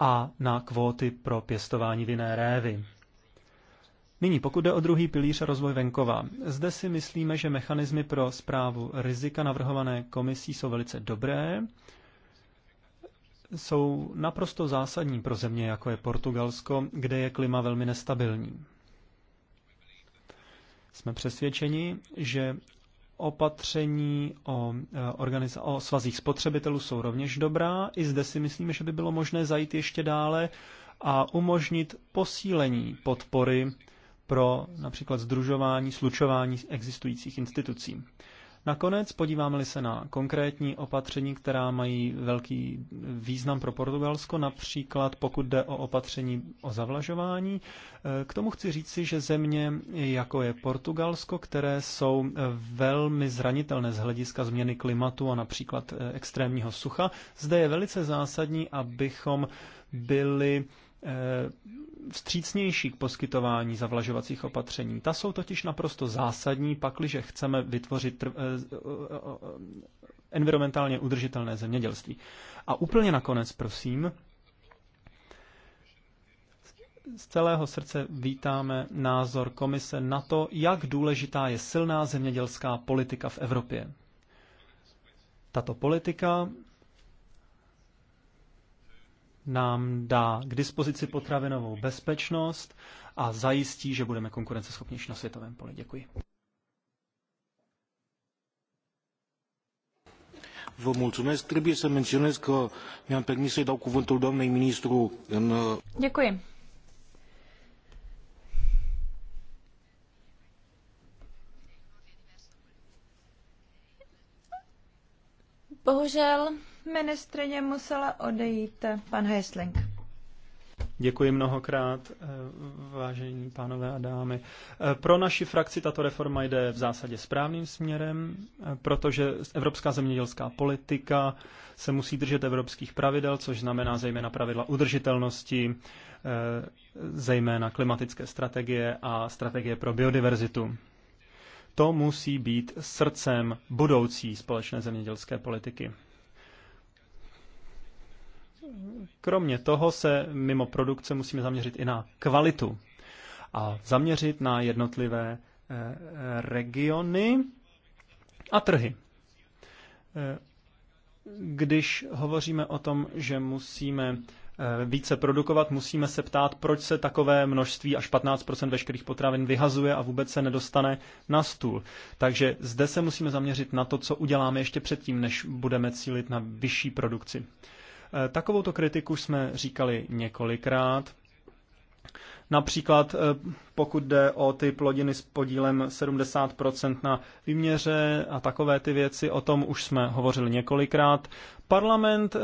a na kvóty pro pěstování vinné révy. Nyní, pokud jde o druhý pilíř a rozvoj venkova, zde si myslíme, že mechanismy pro zprávu rizika navrhované komisí jsou velice dobré, jsou naprosto zásadní pro země, jako je Portugalsko, kde je klima velmi nestabilní. Jsme přesvědčeni, že opatření o, e, organiza- o svazích spotřebitelů jsou rovněž dobrá. I zde si myslíme, že by bylo možné zajít ještě dále a umožnit posílení podpory pro například združování, slučování existujících institucí. Nakonec podíváme-li se na konkrétní opatření, která mají velký význam pro Portugalsko, například pokud jde o opatření o zavlažování, eh, k tomu chci říci, že země jako je Portugalsko, které jsou eh, velmi zranitelné z hlediska změny klimatu a například eh, extrémního sucha, zde je velice zásadní, abychom byli Eh, vstřícnější k poskytování zavlažovacích opatření. Ta jsou totiž naprosto zásadní, pakliže chceme vytvořit eh, environmentálně udržitelné zemědělství. A úplně nakonec, prosím, z celého srdce vítáme názor komise na to, jak důležitá je silná zemědělská politika v Evropě. Tato politika nám dá k dispozici potravinovou bezpečnost a zajistí, že budeme konkurenceschopnější na světovém poli. Děkuji. Vă mulțumesc. Trebuie să menționez că mi-am permis să-i dau cuvântul doamnei ministru în... Děkuji. Bohužel ministrině musela odejít. Pan Heisling. Děkuji mnohokrát, eh, vážení pánové a dámy. Eh, pro naši frakci tato reforma jde v zásadě správným směrem, eh, protože evropská zemědělská politika se musí držet evropských pravidel, což znamená zejména pravidla udržitelnosti, zejména klimatické strategie a strategie pro biodiverzitu. To musí být srdcem budoucí společné zemědělské politiky kromě toho se mimo produkce musíme zaměřit i na kvalitu a zaměřit na jednotlivé eh, regiony a trhy. Eh, když hovoříme o tom, že musíme eh, více produkovat, musíme se ptát, proč se takové množství až 15% veškerých potravin vyhazuje a vůbec se nedostane na stůl. Takže zde se musíme zaměřit na to, co uděláme ještě předtím, než budeme cílit na vyšší produkci. Takovouto kritiku jsme říkali několikrát Například eh, pokud jde o ty plodiny s podílem 70% na výměře a takové ty věci, o tom už jsme hovořili několikrát. Parlament eh,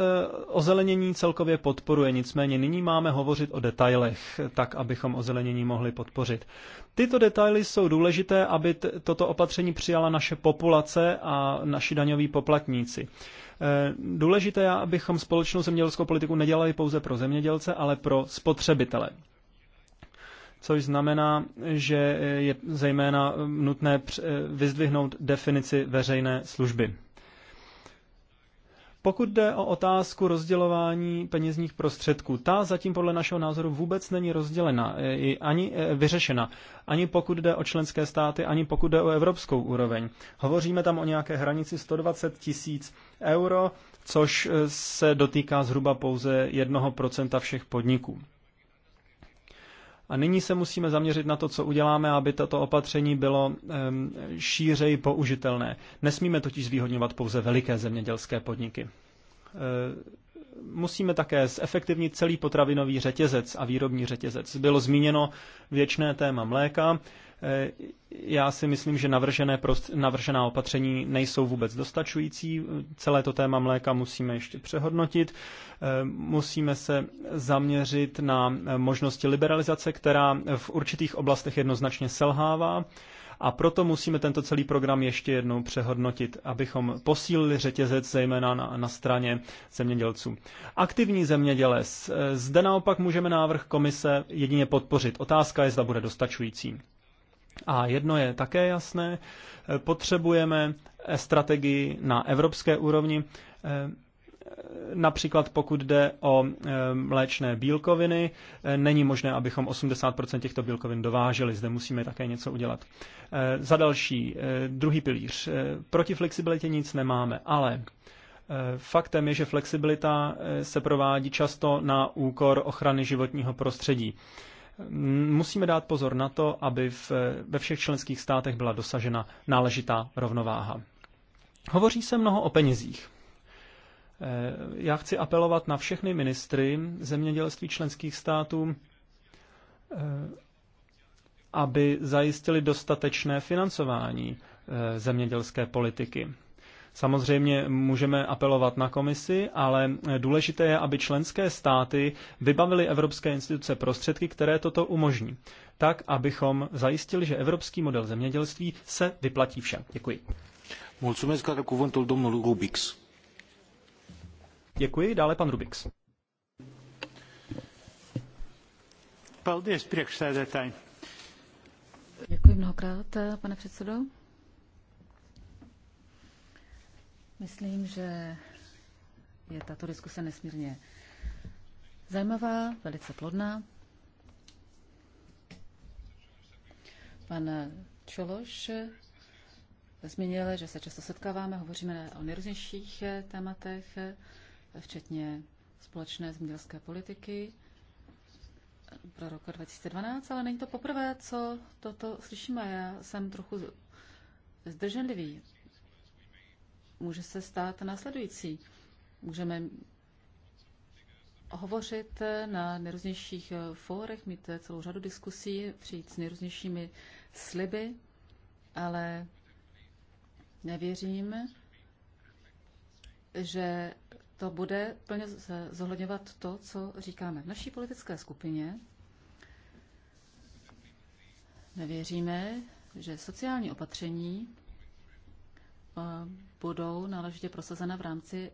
ozelenění celkově podporuje, nicméně nyní máme hovořit o detailech, tak abychom ozelenění mohli podpořit. Tyto detaily jsou důležité, aby toto opatření přijala naše populace a naši daňoví poplatníci. Eh, důležité je, abychom společnou zemědělskou politiku nedělali pouze pro zemědělce, ale pro spotřebitele což znamená, že je zejména nutné vyzdvihnout definici veřejné služby. Pokud jde o otázku rozdělování penězních prostředků, ta zatím podle našeho názoru vůbec není rozdělena, e, ani e, vyřešena, ani pokud jde o členské státy, ani pokud jde o evropskou úroveň. Hovoříme tam o nějaké hranici 120 tisíc euro, což e, se dotýká zhruba pouze 1% všech podniků. A nyní se musíme zaměřit na to, co uděláme, aby toto opatření bylo šířeji použitelné. Nesmíme totiž zvýhodňovat pouze veliké zemědělské podniky. E, musíme také zefektivnit celý potravinový řetězec a výrobní řetězec. Bylo zmíněno věčné téma mléka. Já si myslím, že navržené navržená opatření nejsou vůbec dostačující. Celé to téma mléka musíme ještě přehodnotit. Eh, musíme se zaměřit na možnosti liberalizace, která v určitých oblastech jednoznačně selhává. A proto musíme tento celý program ještě jednou přehodnotit, abychom posílili řetězec zejména na, na straně zemědělců. Aktivní zemědělec. Eh, zde naopak můžeme návrh komise jedině podpořit. Otázka je, zda bude dostačující. A jedno je také jasné, potřebujeme eh, strategii na evropské úrovni, eh, Například pokud jde o eh, mléčné bílkoviny, není možné, abychom 80% těchto bílkovin dováželi. Zde musíme také něco udělat. Za další, druhý pilíř. Proti flexibilitě nic nemáme, ale faktem je, že flexibilita se provádí často na úkor ochrany životního prostředí musíme dát pozor na to, aby v, ve všech členských státech byla dosažena náležitá rovnováha. Hovoří se mnoho o penězích. Eh, já chci apelovat na všechny ministry zemědělství členských států, eh, aby zajistili dostatečné financování eh, zemědělské politiky. Samozřejmě můžeme apelovat na komisi, ale důležité je, aby členské státy vybavily evropské instituce prostředky, které toto umožní. Tak, abychom zajistili, že evropský model zemědělství se vyplatí všem. Děkuji. Rubix. Děkuji, dále pan Rubix. Děkuji mnohokrát, pane předsedo. Myslím, že je tato diskuse nesmírně zajímavá, velice plodná. Pan Čološ zmínil, že se často setkáváme, hovoříme o nejrůznějších tématech, včetně společné zemědělské politiky pro rok 2012, ale není to poprvé, co toto slyšíme. Já jsem trochu zdrženlivý, může se stát následující. Můžeme hovořit na nejrůznějších fórech, mít celou řadu diskusí, přijít s nejrůznějšími sliby, ale nevěřím, že to bude plně zohledňovat to, co říkáme v naší politické skupině. Nevěříme, že sociální opatření budou náležitě prosazena v rámci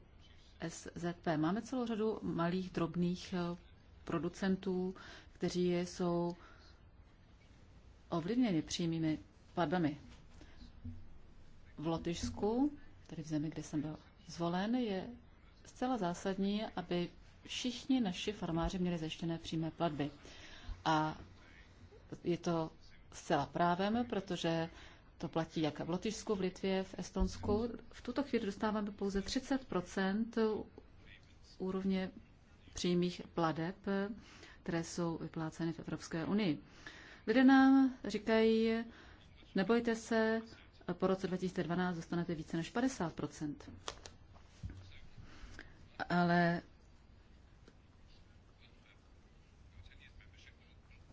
SZP. Máme celou řadu malých, drobných eh, producentů, kteří jsou ovlivněni přímými platbami. V Lotyšsku, tedy v zemi, kde jsem byl zvolen, je zcela zásadní, aby všichni naši farmáři měli zajištěné přímé platby. A je to zcela právem, protože to platí jak v Lotyšsku, v Litvě, v Estonsku. V tuto chvíli dostáváme pouze 30 úrovně přímých pladeb, které jsou vypláceny v Evropské unii. Lidé nám říkají, nebojte se, po roce 2012 dostanete více než 50 Ale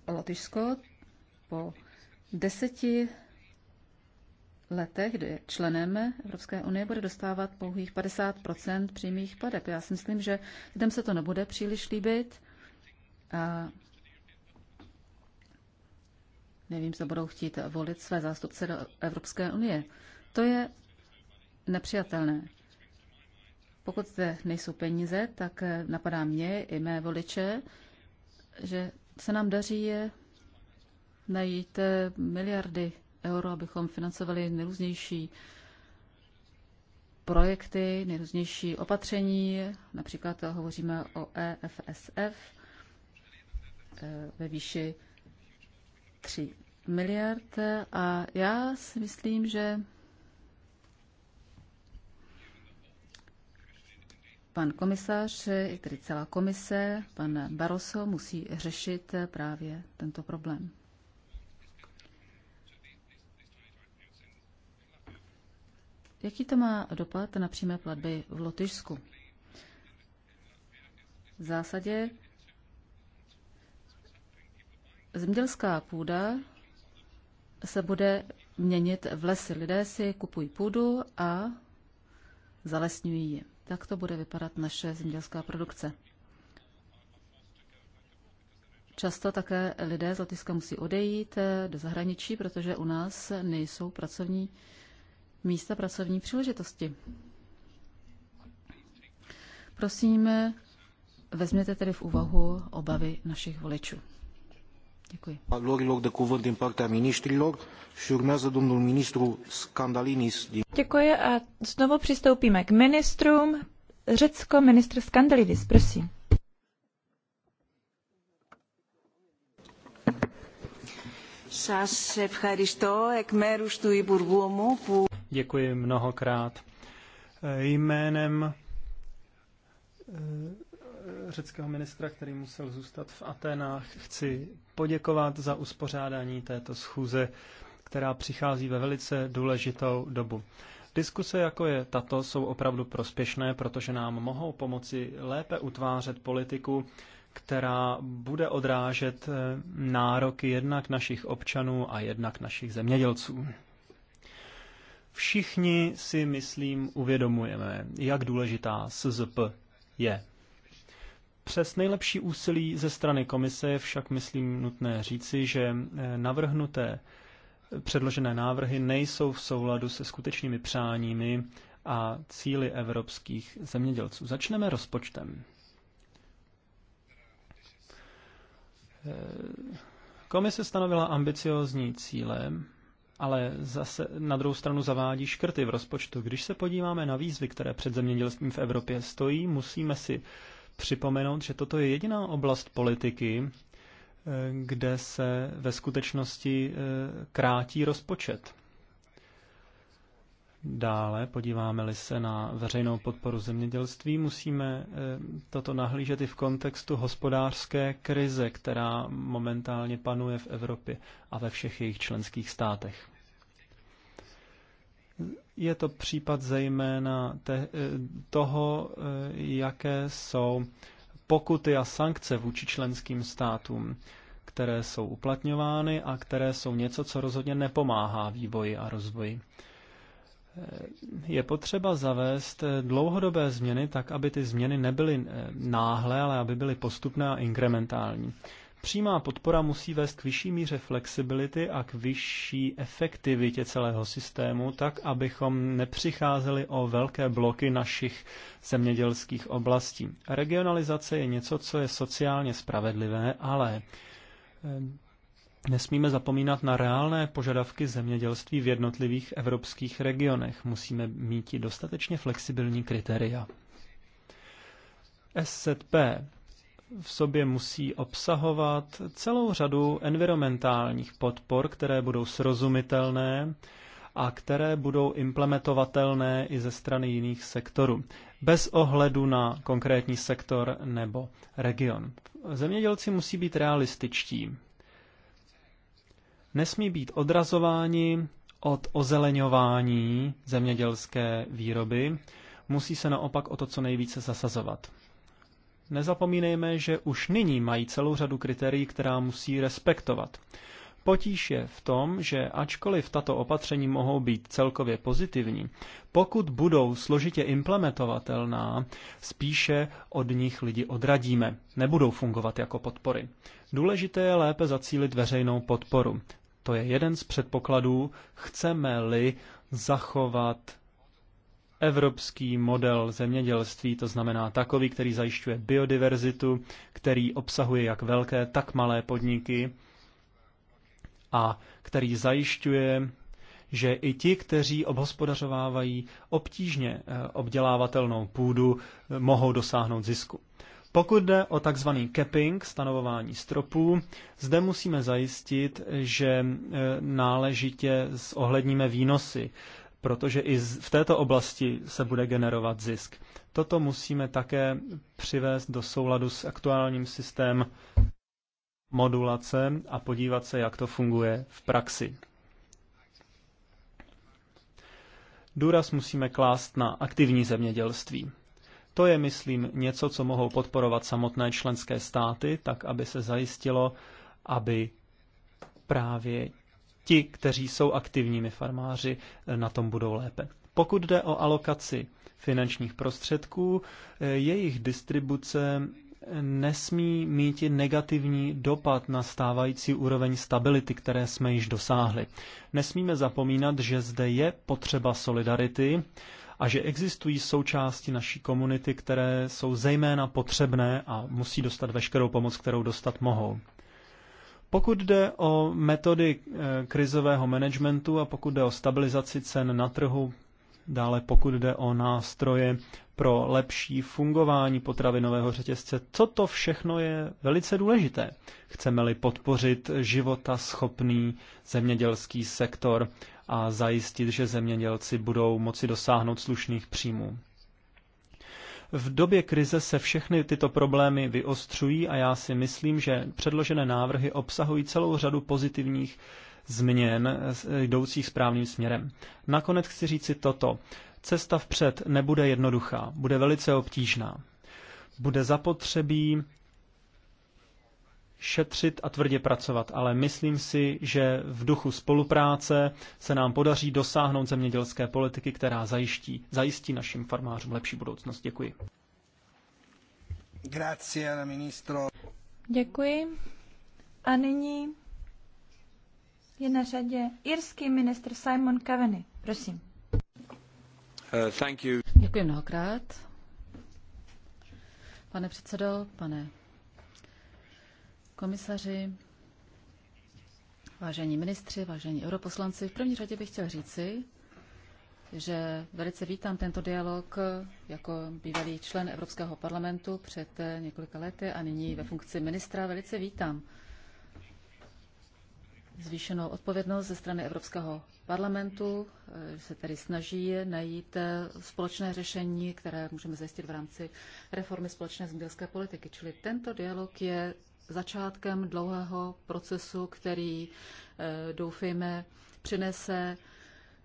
Lotyšsko po deseti letech, kdy je členem Evropské unie, bude dostávat pouhých 50 přímých pladeb. Já si myslím, že lidem se to nebude příliš líbit. A nevím, zda budou chtít volit své zástupce do Evropské unie. To je nepřijatelné. Pokud zde nejsou peníze, tak napadá mě i mé voliče, že se nám daří najít miliardy euro, abychom financovali nejrůznější projekty, nejrůznější opatření. Například hovoříme o EFSF eh, ve výši 3 miliard. A já si myslím, že pan komisař, i tedy celá komise, pan Barroso musí řešit právě tento problém. Jaký to má dopad na přímé platby v Lotyšsku? V zásadě zemědělská půda se bude měnit v lesy. Lidé si kupují půdu a zalesňují ji. Tak to bude vypadat naše zemědělská produkce. Často také lidé z Lotyšska musí odejít eh, do zahraničí, protože u nás nejsou pracovní místa pracovní příležitosti. Prosím, vezměte tedy v úvahu obavy našich voličů. Děkuji. ministru Děkuji a znovu přistoupíme k ministrům. Řecko, ministr Skandalidis, prosím. Σας ευχαριστώ εκ μέρους του Υπουργού μου που Děkuji mnohokrát. Jménem eh, řeckého ministra, který musel zůstat v Atenách, chci poděkovat za uspořádání této schůze, která přichází ve velice důležitou dobu. Diskuse jako je tato jsou opravdu prospěšné, protože nám mohou pomoci lépe utvářet politiku, která bude odrážet eh, nároky jednak našich občanů a jednak našich zemědělců. Všichni si, myslím, uvědomujeme, jak důležitá SZP je. Přes nejlepší úsilí ze strany komise je však, myslím, nutné říci, že eh, navrhnuté eh, předložené návrhy nejsou v souladu se skutečnými přáními a cíly evropských zemědělců. Začneme rozpočtem. Eh, komise stanovila ambiciozní cíle ale zase na druhou stranu zavádí škrty v rozpočtu. Když se podíváme na výzvy, které před zemědělstvím v Evropě stojí, musíme si připomenout, že toto je jediná oblast politiky, eh, kde se ve skutečnosti eh, krátí rozpočet. Dále, podíváme-li se na veřejnou podporu zemědělství, musíme eh, toto nahlížet i v kontextu hospodářské krize, která momentálně panuje v Evropě a ve všech jejich členských státech. Je to případ zejména te, eh, toho, eh, jaké jsou pokuty a sankce vůči členským státům, které jsou uplatňovány a které jsou něco, co rozhodně nepomáhá vývoji a rozvoji je potřeba zavést dlouhodobé změny tak, aby ty změny nebyly eh, náhle, ale aby byly postupné a inkrementální. Přímá podpora musí vést k vyšší míře flexibility a k vyšší efektivitě celého systému, tak abychom nepřicházeli o velké bloky našich zemědělských oblastí. Regionalizace je něco, co je sociálně spravedlivé, ale eh, Nesmíme zapomínat na reálné požadavky zemědělství v jednotlivých evropských regionech. Musíme mít i dostatečně flexibilní kritéria. SZP v sobě musí obsahovat celou řadu environmentálních podpor, které budou srozumitelné a které budou implementovatelné i ze strany jiných sektorů, bez ohledu na konkrétní sektor nebo region. Zemědělci musí být realističtí nesmí být odrazováni od ozeleňování zemědělské výroby, musí se naopak o to co nejvíce zasazovat. Nezapomínejme, že už nyní mají celou řadu kritérií, která musí respektovat. Potíž je v tom, že ačkoliv tato opatření mohou být celkově pozitivní, pokud budou složitě implementovatelná, spíše od nich lidi odradíme. Nebudou fungovat jako podpory. Důležité je lépe zacílit veřejnou podporu. To je jeden z předpokladů, chceme-li zachovat evropský model zemědělství, to znamená takový, který zajišťuje biodiverzitu, který obsahuje jak velké, tak malé podniky a který zajišťuje, že i ti, kteří obhospodařovávají obtížně eh, obdělávatelnou půdu, eh, mohou dosáhnout zisku. Pokud jde o tzv. capping, stanovování stropů, zde musíme zajistit, že e, náležitě zohledníme výnosy, protože i v této oblasti se bude generovat zisk. Toto musíme také přivést do souladu s aktuálním systémem modulace a podívat se, jak to funguje v praxi. Důraz musíme klást na aktivní zemědělství. To je, myslím, něco, co mohou podporovat samotné členské státy, tak aby se zajistilo, aby právě ti, kteří jsou aktivními farmáři, na tom budou lépe. Pokud jde o alokaci finančních prostředků, jejich distribuce nesmí mít negativní dopad na stávající úroveň stability, které jsme již dosáhli. Nesmíme zapomínat, že zde je potřeba solidarity a že existují součásti naší komunity, které jsou zejména potřebné a musí dostat veškerou pomoc, kterou dostat mohou. Pokud jde o metody eh, krizového managementu a pokud jde o stabilizaci cen na trhu, dále pokud jde o nástroje pro lepší fungování potravinového řetězce, co to všechno je velice důležité. Chceme-li podpořit života schopný zemědělský sektor a zajistit, že zemědělci budou moci dosáhnout slušných příjmů. V době krize se všechny tyto problémy vyostřují a já si myslím, že předložené návrhy obsahují celou řadu pozitivních změn jdoucích správným směrem. Nakonec chci říci toto. Cesta vpřed nebude jednoduchá, bude velice obtížná. Bude zapotřebí šetřit a tvrdě pracovat, ale myslím si, že v duchu spolupráce se nám podaří dosáhnout zemědělské politiky, která zajistí, zajistí našim farmářům lepší budoucnost. Děkuji. Děkuji. A nyní je na řadě irský ministr Simon Coveney. Prosím. Uh, thank you. Děkuji mnohokrát. Pane předsedo, pane komisaři, vážení ministři, vážení europoslanci, v první řadě bych chtěl říci, že velice vítám tento dialog jako bývalý člen Evropského parlamentu před několika lety a nyní ve funkci ministra. Velice vítám zvýšenou odpovědnost ze strany Evropského parlamentu, že se tedy snaží najít společné řešení, které můžeme zajistit v rámci reformy společné zemědělské politiky. Čili tento dialog je začátkem dlouhého procesu, který eh, doufejme přinese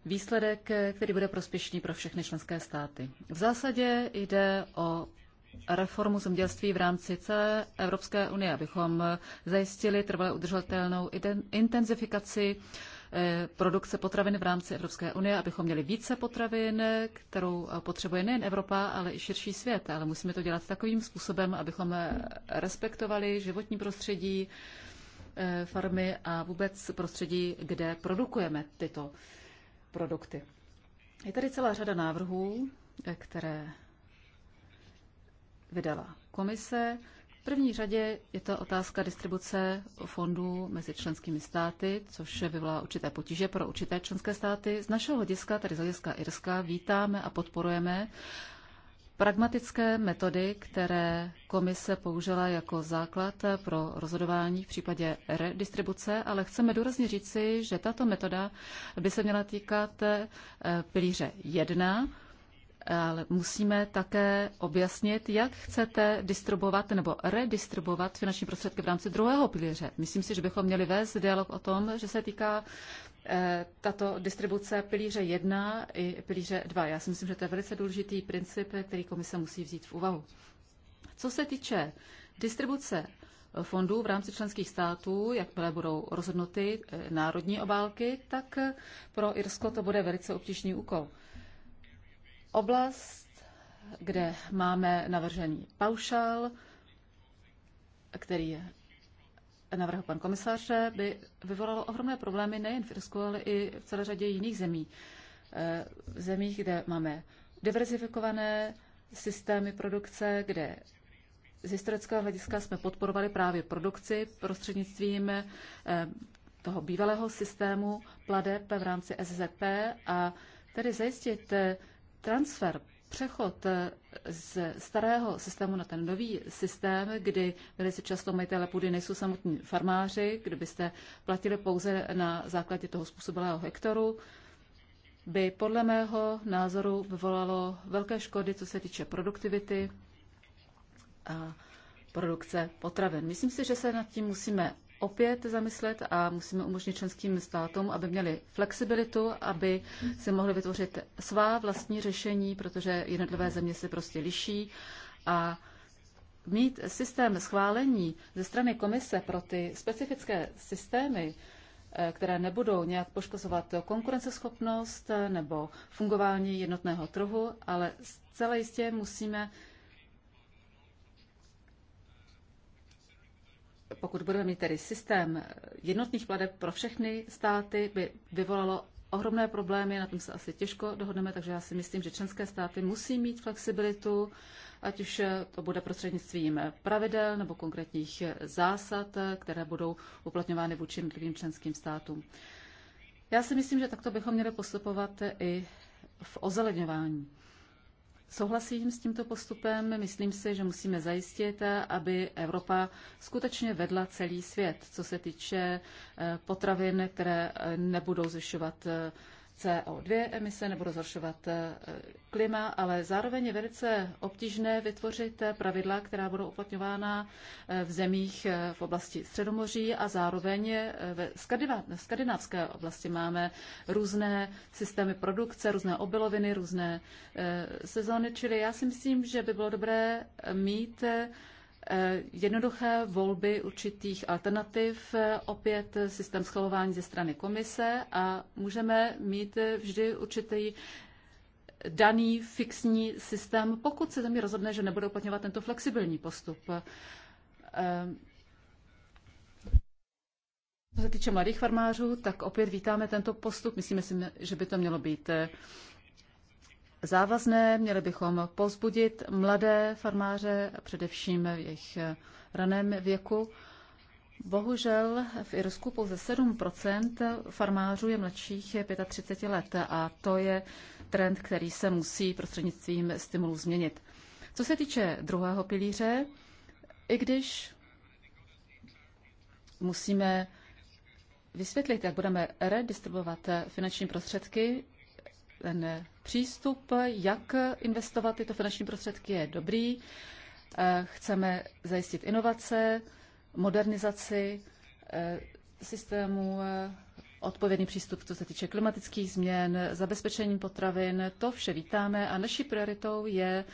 výsledek, eh, který bude prospěšný pro všechny členské státy. V zásadě jde o reformu zemědělství v rámci celé Evropské unie, abychom zajistili trvale udržitelnou intenzifikaci Eh, produkce potravin v rámci Evropské unie, abychom měli více potravin, kterou eh, potřebuje nejen Evropa, ale i širší svět. Ale musíme to dělat takovým způsobem, abychom eh, respektovali životní prostředí, farmy a vůbec prostředí, kde produkujeme tyto produkty. Je tady celá řada návrhů, které vydala komise. V první řadě je to otázka distribuce fondů mezi členskými státy, což vyvolá určité potíže pro určité členské státy. Z našeho hlediska, tedy z hlediska Irska, vítáme a podporujeme pragmatické metody, které komise použila jako základ pro rozhodování v případě redistribuce, ale chceme důrazně říci, že tato metoda by se měla týkat eh, pilíře 1 ale musíme také objasnit, jak chcete distribuovat nebo redistribuovat finanční prostředky v rámci druhého pilíře. Myslím si, že bychom měli vést dialog o tom, že se týká eh, tato distribuce pilíře 1 i pilíře 2. Já si myslím, že to je velice důležitý princip, který komise musí vzít v úvahu. Co se týče distribuce fondů v rámci členských států, jakmile budou rozhodnuty eh, národní obálky, tak pro Irsko to bude velice obtížný úkol oblast, kde máme navržený paušál, který je navrhl pan komisař, by vyvolalo ohromné problémy nejen v Irsku, ale i v celé řadě jiných zemí. Eh, v zemích, kde máme diverzifikované systémy produkce, kde z historického hlediska jsme podporovali právě produkci prostřednictvím eh, toho bývalého systému pladeb v rámci SZP a tedy zajistit eh, transfer, přechod eh, z starého systému na ten nový systém, kdy velice často majitele půdy nejsou samotní farmáři, kdybyste platili pouze na základě toho způsobilého hektoru, by podle mého názoru vyvolalo velké škody, co se týče produktivity a produkce potravin. Myslím si, že se nad tím musíme opět zamyslet a musíme umožnit členským státům, aby měli flexibilitu, aby si mohli vytvořit svá vlastní řešení, protože jednotlivé země se prostě liší a mít systém schválení ze strany komise pro ty specifické systémy, eh, které nebudou nějak poškozovat konkurenceschopnost nebo fungování jednotného trhu, ale zcela jistě musíme pokud budeme mít tedy systém jednotných pladeb pro všechny státy, by vyvolalo ohromné problémy, na tom se asi těžko dohodneme, takže já si myslím, že členské státy musí mít flexibilitu, ať už to bude prostřednictvím pravidel nebo konkrétních zásad, které budou uplatňovány vůči jednotlivým členským státům. Já si myslím, že takto bychom měli postupovat i v ozeleňování. Souhlasím s tímto postupem. Myslím si, že musíme zajistit, aby Evropa skutečně vedla celý svět, co se týče eh, potravin, které eh, nebudou zvyšovat eh, CO2 emise nebo zhoršovat eh, klima, ale zároveň je velice obtížné vytvořit eh, pravidla, která budou uplatňována eh, v zemích v oblasti Středomoří a zároveň ve skandinávské oblasti máme různé systémy produkce, různé obiloviny, různé sezóny, čili já si myslím, že by bylo dobré mít Eh, jednoduché volby určitých alternativ, eh, opět eh, systém schvalování ze strany komise a můžeme mít vždy určitý daný fixní systém, pokud se země rozhodne, že nebude uplatňovat tento flexibilní postup. Co se týče mladých farmářů, tak opět vítáme tento postup. Myslíme si, že by to mělo být závazné, měli bychom pozbudit mladé farmáře, především v jejich raném věku. Bohužel v Irsku pouze 7 farmářů je mladších 35 let a to je trend, který se musí prostřednictvím stimulů změnit. Co se týče druhého pilíře, i když musíme vysvětlit, jak budeme redistribuovat finanční prostředky, ten přístup, jak investovat tyto finanční prostředky, je dobrý. Eh, chceme zajistit inovace, modernizaci eh, systému, eh, odpovědný přístup, co se týče klimatických změn, zabezpečení potravin. To vše vítáme a naší prioritou je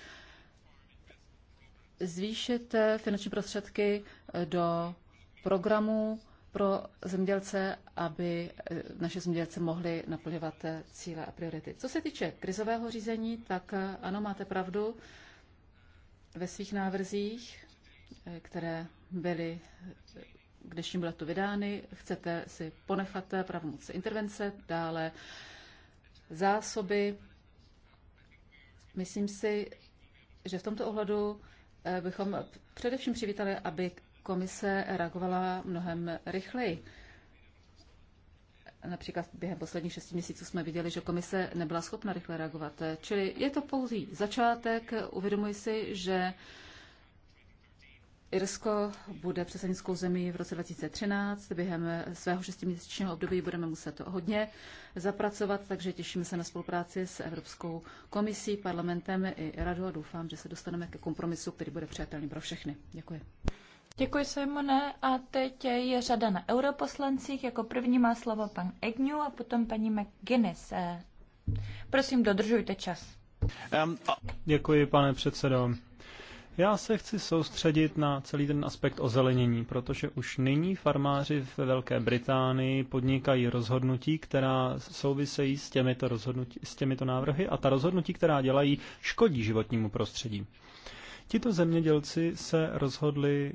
zvýšit finanční prostředky do programů pro zemědělce, aby eh, naše zemědělce mohli naplňovat eh, cíle a priority. Co se týče krizového řízení, tak eh, ano, máte pravdu ve svých návrzích, které byly k dnešnímu letu vydány. Chcete si ponechat pravomoc intervence, dále zásoby. Myslím si, že v tomto ohledu bychom především přivítali, aby komise reagovala mnohem rychleji. Například během posledních šesti měsíců jsme viděli, že komise nebyla schopna rychle reagovat. Čili je to pouhý začátek. Uvědomuji si, že Irsko bude předsednickou zemí v roce 2013. Během svého šestiměsíčního období budeme muset to hodně zapracovat, takže těšíme se na spolupráci s Evropskou komisí, parlamentem i radou a doufám, že se dostaneme ke kompromisu, který bude přijatelný pro všechny. Děkuji. Děkuji, Simone. A teď je řada na europoslancích. Jako první má slovo pan Egnu a potom paní McGuinness. Eh, prosím, dodržujte čas. Um, a... Děkuji, pane předsedo. Já se chci soustředit na celý ten aspekt ozelenění, protože už nyní farmáři ve Velké Británii podnikají rozhodnutí, která souvisejí s těmito, rozhodnutí, s těmito návrhy a ta rozhodnutí, která dělají, škodí životnímu prostředí. Tito zemědělci se rozhodli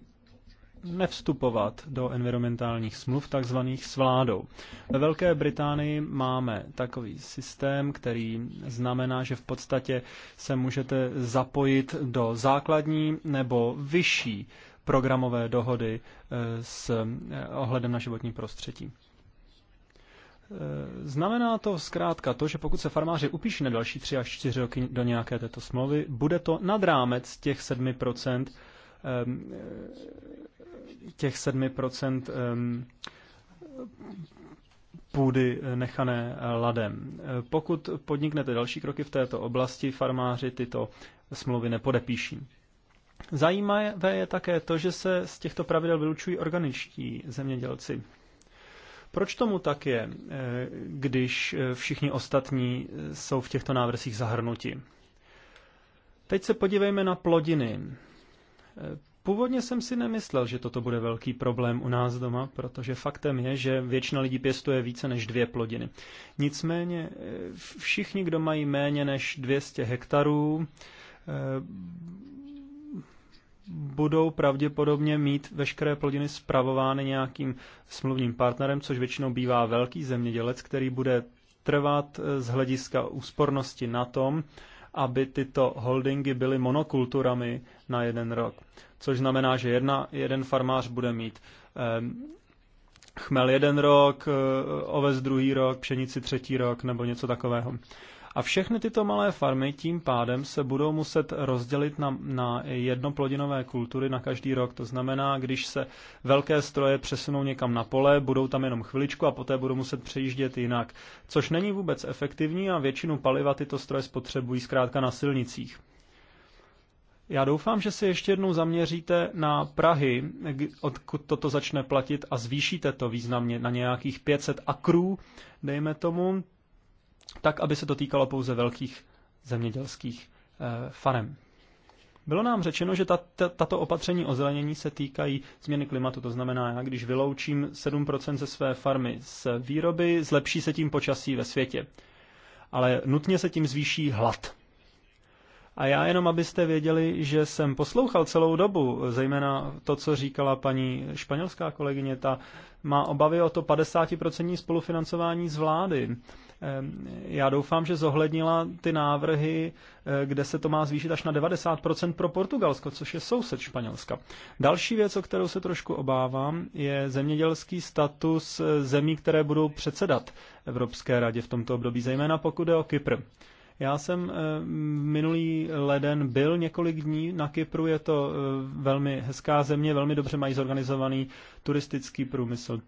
nevstupovat do environmentálních smluv takzvaných s vládou. Ve Velké Británii máme takový systém, který znamená, že v podstatě se můžete zapojit do základní nebo vyšší programové dohody eh, s eh, ohledem na životní prostředí. Eh, znamená to zkrátka to, že pokud se farmáři upíší na další tři až čtyři roky do nějaké této smlouvy, bude to nad rámec těch 7 Ehm, těch 7% ehm, půdy eh, nechané eh, ladem. Eh, pokud podniknete další kroky v této oblasti, farmáři tyto smlouvy nepodepíší. Zajímavé je také to, že se z těchto pravidel vylučují organičtí zemědělci. Proč tomu tak je, když všichni ostatní jsou v těchto návrzích zahrnuti? Teď se podívejme na plodiny. Původně jsem si nemyslel, že toto bude velký problém u nás doma, protože faktem je, že většina lidí pěstuje více než dvě plodiny. Nicméně eh, všichni, kdo mají méně než 200 hektarů, eh, budou pravděpodobně mít veškeré plodiny spravovány nějakým smluvním partnerem, což většinou bývá velký zemědělec, který bude trvat eh, z hlediska úspornosti na tom, aby tyto holdingy byly monokulturami, na jeden rok. Což znamená, že jedna, jeden farmář bude mít eh, chmel jeden rok, eh, oves druhý rok, pšenici třetí rok nebo něco takového. A všechny tyto malé farmy tím pádem se budou muset rozdělit na, na jednoplodinové kultury na každý rok. To znamená, když se velké stroje přesunou někam na pole, budou tam jenom chviličku a poté budou muset přejíždět jinak. Což není vůbec efektivní a většinu paliva tyto stroje spotřebují zkrátka na silnicích. Já doufám, že se ještě jednou zaměříte na Prahy, odkud toto začne platit a zvýšíte to významně na nějakých 500 akrů, dejme tomu, tak, aby se to týkalo pouze velkých zemědělských eh, farem. Bylo nám řečeno, že tato opatření ozelenění se týkají změny klimatu, to znamená, já když vyloučím 7% ze své farmy z výroby, zlepší se tím počasí ve světě. Ale nutně se tím zvýší hlad. A já jenom, abyste věděli, že jsem poslouchal celou dobu, zejména to, co říkala paní španělská kolegyně, ta má obavy o to 50% spolufinancování z vlády. Ehm, já doufám, že zohlednila ty návrhy, eh, kde se to má zvýšit až na 90% pro Portugalsko, což je soused Španělska. Další věc, o kterou se trošku obávám, je zemědělský status eh, zemí, které budou předsedat Evropské radě v tomto období, zejména pokud je o Kypr. Já jsem eh, minulý leden byl několik dní na Kypru, je to eh, velmi hezká země, velmi dobře mají zorganizovaný turistický průmysl.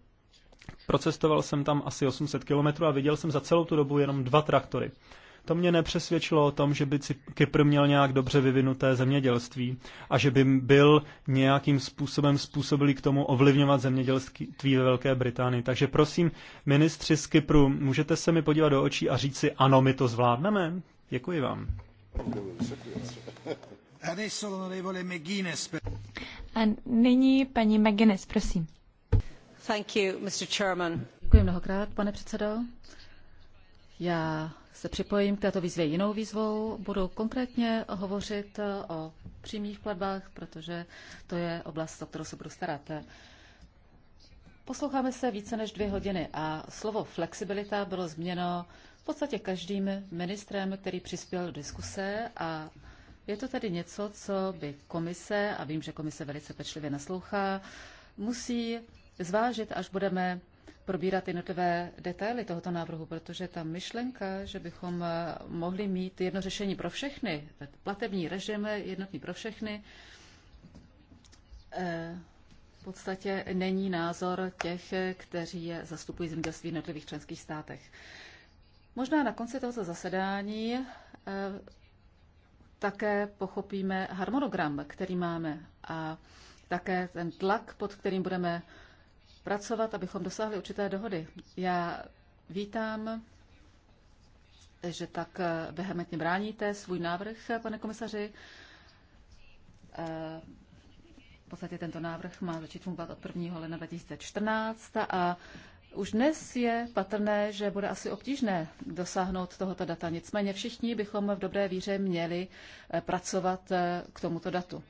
Procestoval jsem tam asi 800 kilometrů a viděl jsem za celou tu dobu jenom dva traktory. To mě nepřesvědčilo o tom, že by Kypr měl nějak dobře vyvinuté zemědělství a že by byl nějakým způsobem způsobilý k tomu ovlivňovat zemědělství ve Velké Británii. Takže prosím, ministři z Kypru, můžete se mi podívat do očí a říct si, ano, my to zvládneme? Děkuji vám. A nyní paní McGuinness, prosím. Thank you, Mr. Chairman. Děkuji mnohokrát, pane předsedo. Já se připojím k této výzvě jinou výzvou. Budu konkrétně hovořit eh, o přímých platbách, protože to je oblast, o kterou se budu starat. Posloucháme se více než dvě hodiny a slovo flexibilita bylo změno v podstatě každým ministrem, který přispěl do diskuse a je to tedy něco, co by komise, a vím, že komise velice pečlivě naslouchá, musí zvážit, až budeme probírat jednotlivé detaily tohoto návrhu, protože ta myšlenka, že bychom eh, mohli mít jedno řešení pro všechny, platební režim jednotný pro všechny, eh, v podstatě není názor těch, kteří je zastupují zemědělství v jednotlivých členských státech. Možná na konci tohoto zasedání eh, také pochopíme harmonogram, který máme a také ten tlak, pod kterým budeme pracovat, abychom dosáhli určité dohody. Já vítám, že tak vehementně bráníte svůj návrh, pane komisaři. Eh, v podstatě tento návrh má začít fungovat od 1. ledna 2014 a už dnes je patrné, že bude asi obtížné dosáhnout tohoto data. Nicméně všichni bychom v dobré víře měli eh, pracovat eh, k tomuto datu.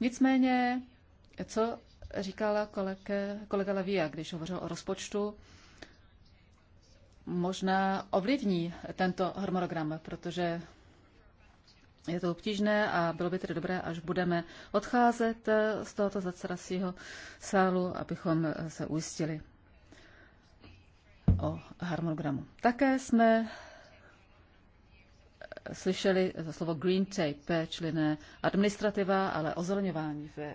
Nicméně, co říkala kolega, kolega Levia, když hovořil o rozpočtu, možná ovlivní tento harmonogram, protože je to obtížné a bylo by tedy dobré, až budeme odcházet z tohoto zacerasího sálu, abychom se ujistili o harmonogramu. Také jsme slyšeli slovo green tape, čili ne administrativa, ale ozelňování ve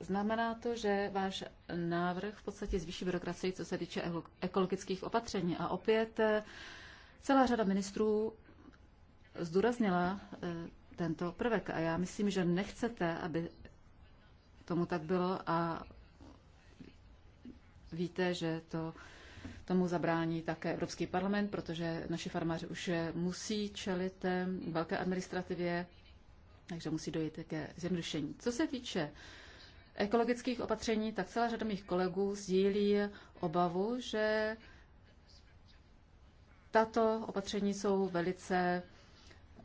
Znamená to, že váš návrh v podstatě zvýší byrokracii, co se týče ekologických opatření. A opět eh, celá řada ministrů eh, zdůraznila eh, tento prvek. A já myslím, že nechcete, aby tomu tak bylo a víte, že to tomu zabrání také Evropský parlament, protože naši farmáři už musí čelit velké administrativě, takže musí dojít ke zjednodušení. Co se týče uh, ekologických opatření, tak celá řada mých kolegů sdílí obavu, že tato opatření jsou velice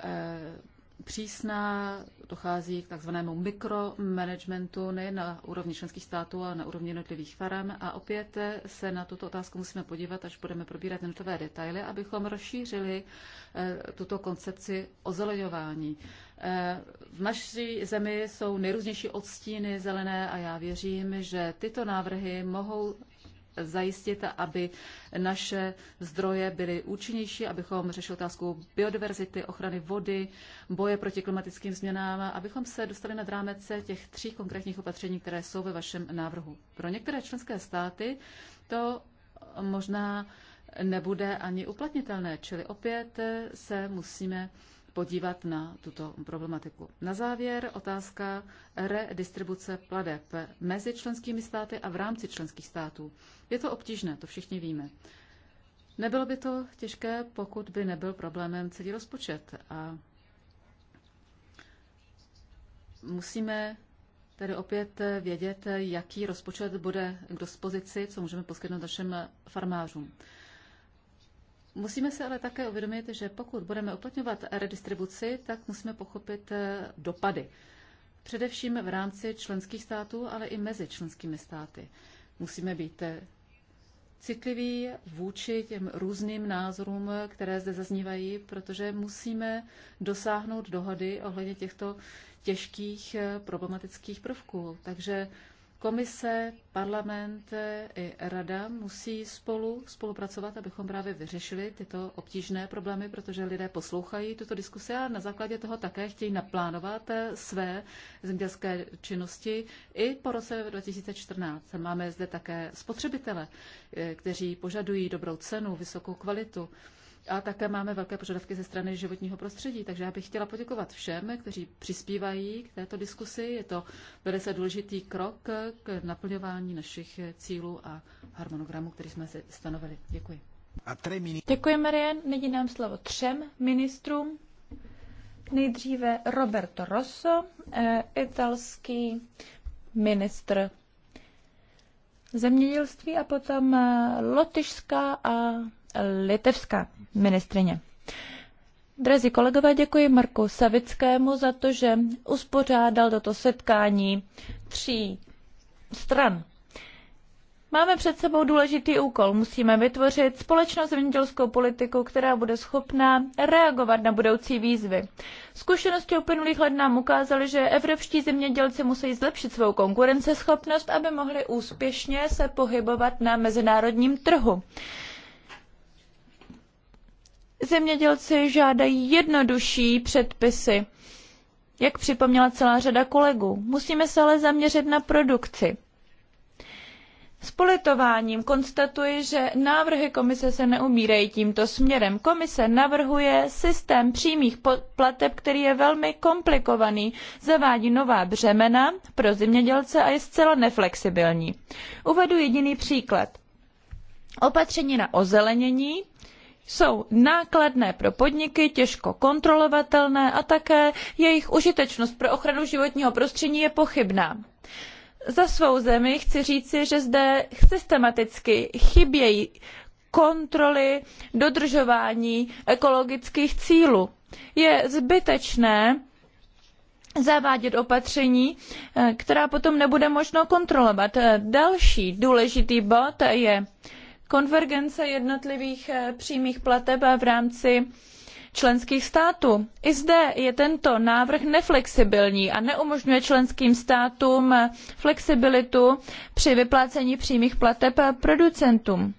eh, přísná, dochází k takzvanému mikromanagementu nejen na úrovni členských států, ale na úrovni jednotlivých farem. A opět se na tuto otázku musíme podívat, až budeme probírat jednotlivé detaily, abychom rozšířili eh, tuto koncepci ozeleňování. Eh, v naší zemi jsou nejrůznější odstíny zelené a já věřím, že tyto návrhy mohou zajistit, aby naše zdroje byly účinnější, abychom řešili otázku biodiverzity, ochrany vody, boje proti klimatickým změnám, abychom se dostali na rámec těch tří konkrétních opatření, které jsou ve vašem návrhu. Pro některé členské státy to možná nebude ani uplatnitelné, čili opět se musíme podívat na tuto problematiku. Na závěr otázka redistribuce pladeb mezi členskými státy a v rámci členských států. Je to obtížné, to všichni víme. Nebylo by to těžké, pokud by nebyl problémem celý rozpočet. A musíme tedy opět vědět, jaký rozpočet bude k dispozici, co můžeme poskytnout našim farmářům. Musíme se ale také uvědomit, že pokud budeme uplatňovat redistribuci, tak musíme pochopit eh, dopady. Především v rámci členských států, ale i mezi členskými státy. Musíme být eh, citliví vůči těm různým názorům, které zde zaznívají, protože musíme dosáhnout dohody ohledně těchto těžkých eh, problematických prvků. Takže Komise, parlament i rada musí spolu spolupracovat, abychom právě vyřešili tyto obtížné problémy, protože lidé poslouchají tuto diskusi a na základě toho také chtějí naplánovat své zemědělské činnosti i po roce 2014. Máme zde také spotřebitele, eh, kteří požadují dobrou cenu, vysokou kvalitu. A také máme velké požadavky ze strany životního prostředí, takže já bych chtěla poděkovat všem, kteří přispívají k této diskusi. Je to velice důležitý krok k naplňování našich cílů a harmonogramu, který jsme si stanovili. Děkuji. A Děkuji, Marian. Nyní nám slovo třem ministrům. Nejdříve Roberto Rosso, eh, italský ministr zemědělství a potom eh, lotyšská a litevská ministrině. Drazí kolegové, děkuji Marku Savickému za to, že uspořádal toto setkání tří stran. Máme před sebou důležitý úkol. Musíme vytvořit společnou zemědělskou politiku, která bude schopná reagovat na budoucí výzvy. Zkušenosti uplynulých let nám ukázaly, že evropští zemědělci musí zlepšit svou konkurenceschopnost, aby mohli úspěšně se pohybovat na mezinárodním trhu. Zemědělci žádají jednodušší předpisy, jak připomněla celá řada kolegů. Musíme se ale zaměřit na produkci. S politováním konstatuji, že návrhy komise se neumírají tímto směrem. Komise navrhuje systém přímých plateb, který je velmi komplikovaný, zavádí nová břemena pro zemědělce a je zcela neflexibilní. Uvedu jediný příklad. Opatření na ozelenění jsou nákladné pro podniky, těžko kontrolovatelné a také jejich užitečnost pro ochranu životního prostředí je pochybná. Za svou zemi chci říci, že zde systematicky chybějí kontroly dodržování ekologických cílů. Je zbytečné zavádět opatření, eh, která potom nebude možno kontrolovat. Eh, další důležitý bod je konvergence jednotlivých eh, přímých plateb v rámci členských států. I zde je tento návrh neflexibilní a neumožňuje členským státům eh, flexibilitu při vyplácení přímých plateb eh, producentům.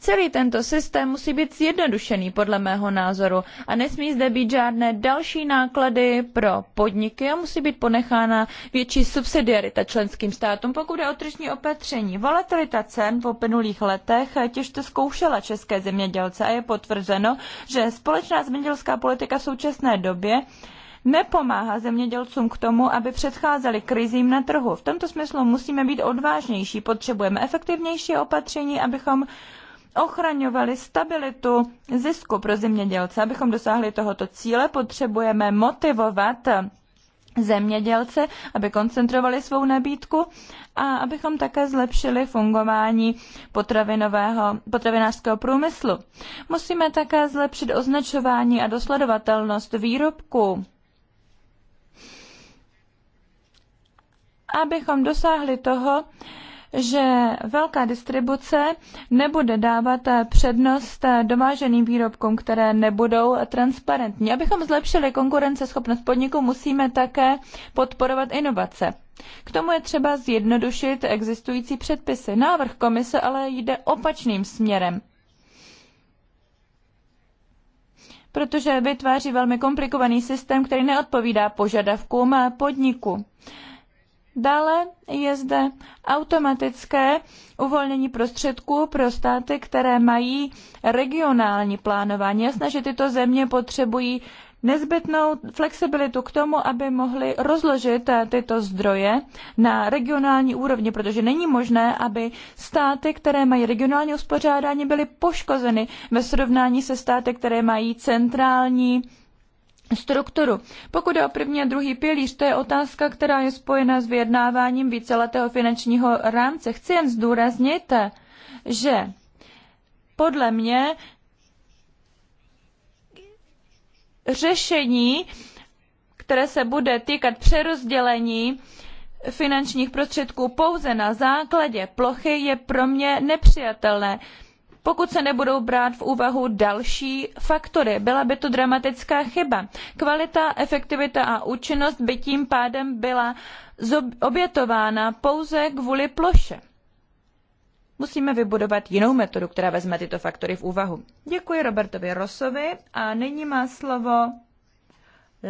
Celý tento systém musí být zjednodušený podle mého názoru a nesmí zde být žádné další náklady pro podniky a musí být ponechána větší subsidiarita členským státům, pokud je o tržní opatření. Volatilita cen v uplynulých letech těžce zkoušela české zemědělce a je potvrzeno, že společná zemědělská politika v současné době nepomáhá zemědělcům k tomu, aby předcházeli krizím na trhu. V tomto smyslu musíme být odvážnější, potřebujeme efektivnější opatření, abychom ochraňovali stabilitu zisku pro zemědělce. Abychom dosáhli tohoto cíle, potřebujeme motivovat zemědělce, aby koncentrovali svou nabídku a abychom také zlepšili fungování potravinového, potravinářského průmyslu. Musíme také zlepšit označování a dosledovatelnost výrobků. Abychom dosáhli toho, že velká distribuce nebude dávat přednost dováženým výrobkům, které nebudou transparentní. Abychom zlepšili konkurenceschopnost podniku, musíme také podporovat inovace. K tomu je třeba zjednodušit existující předpisy. Návrh komise ale jde opačným směrem. protože vytváří velmi komplikovaný systém, který neodpovídá požadavkům podniku. Dále je zde automatické uvolnění prostředků pro státy, které mají regionální plánování. Jasné, že tyto země potřebují nezbytnou flexibilitu k tomu, aby mohli rozložit eh, tyto zdroje na regionální úrovni, protože není možné, aby státy, které mají regionální uspořádání, byly poškozeny ve srovnání se státy, které mají centrální strukturu. Pokud je o první a druhý pilíř, to je otázka, která je spojena s vyjednáváním víceletého finančního rámce. Chci jen zdůraznit, že podle mě řešení, které se bude týkat přerozdělení finančních prostředků pouze na základě plochy, je pro mě nepřijatelné pokud se nebudou brát v úvahu další faktory. Byla by to dramatická chyba. Kvalita, efektivita a účinnost by tím pádem byla obětována pouze kvůli ploše. Musíme vybudovat jinou metodu, která vezme tyto faktory v úvahu. Děkuji Robertovi Rosovi a nyní má slovo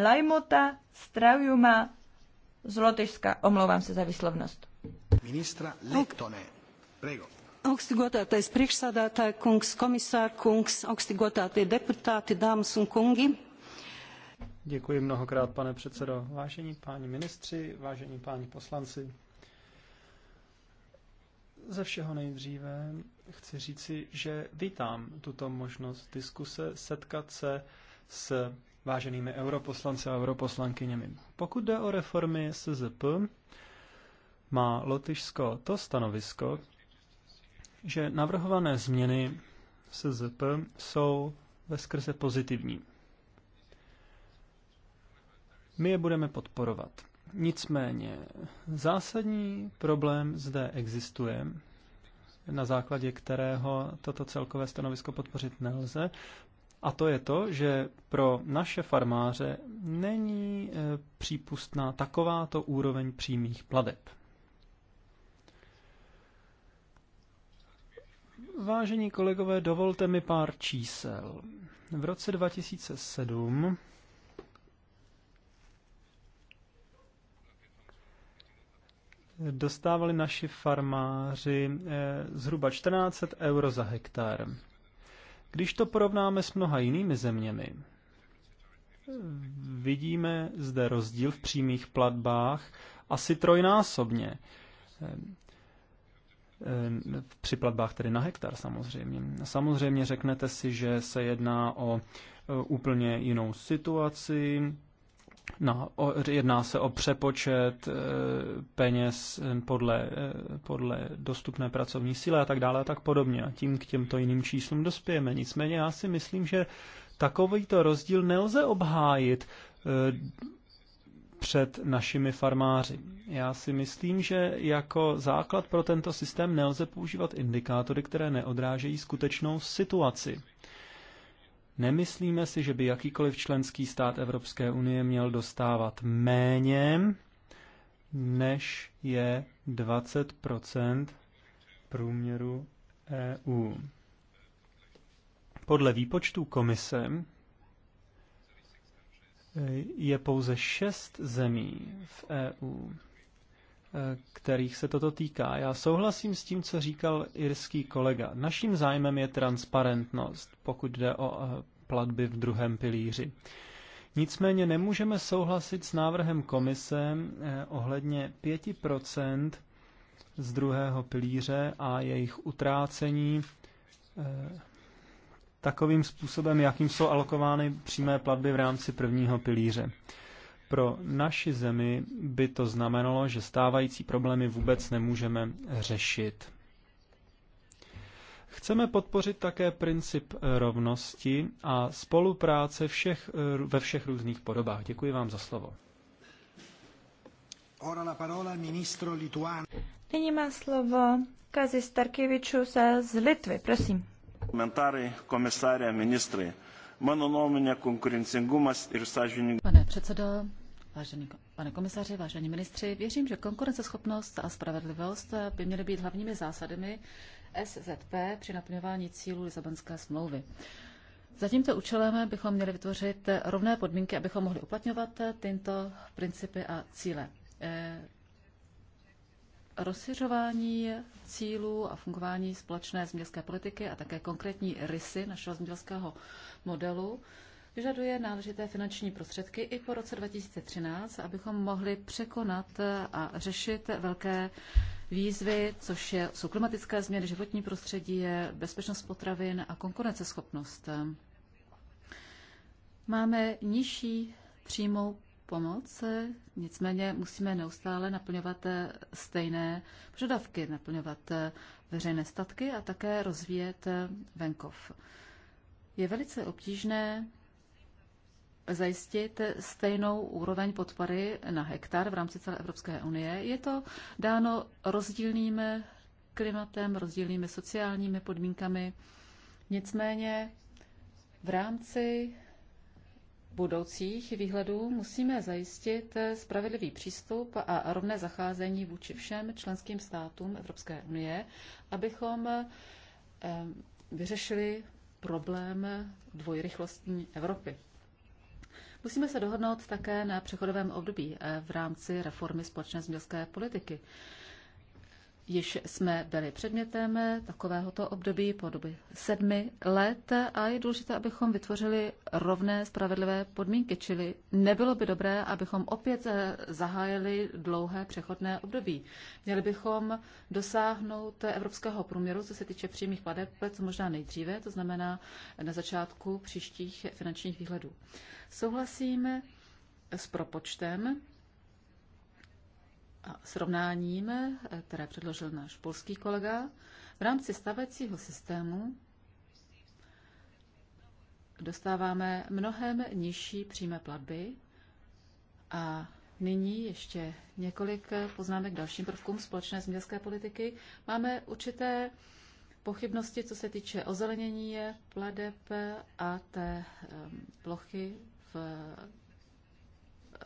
Lajmota Straujuma z Lotyšska. Omlouvám se za výslovnost. Ministra Lektone. Prego augstgodātais priekšsādātāja kungs, komisār kungs, augstgodātie deputāti, dāmas un kungi. Děkuji mnohokrát, pane předsedo. Vážení páni ministři, vážení páni poslanci, ze všeho nejdříve chci říci, že vítám tuto možnost diskuse, setkat se s váženými europoslanci a europoslankyněmi. Pokud jde o reformy SZP, má Lotyšsko to stanovisko, že navrhované změny SZP jsou veskrze pozitivní. My je budeme podporovat. Nicméně zásadní problém zde existuje, na základě kterého toto celkové stanovisko podpořit nelze, a to je to, že pro naše farmáře není e, přípustná takováto úroveň přímých pladeb. Vážení kolegové, dovolte mi pár čísel. V roce 2007 dostávali naši farmáři eh, zhruba 14 euro za hektar. Když to porovnáme s mnoha jinými zeměmi, vidíme zde rozdíl v přímých platbách asi trojnásobně. Ehm, při platbách tedy na hektar samozřejmě. Samozřejmě řeknete si, že se jedná o eh, úplně jinou situaci, No, o, jedná se o přepočet e, peněz eh, podle, e, podle dostupné pracovní síly a tak dále a tak podobně. A tím k těmto jiným číslům dospějeme. Nicméně já si myslím, že takovýto rozdíl nelze obhájit e, před našimi farmáři. Já si myslím, že jako základ pro tento systém nelze používat indikátory, které neodrážejí skutečnou situaci. Nemyslíme si, že by jakýkoliv členský stát Evropské unie měl dostávat méně, než je 20 průměru EU. Podle výpočtů komise je pouze šest zemí v EU, eh, kterých se toto týká. Já souhlasím s tím, co říkal irský kolega. Naším zájmem je transparentnost, pokud jde o eh, platby v druhém pilíři. Nicméně nemůžeme souhlasit s návrhem komise eh, ohledně 5% z druhého pilíře a jejich utrácení takovým způsobem, jakým jsou alokovány přímé platby v rámci prvního pilíře. Pro naši zemi by to znamenalo, že stávající problémy vůbec nemůžeme řešit. Chceme podpořit také princip rovnosti a spolupráce všech, ve všech různých podobách. Děkuji vám za slovo. Nyní má slovo Kazis Starkevičus z Litvy, prosím. Komentáry komisáře ministry. Mano konkurencingumas ir Pane předsedo, vážený pane komisaři, vážení ministři, věřím, že konkurenceschopnost a spravedlivost by měly být hlavními zásadami SZP při naplňování cílů Lisabonské smlouvy. Za tímto účelem bychom měli vytvořit rovné podmínky, abychom mohli uplatňovat tyto principy a cíle. Eh, rozšiřování cílů a fungování společné zemědělské politiky a také konkrétní rysy našeho zemědělského modelu vyžaduje náležité finanční prostředky i po roce 2013, abychom mohli překonat a řešit velké výzvy, což je, jsou klimatické změny, životní prostředí, bezpečnost potravin a konkurenceschopnost. Máme nižší přímou pomoc, nicméně musíme neustále naplňovat eh, stejné požadavky, naplňovat eh, veřejné statky a také rozvíjet eh, venkov. Je velice obtížné zajistit stejnou úroveň podpory na hektar v rámci celé Evropské unie. Je to dáno rozdílným klimatem, rozdílnými sociálními podmínkami. Nicméně v rámci budoucích výhledů musíme zajistit spravedlivý přístup a rovné zacházení vůči všem členským státům Evropské unie, abychom eh, vyřešili problém dvojrychlostní Evropy. Musíme se dohodnout také na přechodovém období eh, v rámci reformy společné zemědělské politiky. Již jsme byli předmětem takovéhoto období po doby sedmi let a je důležité, abychom vytvořili rovné spravedlivé podmínky, čili nebylo by dobré, abychom opět eh, zahájili dlouhé přechodné období. Měli bychom dosáhnout evropského průměru, co se týče přímých pladeb, co možná nejdříve, to znamená na začátku příštích finančních výhledů. Souhlasím s propočtem, srovnáním, které předložil náš polský kolega, v rámci stavecího systému dostáváme mnohem nižší přímé platby a nyní ještě několik poznámek dalším prvkům společné zemědělské politiky. Máme určité pochybnosti, co se týče ozelenění pladeb a té eh, plochy v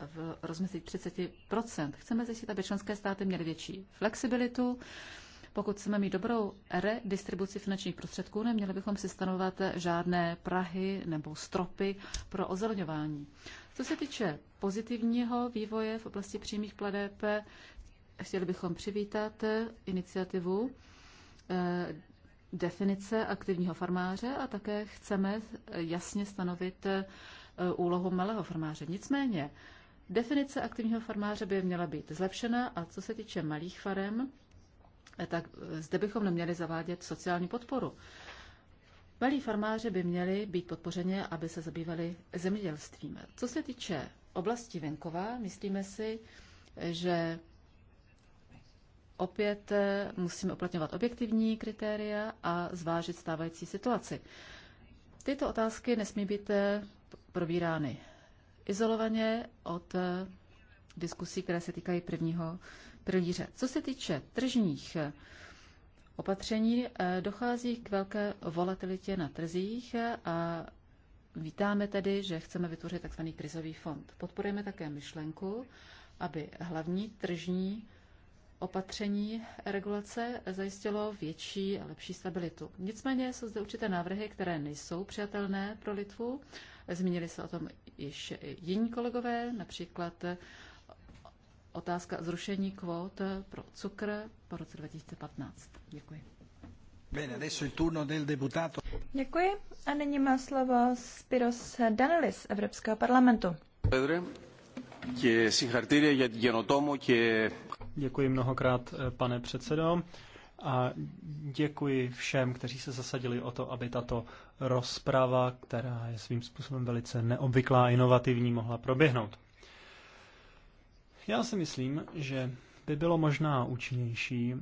v rozmezí 30 Chceme zjistit, aby členské státy měly větší flexibilitu. Pokud chceme mít dobrou redistribuci finančních prostředků, neměli bychom si stanovat žádné prahy nebo stropy pro ozelňování. Co se týče pozitivního vývoje v oblasti přímých pladeb, chtěli bychom přivítat iniciativu eh, definice aktivního farmáře a také chceme jasně stanovit eh, úlohu malého farmáře. Nicméně Definice aktivního farmáře by měla být zlepšena a co se týče malých farem, tak zde bychom neměli zavádět sociální podporu. Malí farmáři by měli být podpořeni, aby se zabývali zemědělstvím. Co se týče oblasti venkova, myslíme si, že opět eh, musíme uplatňovat objektivní kritéria a zvážit stávající situaci. Tyto otázky nesmí být eh, probírány izolovaně od eh, diskusí, které se týkají prvního pilíře. Co se týče tržních eh, opatření, eh, dochází k velké volatilitě na trzích a vítáme tedy, že chceme vytvořit tzv. krizový fond. Podporujeme také myšlenku, aby hlavní tržní opatření regulace zajistilo větší a lepší stabilitu. Nicméně jsou zde určité návrhy, které nejsou přijatelné pro Litvu Zmínili se o tom již jiní kolegové, například otázka zrušení kvót pro cukr po roce 2015. Děkuji. Děkuji a nyní má slovo Spiros Danelis Evropského parlamentu. No Děkuji mnohokrát, eh, pane předsedo a děkuji všem, kteří se zasadili o to, aby tato rozprava, která je svým způsobem velice neobvyklá a inovativní, mohla proběhnout. Já si myslím, že by bylo možná účinnější,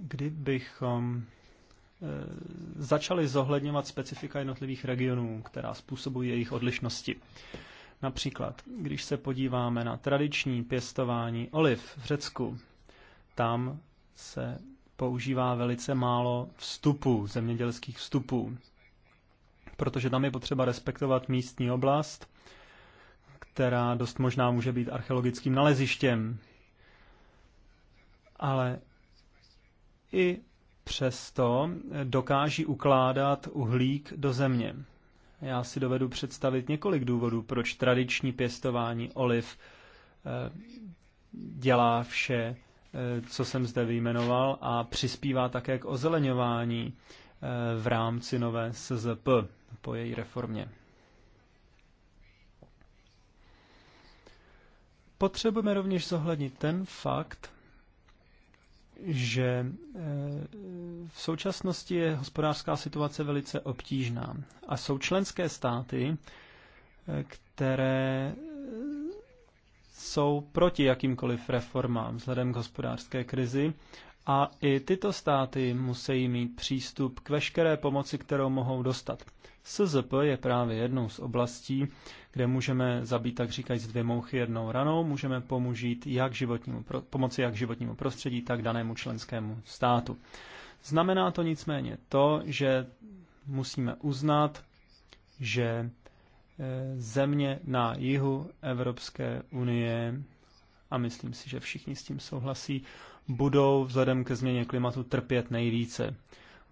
kdybychom eh, začali zohledňovat specifika jednotlivých regionů, která způsobují jejich odlišnosti. Například, když se podíváme na tradiční pěstování oliv v Řecku, tam se používá velice málo vstupů, zemědělských vstupů, protože tam je potřeba respektovat místní oblast, která dost možná může být archeologickým nalezištěm. Ale i přesto dokáží ukládat uhlík do země. Já si dovedu představit několik důvodů, proč tradiční pěstování oliv eh, dělá vše co jsem zde vyjmenoval, a přispívá také k ozeleňování eh, v rámci nové SZP po její reformě. Potřebujeme rovněž zohlednit ten fakt, že eh, v současnosti je hospodářská situace velice obtížná a jsou členské státy, eh, které jsou proti jakýmkoliv reformám vzhledem k hospodářské krizi a i tyto státy musí mít přístup k veškeré pomoci, kterou mohou dostat. SZP je právě jednou z oblastí, kde můžeme zabít, tak říkajíc, dvě mouchy jednou ranou, můžeme pomůžít jak životnímu, pomoci jak životnímu prostředí, tak danému členskému státu. Znamená to nicméně to, že musíme uznat, že země na jihu Evropské unie, a myslím si, že všichni s tím souhlasí, budou vzhledem ke změně klimatu trpět nejvíce.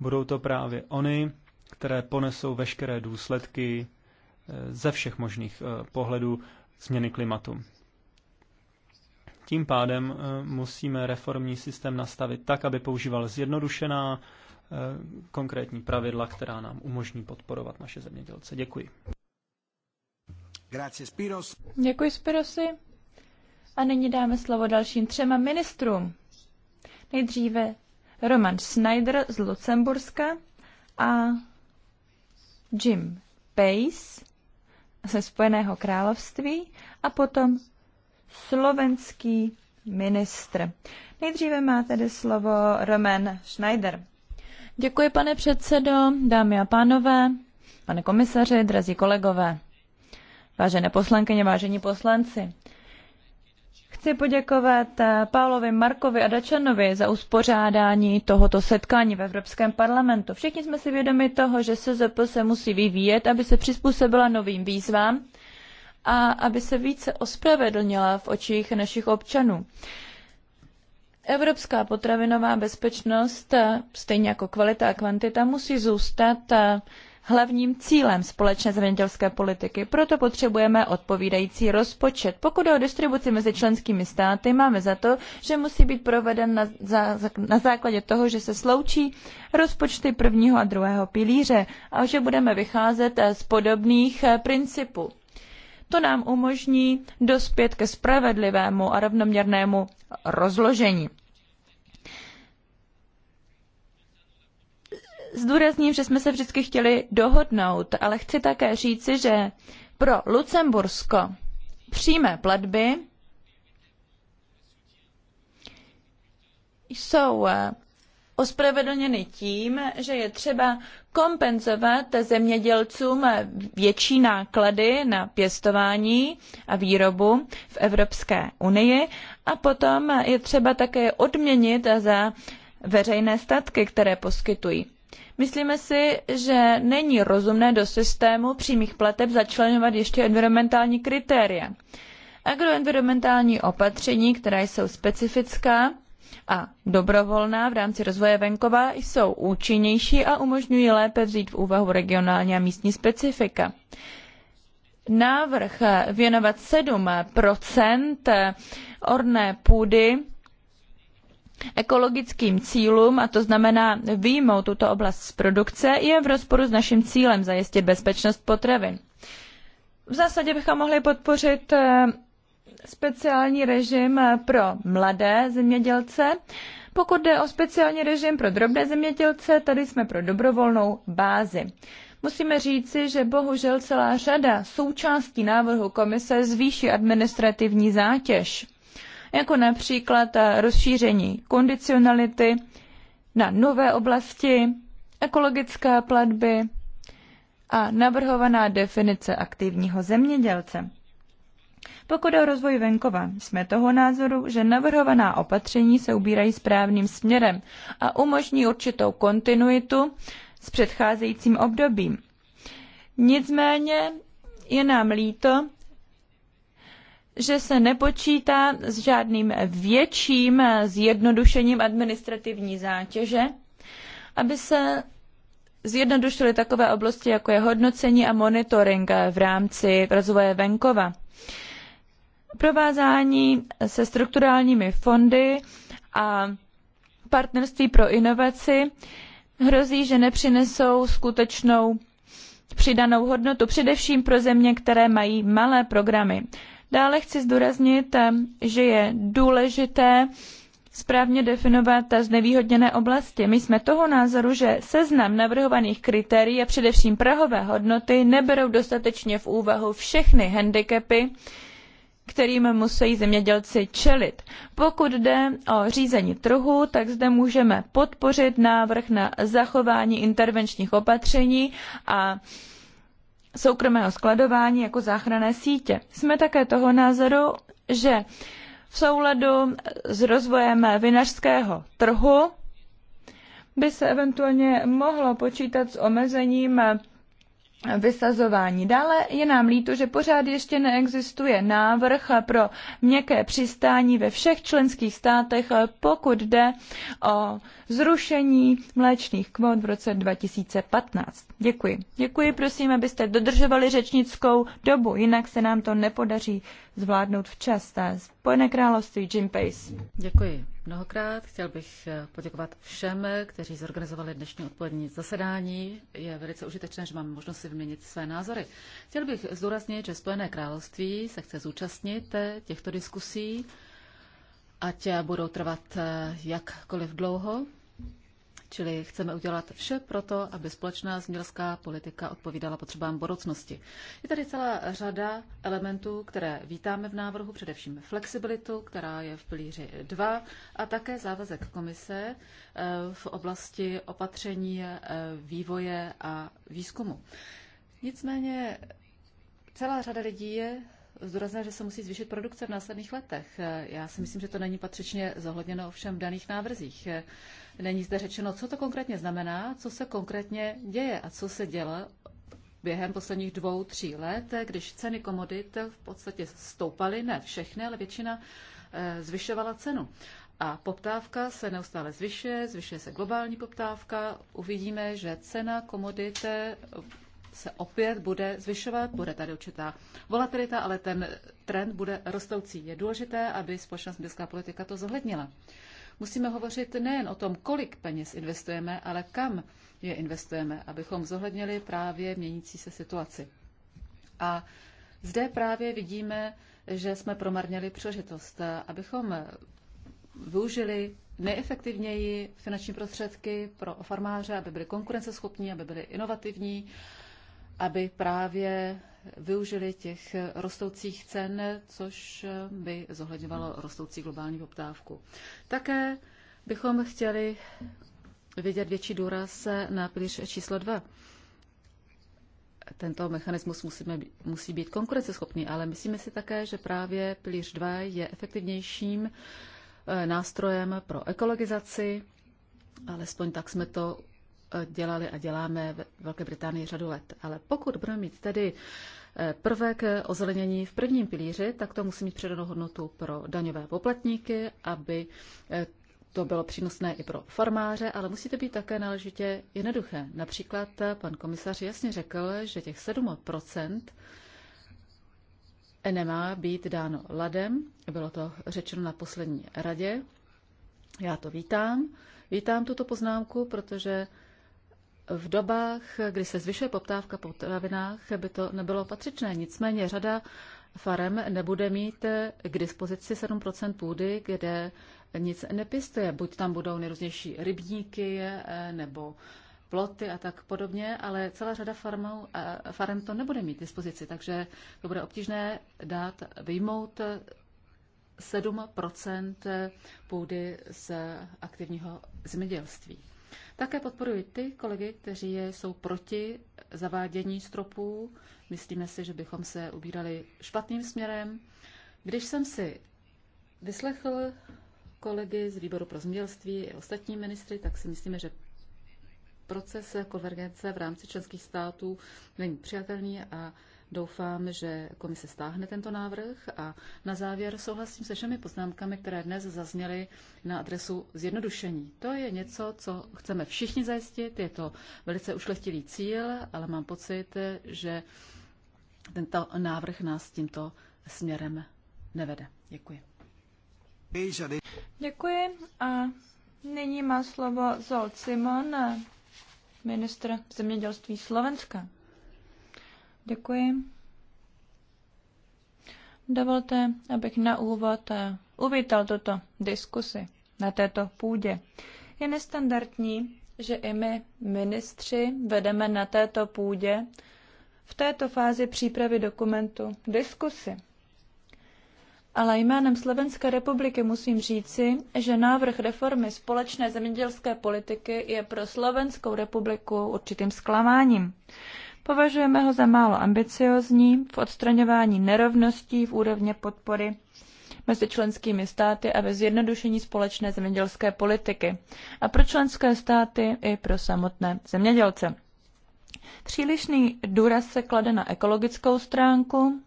Budou to právě oni, které ponesou veškeré důsledky eh, ze všech možných eh, pohledů změny klimatu. Tím pádem eh, musíme reformní systém nastavit tak, aby používal zjednodušená konkrétní pravidla, která nám umožní podporovat naše zemědělce. Děkuji. Grazie, Spiros. Děkuji, Spirosi. A nyní dáme slovo dalším třema ministrům. Nejdříve Roman Schneider z Lucemburska a Jim Pace ze Spojeného království a potom slovenský ministr. Nejdříve má tedy slovo Roman Schneider. Děkuji, pane předsedo, dámy a pánové, pane komisaři, drazí kolegové vážené poslankyně, vážení poslanci. Chci poděkovat eh, Pálovi, Markovi a Dačanovi za uspořádání tohoto setkání v Evropském parlamentu. Všichni jsme si vědomi toho, že SZP se musí vyvíjet, aby se přizpůsobila novým výzvám a aby se více ospravedlnila v očích našich občanů. Evropská potravinová bezpečnost, eh, stejně jako kvalita a kvantita, musí zůstat eh, hlavním cílem společné zemědělské politiky. Proto potřebujeme odpovídající rozpočet. Pokud je o distribuci mezi členskými státy, máme za to, že musí být proveden na, za, na základě toho, že se sloučí rozpočty prvního a druhého pilíře a že budeme vycházet eh, z podobných eh, principů. To nám umožní dospět ke spravedlivému a rovnoměrnému rozložení. zdůrazním, že jsme se vždycky chtěli dohodnout, ale chci také říci, že pro Lucembursko přímé platby jsou eh, ospravedlněny tím, že je třeba kompenzovat zemědělcům větší náklady na pěstování a výrobu v Evropské unii a potom je třeba také odměnit za veřejné statky, které poskytují. Myslíme si, že není rozumné do systému přímých plateb začlenovat ještě environmentální kritéria. Agroenvironmentální opatření, která jsou specifická a dobrovolná v rámci rozvoje venkova, jsou účinnější a umožňují lépe vzít v úvahu regionální a místní specifika návrh věnovat 7 orné půdy ekologickým cílům, a to znamená výjmout tuto oblast z produkce, je v rozporu s naším cílem zajistit bezpečnost potravin. V zásadě bychom mohli podpořit eh, speciální režim eh, pro mladé zemědělce. Pokud jde o speciální režim pro drobné zemědělce, tady jsme pro dobrovolnou bázi. Musíme říci, že bohužel celá řada součástí návrhu komise zvýší administrativní zátěž jako například eh, rozšíření kondicionality na nové oblasti, ekologické platby a navrhovaná definice aktivního zemědělce. Pokud o rozvoj venkova, jsme toho názoru, že navrhovaná opatření se ubírají správným směrem a umožní určitou kontinuitu s předcházejícím obdobím. Nicméně je nám líto, že se nepočítá s žádným větším zjednodušením administrativní zátěže, aby se zjednodušily takové oblasti, jako je hodnocení a monitoring v rámci rozvoje venkova. Provázání se strukturálními fondy a partnerství pro inovaci hrozí, že nepřinesou skutečnou přidanou hodnotu, především pro země, které mají malé programy. Dále chci zdůraznit, eh, že je důležité správně definovat eh, znevýhodněné oblasti. My jsme toho názoru, že seznam navrhovaných kritérií a především prahové hodnoty neberou dostatečně v úvahu všechny handicapy, kterým musí zemědělci čelit. Pokud jde o řízení trhu, tak zde můžeme podpořit návrh na zachování intervenčních opatření a soukromého skladování jako záchranné sítě. Jsme také toho názoru, že v souladu s rozvojem vinařského trhu by se eventuálně mohlo počítat s omezením vysazování. Dále je nám líto, že pořád ještě neexistuje návrh pro měkké přistání ve všech členských státech, pokud jde o zrušení mléčných kvot v roce 2015. Děkuji. Děkuji, prosím, abyste dodržovali řečnickou dobu, jinak se nám to nepodaří zvládnout včas. Spojené království, Jim Pace. Děkuji mnohokrát. Chtěl bych eh, poděkovat všem, eh, kteří zorganizovali dnešní odpolední zasedání. Je velice užitečné, že máme možnost si vyměnit své názory. Chtěl bych zdůraznit, že Spojené království se chce zúčastnit eh, těchto diskusí, ať budou trvat jakkoliv dlouho. Čili chceme udělat vše pro to, aby společná zemědělská politika odpovídala potřebám budoucnosti. Je tady celá řada elementů, které vítáme v návrhu, především flexibilitu, která je v pilíři 2, a také závazek komise eh, v oblasti opatření eh, vývoje a výzkumu. Nicméně celá řada lidí je zdůraznil, že se musí zvýšit produkce v následných letech. Já si myslím, že to není patřičně zohledněno ovšem v daných návrzích. Není zde řečeno, co to konkrétně znamená, co se konkrétně děje a co se dělo během posledních dvou, tří let, když ceny komodit v podstatě stoupaly, ne všechny, ale většina eh, zvyšovala cenu. A poptávka se neustále zvyšuje, zvyšuje se globální poptávka. Uvidíme, že cena komodit eh, se opět bude zvyšovat, bude tady určitá volatilita, ale ten trend bude rostoucí. Je důležité, aby společná politika to zohlednila musíme hovořit nejen o tom, kolik peněz investujeme, ale kam je investujeme, abychom zohlednili právě měnící se situaci. A zde právě vidíme, že jsme promarnili příležitost, abychom využili nejefektivněji finanční prostředky pro farmáře, aby byli konkurenceschopní, aby byli inovativní, aby právě využili těch rostoucích cen, což by zohledňovalo rostoucí globální poptávku. Také bychom chtěli vidět větší důraz na pilíř číslo 2. Tento mechanismus musíme, musí být konkurenceschopný, ale myslíme si také, že právě pilíř 2 je efektivnějším eh, nástrojem pro ekologizaci, alespoň tak jsme to eh, dělali a děláme ve Velké Británii řadu let. Ale pokud budeme mít tedy prvek ozelenění v prvním pilíři, tak to musí mít přidanou hodnotu pro daňové poplatníky, aby eh, to bylo přínosné i pro farmáře, ale musí to být také náležitě jednoduché. Například eh, pan komisař jasně řekl, že těch 7% nemá být dáno ladem. Bylo to řečeno na poslední radě. Já to vítám. Vítám tuto poznámku, protože v dobách, kdy se zvyšuje poptávka po potravinách, by to nebylo patřičné. Nicméně řada farem nebude mít k dispozici 7 půdy, kde nic nepěstuje. Buď tam budou nejrůznější rybníky nebo ploty a tak podobně, ale celá řada farmou, farem to nebude mít k dispozici, takže to bude obtížné dát vyjmout 7 půdy z aktivního zemědělství. Také podporuji ty kolegy, kteří jsou proti zavádění stropů. Myslíme si, že bychom se ubírali špatným směrem. Když jsem si vyslechl kolegy z výboru pro zemědělství i ostatní ministry, tak si myslíme, že proces konvergence v rámci členských států není přijatelný a Doufám, že komise stáhne tento návrh a na závěr souhlasím se všemi poznámkami, které dnes zazněly na adresu zjednodušení. To je něco, co chceme všichni zajistit, je to velice ušlechtilý cíl, ale mám pocit, že tento návrh nás tímto směrem nevede. Děkuji. Děkuji a nyní má slovo Zol Simon, ministr zemědělství Slovenska. Děkuji. Dovolte, abych na úvod eh, uvítal tuto diskusi na této půdě. Je nestandardní, že i my, ministři, vedeme na této půdě v této fázi přípravy dokumentu diskusy. Ale jménem Slovenské republiky musím říci, že návrh reformy společné zemědělské politiky je pro Slovenskou republiku určitým zklamáním. Považujeme ho za málo ambiciozní v odstraňování nerovností v úrovně podpory mezi členskými státy a ve zjednodušení společné zemědělské politiky a pro členské státy i pro samotné zemědělce. Přílišný důraz se klade na ekologickou stránku,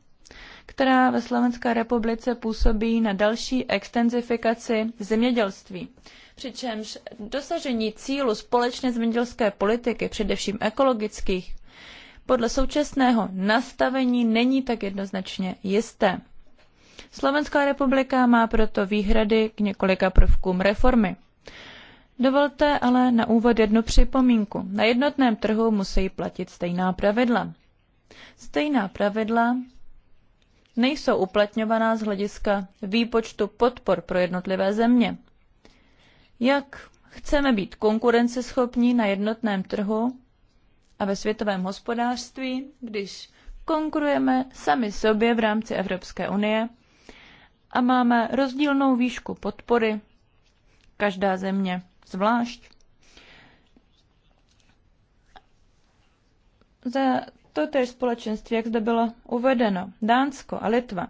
která ve Slovenské republice působí na další extenzifikaci zemědělství. Přičemž dosažení cílu společné zemědělské politiky, především ekologických, podle současného nastavení není tak jednoznačně jisté. Slovenská republika má proto výhrady k několika prvkům reformy. Dovolte ale na úvod jednu připomínku. Na jednotném trhu musí platit stejná pravidla. Stejná pravidla nejsou uplatňovaná z hlediska výpočtu podpor pro jednotlivé země. Jak chceme být konkurenceschopní na jednotném trhu, a ve světovém hospodářství, když konkurujeme sami sobě v rámci Evropské unie a máme rozdílnou výšku podpory, každá země zvlášť. Za to též společenství, jak zde bylo uvedeno, Dánsko a Litva.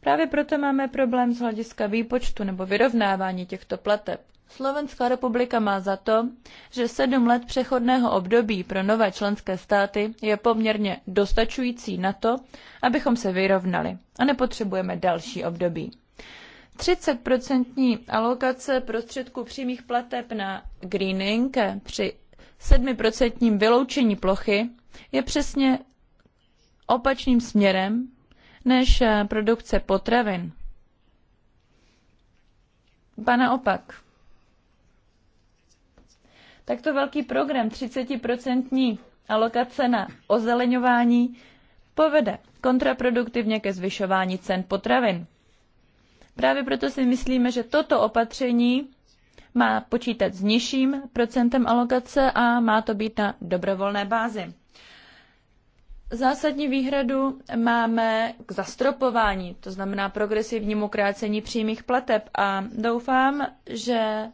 Právě proto máme problém z hlediska výpočtu nebo vyrovnávání těchto plateb. Slovenská republika má za to, že sedm let přechodného období pro nové členské státy je poměrně dostačující na to, abychom se vyrovnali a nepotřebujeme další období. 30% alokace prostředků přímých plateb na greening při 7% vyloučení plochy je přesně opačným směrem než eh, produkce potravin. Ba naopak, Takto velký program 30% alokace na ozeleňování povede kontraproduktivně ke zvyšování cen potravin. Právě proto si myslíme, že toto opatření má počítat s nižším procentem alokace a má to být na dobrovolné bázi. Zásadní výhradu máme k zastropování, to znamená progresivnímu krácení přímých plateb a doufám, že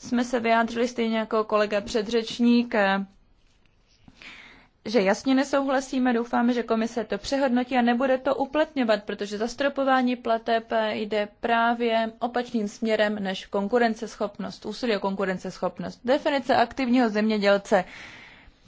jsme se vyjádřili stejně jako kolega předřečník, eh, že jasně nesouhlasíme, doufáme, že komise to přehodnotí a nebude to uplatňovat, protože zastropování plateb eh, jde právě opačným směrem než konkurenceschopnost, úsilí o konkurenceschopnost. Definice aktivního zemědělce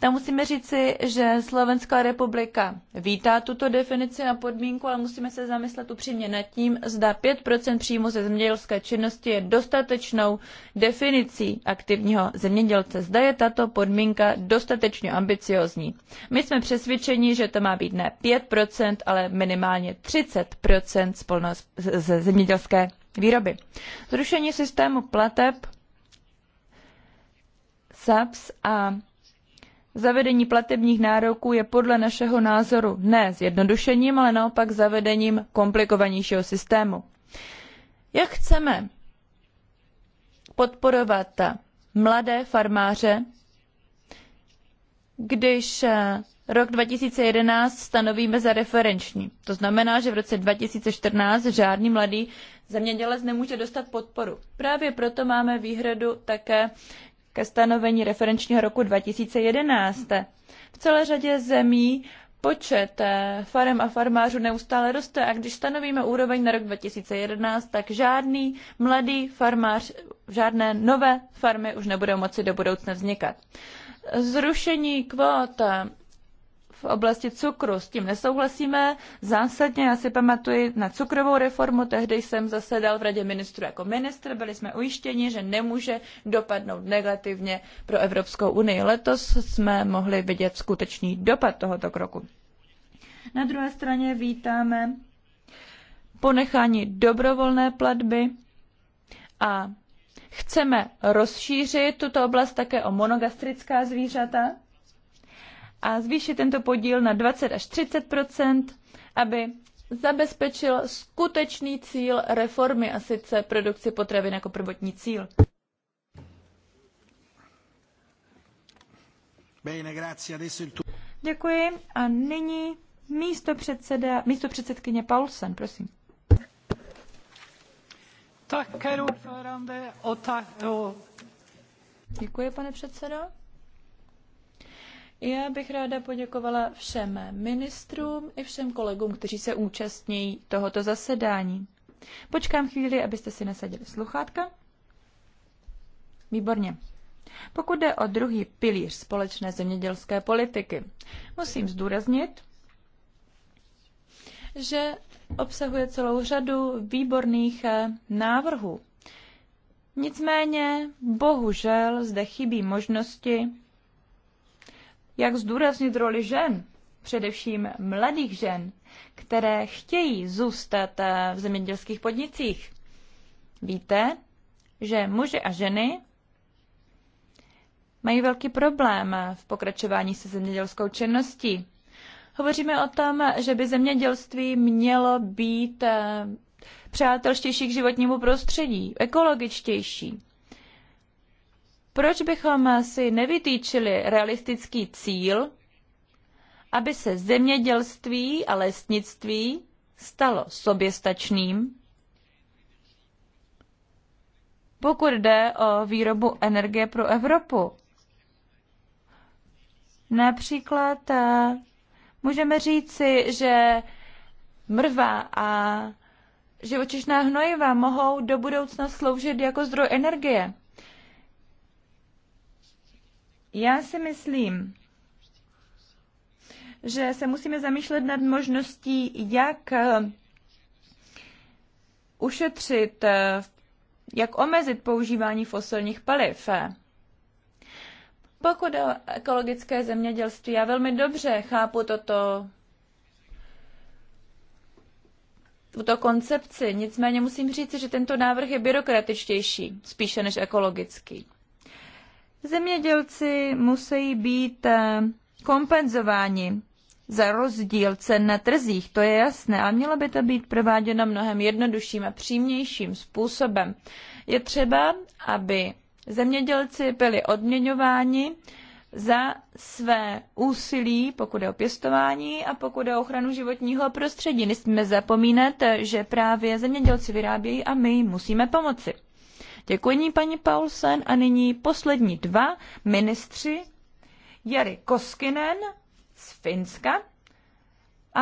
tam musíme říci, že Slovenská republika vítá tuto definici na podmínku, ale musíme se zamyslet upřímně nad tím, zda 5% příjmu ze zemědělské činnosti je dostatečnou definicí aktivního zemědělce. Zda je tato podmínka dostatečně ambiciozní. My jsme přesvědčeni, že to má být ne 5%, ale minimálně 30% ze zemědělské výroby. Zrušení systému plateb SAPS a Zavedení platebních nároků je podle našeho názoru ne zjednodušením, ale naopak zavedením komplikovanějšího systému. Jak chceme podporovat mladé farmáře, když eh, rok 2011 stanovíme za referenční. To znamená, že v roce 2014 žádný mladý zemědělec nemůže dostat podporu. Právě proto máme výhradu také ke stanovení referenčního roku 2011. V celé řadě zemí počet eh, farem a farmářů neustále roste a když stanovíme úroveň na rok 2011, tak žádný mladý farmář, žádné nové farmy už nebudou moci do budoucna vznikat. Zrušení kvót eh, v oblasti cukru. S tím nesouhlasíme zásadně. Já si pamatuji na cukrovou reformu, tehdy jsem zasedal v radě ministru jako ministr, byli jsme ujištěni, že nemůže dopadnout negativně pro Evropskou unii. Letos jsme mohli vidět skutečný dopad tohoto kroku. Na druhé straně vítáme ponechání dobrovolné platby a chceme rozšířit tuto oblast také o monogastrická zvířata a zvýšit tento podíl na 20 až 30 aby zabezpečil skutečný cíl reformy a sice produkci potravin jako prvotní cíl. Děkuji a nyní místo, předseda, místo předsedkyně Paulsen, prosím. Děkuji, pane předsedo. Já bych ráda poděkovala všem ministrům i všem kolegům, kteří se účastní tohoto zasedání. Počkám chvíli, abyste si nasadili sluchátka. Výborně. Pokud jde o druhý pilíř společné zemědělské politiky, musím zdůraznit, že obsahuje celou řadu výborných eh, návrhů. Nicméně, bohužel, zde chybí možnosti jak zdůraznit roli žen, především mladých žen, které chtějí zůstat eh, v zemědělských podnicích. Víte, že muži a ženy mají velký problém v pokračování se zemědělskou činností. Hovoříme o tom, že by zemědělství mělo být eh, přátelštější k životnímu prostředí, ekologičtější. Proč bychom si nevytýčili realistický cíl, aby se zemědělství a lesnictví stalo soběstačným, pokud jde o výrobu energie pro Evropu? Například eh, můžeme říci, že mrva a živočišná hnojiva mohou do budoucna sloužit jako zdroj energie. Já si myslím, že se musíme zamýšlet nad možností, jak eh, ušetřit, eh, jak omezit používání fosilních paliv. Pokud o ekologické zemědělství, já velmi dobře chápu toto, tuto koncepci, nicméně musím říct, že tento návrh je byrokratičtější spíše než ekologický. Zemědělci musí být eh, kompenzováni za rozdíl cen na trzích, to je jasné, ale mělo by to být prováděno mnohem jednodušším a přímějším způsobem. Je třeba, aby zemědělci byli odměňováni za své úsilí, pokud je o pěstování a pokud je o ochranu životního prostředí. Nesmíme zapomínat, že právě zemědělci vyrábějí a my jim musíme pomoci. Děkuji paní Paulsen a nyní poslední dva ministři, Jari Koskinen z Finska a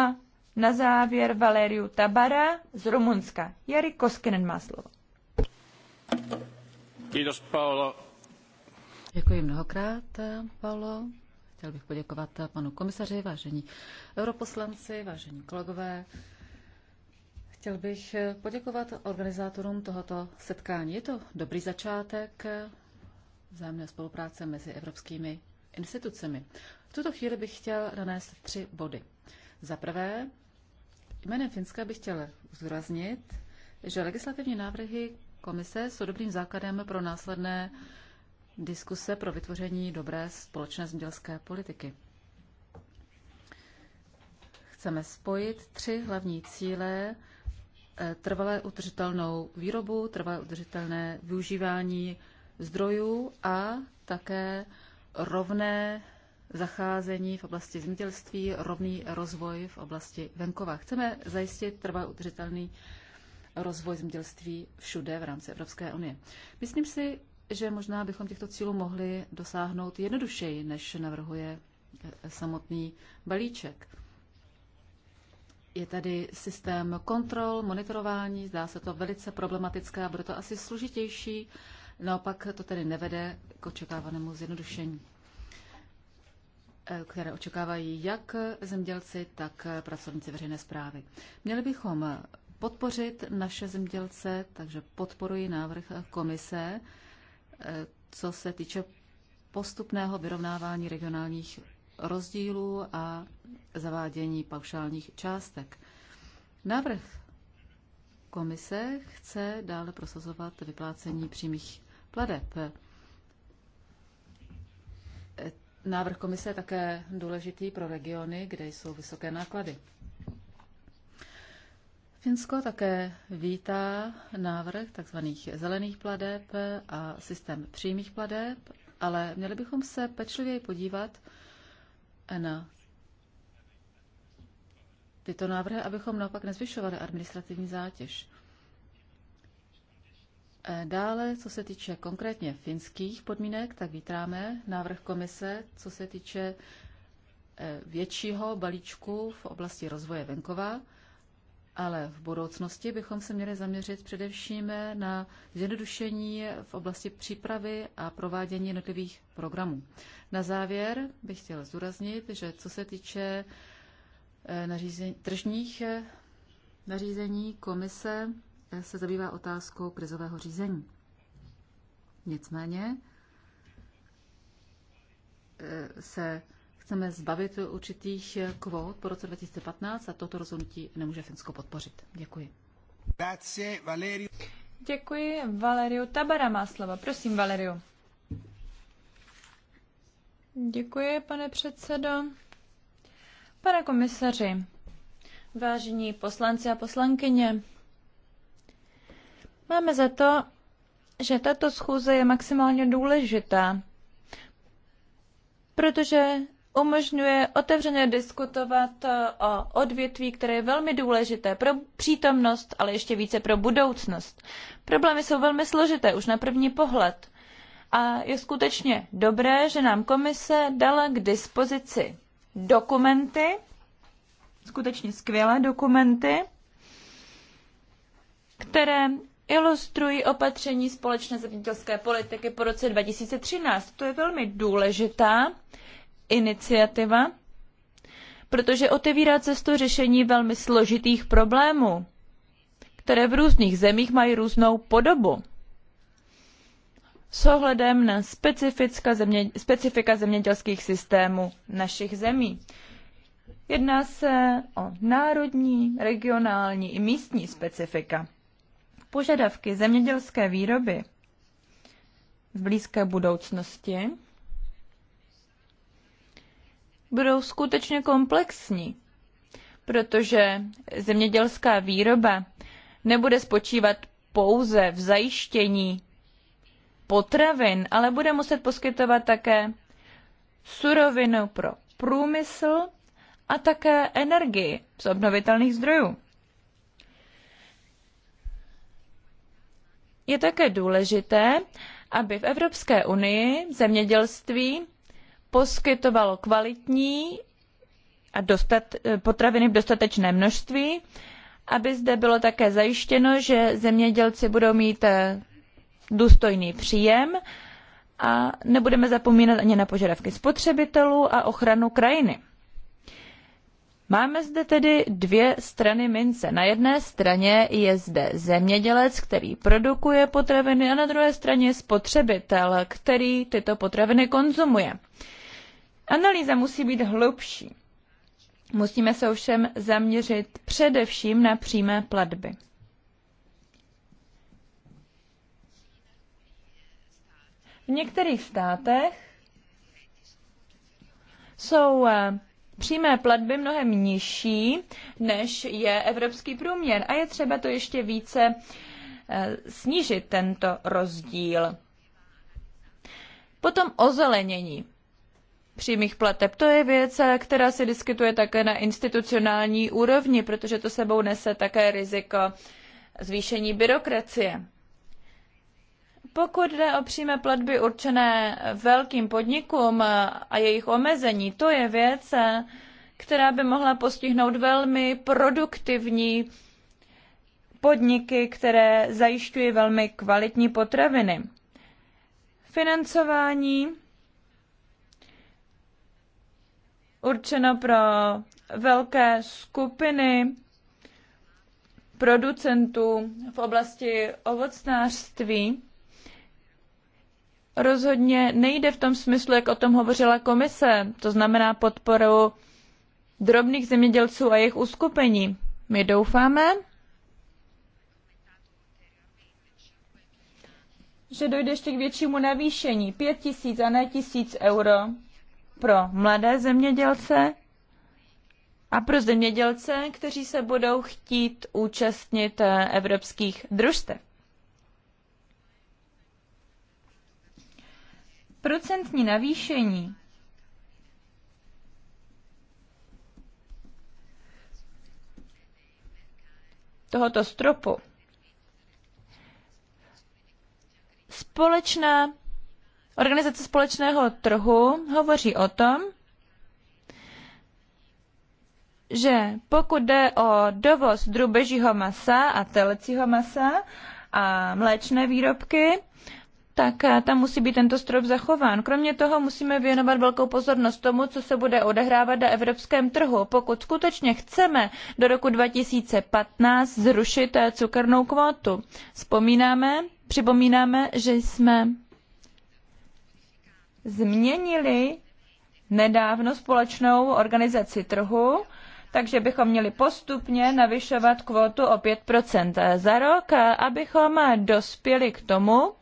na závěr Valeriu Tabara z Rumunska. Jari Koskinen má slovo. Kiitos, Paolo. Děkuji mnohokrát, Paolo. Chtěl bych poděkovat panu komisaři, vážení europoslanci, vážení kolegové. Chtěl bych eh, poděkovat organizátorům tohoto setkání. Je to dobrý začátek eh, vzájemné spolupráce mezi evropskými institucemi. V tuto chvíli bych chtěl nanést tři body. Za prvé, jménem Finska bych chtěl zdůraznit, že legislativní návrhy komise jsou dobrým základem pro následné diskuse pro vytvoření dobré společné zemědělské politiky. Chceme spojit tři hlavní cíle Eh, trvalé udržitelnou výrobu, trvalé udržitelné využívání zdrojů a také rovné zacházení v oblasti zemědělství, rovný rozvoj v oblasti venkova. Chceme zajistit trvalé udržitelný rozvoj zemědělství všude v rámci Evropské unie. Myslím si, že možná bychom těchto cílů mohli dosáhnout jednodušeji, než navrhuje eh, samotný balíček. Je tady systém kontrol, monitorování, zdá se to velice problematické a bude to asi složitější, naopak to tedy nevede k očekávanému zjednodušení, eh, které očekávají jak zemědělci, tak pracovníci veřejné zprávy. Měli bychom podpořit naše zemědělce, takže podporuji návrh komise, eh, co se týče postupného vyrovnávání regionálních rozdílů a zavádění paušálních částek. Návrh komise chce dále prosazovat vyplácení přímých pladeb. Návrh komise je také důležitý pro regiony, kde jsou vysoké náklady. Finsko také vítá návrh tzv. zelených pladeb a systém přímých pladeb, ale měli bychom se pečlivěji podívat ENA. tyto návrhy, abychom naopak nezvyšovali administrativní zátěž. E, dále, co se týče konkrétně finských podmínek, tak vítáme návrh komise, co se týče e, většího balíčku v oblasti rozvoje venkova ale v budoucnosti bychom se měli zaměřit především na zjednodušení v oblasti přípravy a provádění jednotlivých programů. Na závěr bych chtěl zdůraznit, že co se týče eh, nařízení, tržních eh, nařízení, komise eh, se zabývá otázkou krizového řízení. Nicméně se chceme zbavit určitých eh, kvót po roce 2015 a toto rozhodnutí nemůže Finsko podpořit. Děkuji. Grazie, Valerio. Děkuji. Valeriu Tabara má slova. Prosím, Valeriu. Děkuji, pane předsedo. Pane komisaři, vážení poslanci a poslankyně, máme za to, že tato schůze je maximálně důležitá, protože umožňuje otevřeně diskutovat eh, o odvětví, které je velmi důležité pro přítomnost, ale ještě více pro budoucnost. Problémy jsou velmi složité už na první pohled. A je skutečně dobré, že nám komise dala k dispozici dokumenty, skutečně skvělé dokumenty, které ilustrují opatření společné zemědělské politiky po roce 2013. To je velmi důležitá iniciativa, protože otevírá cestu řešení velmi složitých problémů, které v různých zemích mají různou podobu. S ohledem na specifická země, specifika zemědělských systémů našich zemí. Jedná se o národní, regionální i místní specifika. Požadavky zemědělské výroby v blízké budoucnosti budou skutečně komplexní, protože zemědělská výroba nebude spočívat pouze v zajištění potravin, ale bude muset poskytovat také surovinu pro průmysl a také energii z obnovitelných zdrojů. Je také důležité, aby v Evropské unii zemědělství poskytovalo kvalitní a potraviny v dostatečné množství, aby zde bylo také zajištěno, že zemědělci budou mít eh, důstojný příjem a nebudeme zapomínat ani na požadavky spotřebitelů a ochranu krajiny. Máme zde tedy dvě strany mince. Na jedné straně je zde zemědělec, který produkuje potraviny, a na druhé straně spotřebitel, který tyto potraviny konzumuje. Analýza musí být hlubší. Musíme se ovšem zaměřit především na přímé platby. V některých státech jsou eh, přímé platby mnohem nižší, než je evropský průměr. A je třeba to ještě více eh, snížit tento rozdíl. Potom ozelenění přímých plateb. To je věc, která se diskutuje také na institucionální úrovni, protože to sebou nese také riziko zvýšení byrokracie. Pokud jde o přímé platby určené velkým podnikům a jejich omezení, to je věc, která by mohla postihnout velmi produktivní podniky, které zajišťují velmi kvalitní potraviny. Financování určeno pro velké skupiny producentů v oblasti ovocnářství rozhodně nejde v tom smyslu, jak o tom hovořila komise, to znamená podporu drobných zemědělců a jejich uskupení. My doufáme, že dojde ještě k většímu navýšení, pět tisíc a ne tisíc euro pro mladé zemědělce a pro zemědělce, kteří se budou chtít účastnit eh, evropských družstev. Procentní navýšení tohoto stropu. Společná Organizace společného trhu hovoří o tom, že pokud jde o dovoz drubežího masa a telecího masa a mléčné výrobky, tak eh, tam musí být tento strop zachován. Kromě toho musíme věnovat velkou pozornost tomu, co se bude odehrávat na evropském trhu. Pokud skutečně chceme do roku 2015 zrušit eh, cukernou kvótu, vzpomínáme, připomínáme, že jsme změnili nedávno společnou organizaci trhu, takže bychom měli postupně navyšovat kvotu o 5 za rok, abychom dospěli k tomu,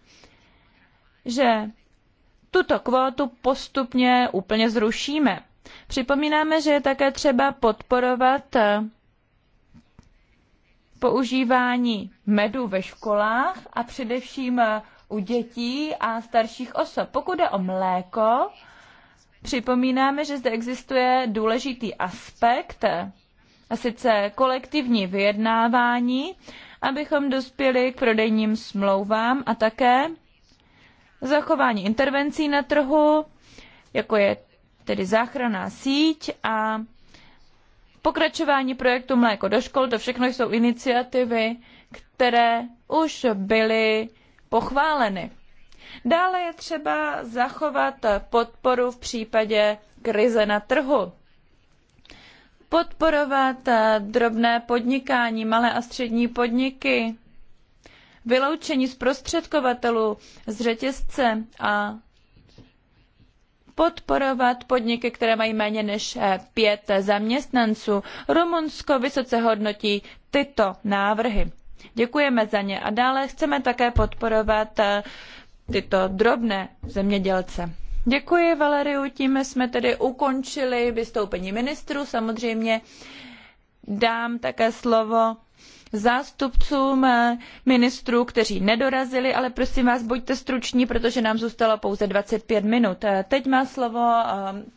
že tuto kvotu postupně úplně zrušíme. Připomínáme, že je také třeba podporovat používání medu ve školách a především u dětí a starších osob. Pokud jde o mléko, připomínáme, že zde existuje důležitý aspekt, a sice kolektivní vyjednávání, abychom dospěli k prodejním smlouvám a také zachování intervencí na trhu, jako je tedy záchranná síť a pokračování projektu Mléko do škol, to všechno jsou iniciativy, které už byly pochváleny. Dále je třeba zachovat podporu v případě krize na trhu. Podporovat drobné podnikání, malé a střední podniky, vyloučení zprostředkovatelů z řetězce a podporovat podniky, které mají méně než eh, pět zaměstnanců. Rumunsko vysoce hodnotí tyto návrhy. Děkujeme za ně a dále chceme také podporovat eh, tyto drobné zemědělce. Děkuji, Valeriu. Tím jsme tedy ukončili vystoupení ministru. Samozřejmě dám také slovo zástupcům eh, ministrů, kteří nedorazili, ale prosím vás, buďte struční, protože nám zůstalo pouze 25 minut. Eh, teď má slovo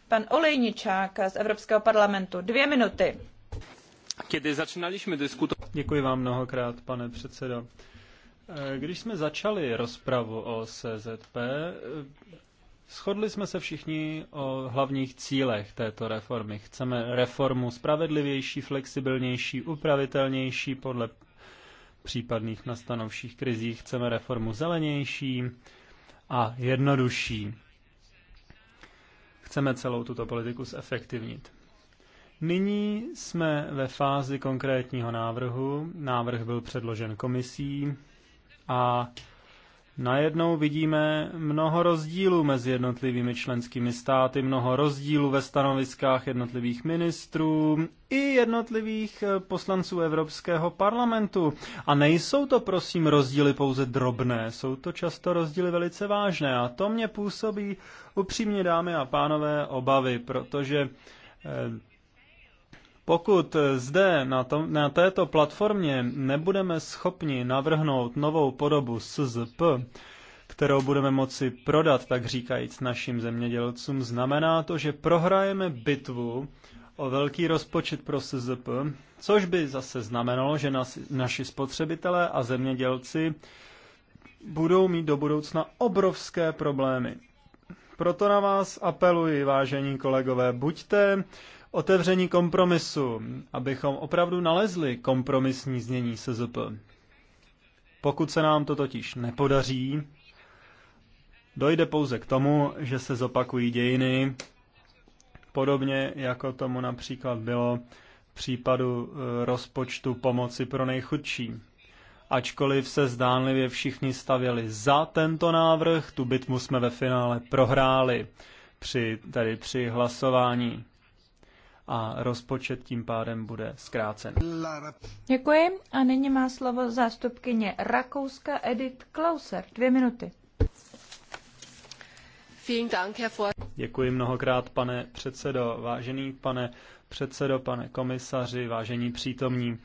pan Olejničák z Evropského parlamentu. Dvě minuty. Děkuji vám mnohokrát, pane předsedo. Eh, když jsme začali rozpravu o CZP, eh, Shodli jsme se všichni o hlavních cílech této reformy. Chceme reformu spravedlivější, flexibilnější, upravitelnější podle případných nastanovších krizí. Chceme reformu zelenější a jednodušší. Chceme celou tuto politiku zefektivnit. Nyní jsme ve fázi konkrétního návrhu. Návrh byl předložen komisí a najednou vidíme mnoho rozdílů mezi jednotlivými členskými státy, mnoho rozdílů ve stanoviskách jednotlivých ministrů i jednotlivých eh, poslanců Evropského parlamentu. A nejsou to prosím rozdíly pouze drobné, jsou to často rozdíly velice vážné a to mě působí upřímně dámy a pánové obavy, protože eh, pokud zde na, tom, na této platformě nebudeme schopni navrhnout novou podobu SZP, kterou budeme moci prodat, tak říkajíc, našim zemědělcům, znamená to, že prohrajeme bitvu o velký rozpočet pro SZP, což by zase znamenalo, že nas, naši spotřebitelé a zemědělci budou mít do budoucna obrovské problémy. Proto na vás apeluji, vážení kolegové, buďte otevření kompromisu, abychom opravdu nalezli kompromisní znění SZP. Pokud se nám to totiž nepodaří, dojde pouze k tomu, že se zopakují dějiny, podobně jako tomu například bylo v případu e, rozpočtu pomoci pro nejchudší. Ačkoliv se zdánlivě všichni stavěli za tento návrh, tu bitmu jsme ve finále prohráli při, tady při hlasování a rozpočet tím pádem bude zkrácen. Děkuji a nyní má slovo zástupkyně Rakouska Edith Klauser. Dvě minuty. Děkuji mnohokrát, pane předsedo, vážený pane předsedo, pane komisaři, vážení přítomní.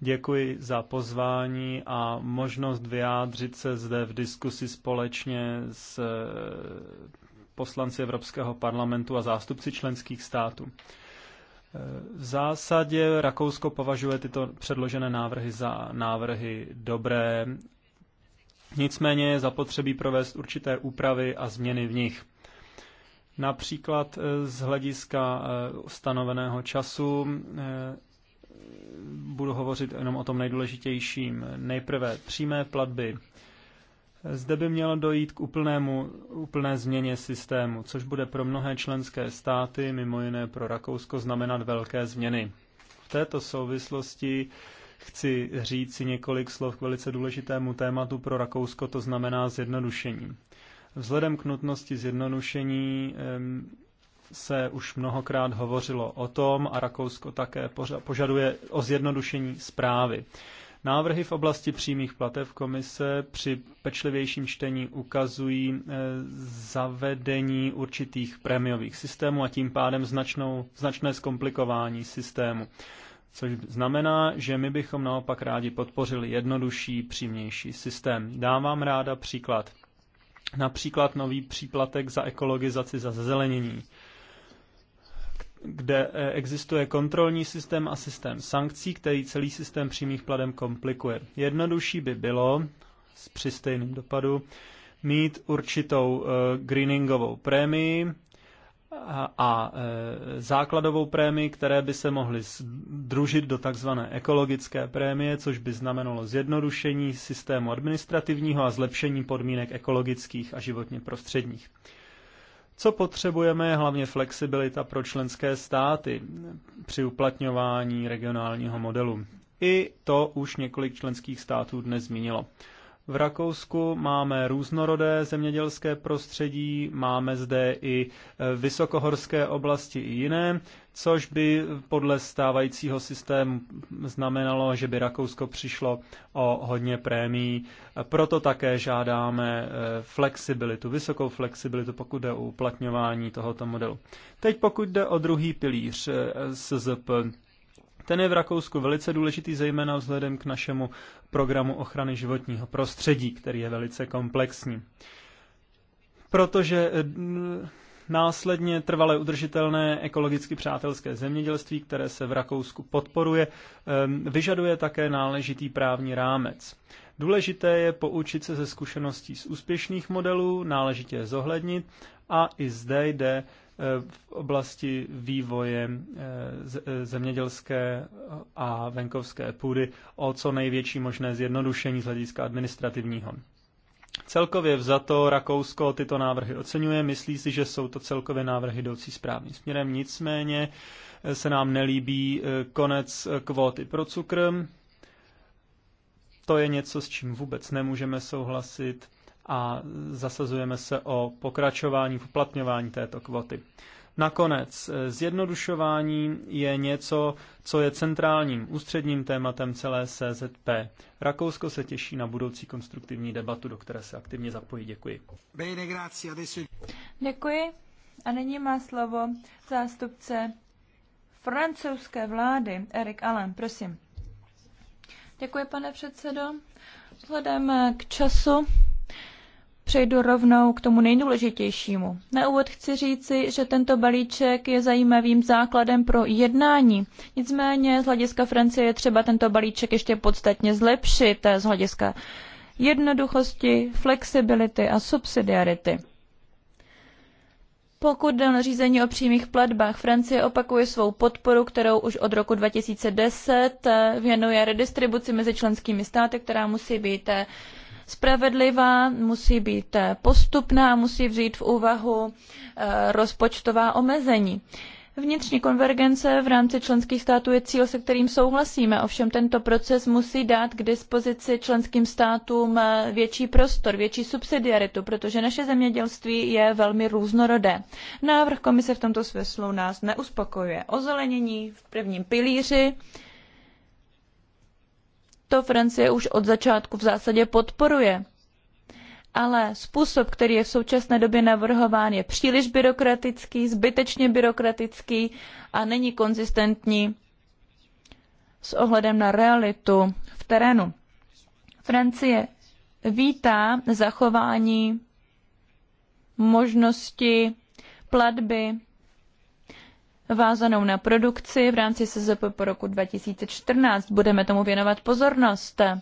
Děkuji za pozvání a možnost vyjádřit se zde v diskusi společně s eh, poslanci Evropského parlamentu a zástupci členských států. V zásadě Rakousko považuje tyto předložené návrhy za návrhy dobré, nicméně je zapotřebí provést určité úpravy a změny v nich. Například eh, z hlediska eh, stanoveného času eh, budu hovořit jenom o tom nejdůležitějším. Nejprve přímé platby zde by mělo dojít k úplnému, úplné změně systému, což bude pro mnohé členské státy, mimo jiné pro Rakousko, znamenat velké změny. V této souvislosti chci říct si několik slov k velice důležitému tématu pro Rakousko, to znamená zjednodušení. Vzhledem k nutnosti zjednodušení se už mnohokrát hovořilo o tom a Rakousko také požaduje o zjednodušení zprávy. Návrhy v oblasti přímých platev komise při pečlivějším čtení ukazují eh, zavedení určitých prémiových systémů a tím pádem značnou, značné zkomplikování systému. Což znamená, že my bychom naopak rádi podpořili jednodušší, přímější systém. Dávám ráda příklad. Například nový příplatek za ekologizaci za zelenění kde eh, existuje kontrolní systém a systém sankcí, který celý systém přímých pladem komplikuje. Jednodušší by bylo, s přistejným dopadu, mít určitou eh, greeningovou prémii a eh, základovou prémii, které by se mohly združit do takzvané ekologické prémie, což by znamenalo zjednodušení systému administrativního a zlepšení podmínek ekologických a životně prostředních. Co potřebujeme je hlavně flexibilita pro členské státy při uplatňování regionálního modelu. I to už několik členských států dnes zmínilo. V Rakousku máme různorodé zemědělské prostředí, máme zde i e, vysokohorské oblasti i jiné, což by podle stávajícího systému znamenalo, že by Rakousko přišlo o hodně prémií. Proto také žádáme e, flexibilitu, vysokou flexibilitu, pokud jde o uplatňování tohoto modelu. Teď pokud jde o druhý pilíř e, SZP, ten je v Rakousku velice důležitý, zejména vzhledem k našemu programu ochrany životního prostředí, který je velice komplexní. Protože eh, následně trvalé udržitelné ekologicky přátelské zemědělství, které se v Rakousku podporuje, ehm, vyžaduje také náležitý právní rámec. Důležité je poučit se ze zkušeností z úspěšných modelů, náležitě je zohlednit a i zde jde v oblasti vývoje eh, eh, zemědělské a venkovské půdy o co největší možné zjednodušení z hlediska administrativního. Celkově vzato Rakousko tyto návrhy oceňuje, myslí si, že jsou to celkově návrhy jdoucí správným směrem, nicméně eh, se nám nelíbí konec kvóty pro cukr. To je něco, s čím vůbec nemůžeme souhlasit a zasazujeme se o pokračování v uplatňování této kvoty. Nakonec, zjednodušování je něco, co je centrálním ústředním tématem celé CZP. Rakousko se těší na budoucí konstruktivní debatu, do které se aktivně zapojí. Děkuji. Děkuji. A nyní má slovo zástupce francouzské vlády Erik Allen. Prosím. Děkuji, pane předsedo. Vzhledem k času Přejdu rovnou k tomu nejdůležitějšímu. Na úvod chci říci, že tento balíček je zajímavým základem pro jednání. Nicméně z hlediska Francie je třeba tento balíček ještě podstatně zlepšit eh, z hlediska jednoduchosti, flexibility a subsidiarity. Pokud jde na řízení o přímých platbách, Francie opakuje svou podporu, kterou už od roku 2010 eh, věnuje redistribuci mezi členskými státy, která musí být eh, spravedlivá, musí být eh, postupná a musí vzít v úvahu eh, rozpočtová omezení. Vnitřní konvergence v rámci členských států je cíl, se kterým souhlasíme, ovšem tento proces musí dát k dispozici členským státům eh, větší prostor, větší subsidiaritu, protože naše zemědělství je velmi různorodé. Návrh komise v tomto smyslu nás neuspokojuje. Ozelenění v prvním pilíři to Francie už od začátku v zásadě podporuje. Ale způsob, který je v současné době navrhován, je příliš byrokratický, zbytečně byrokratický a není konzistentní s ohledem na realitu v terénu. Francie vítá zachování možnosti platby vázanou na produkci v rámci SZP po roku 2014. Budeme tomu věnovat pozornost. E,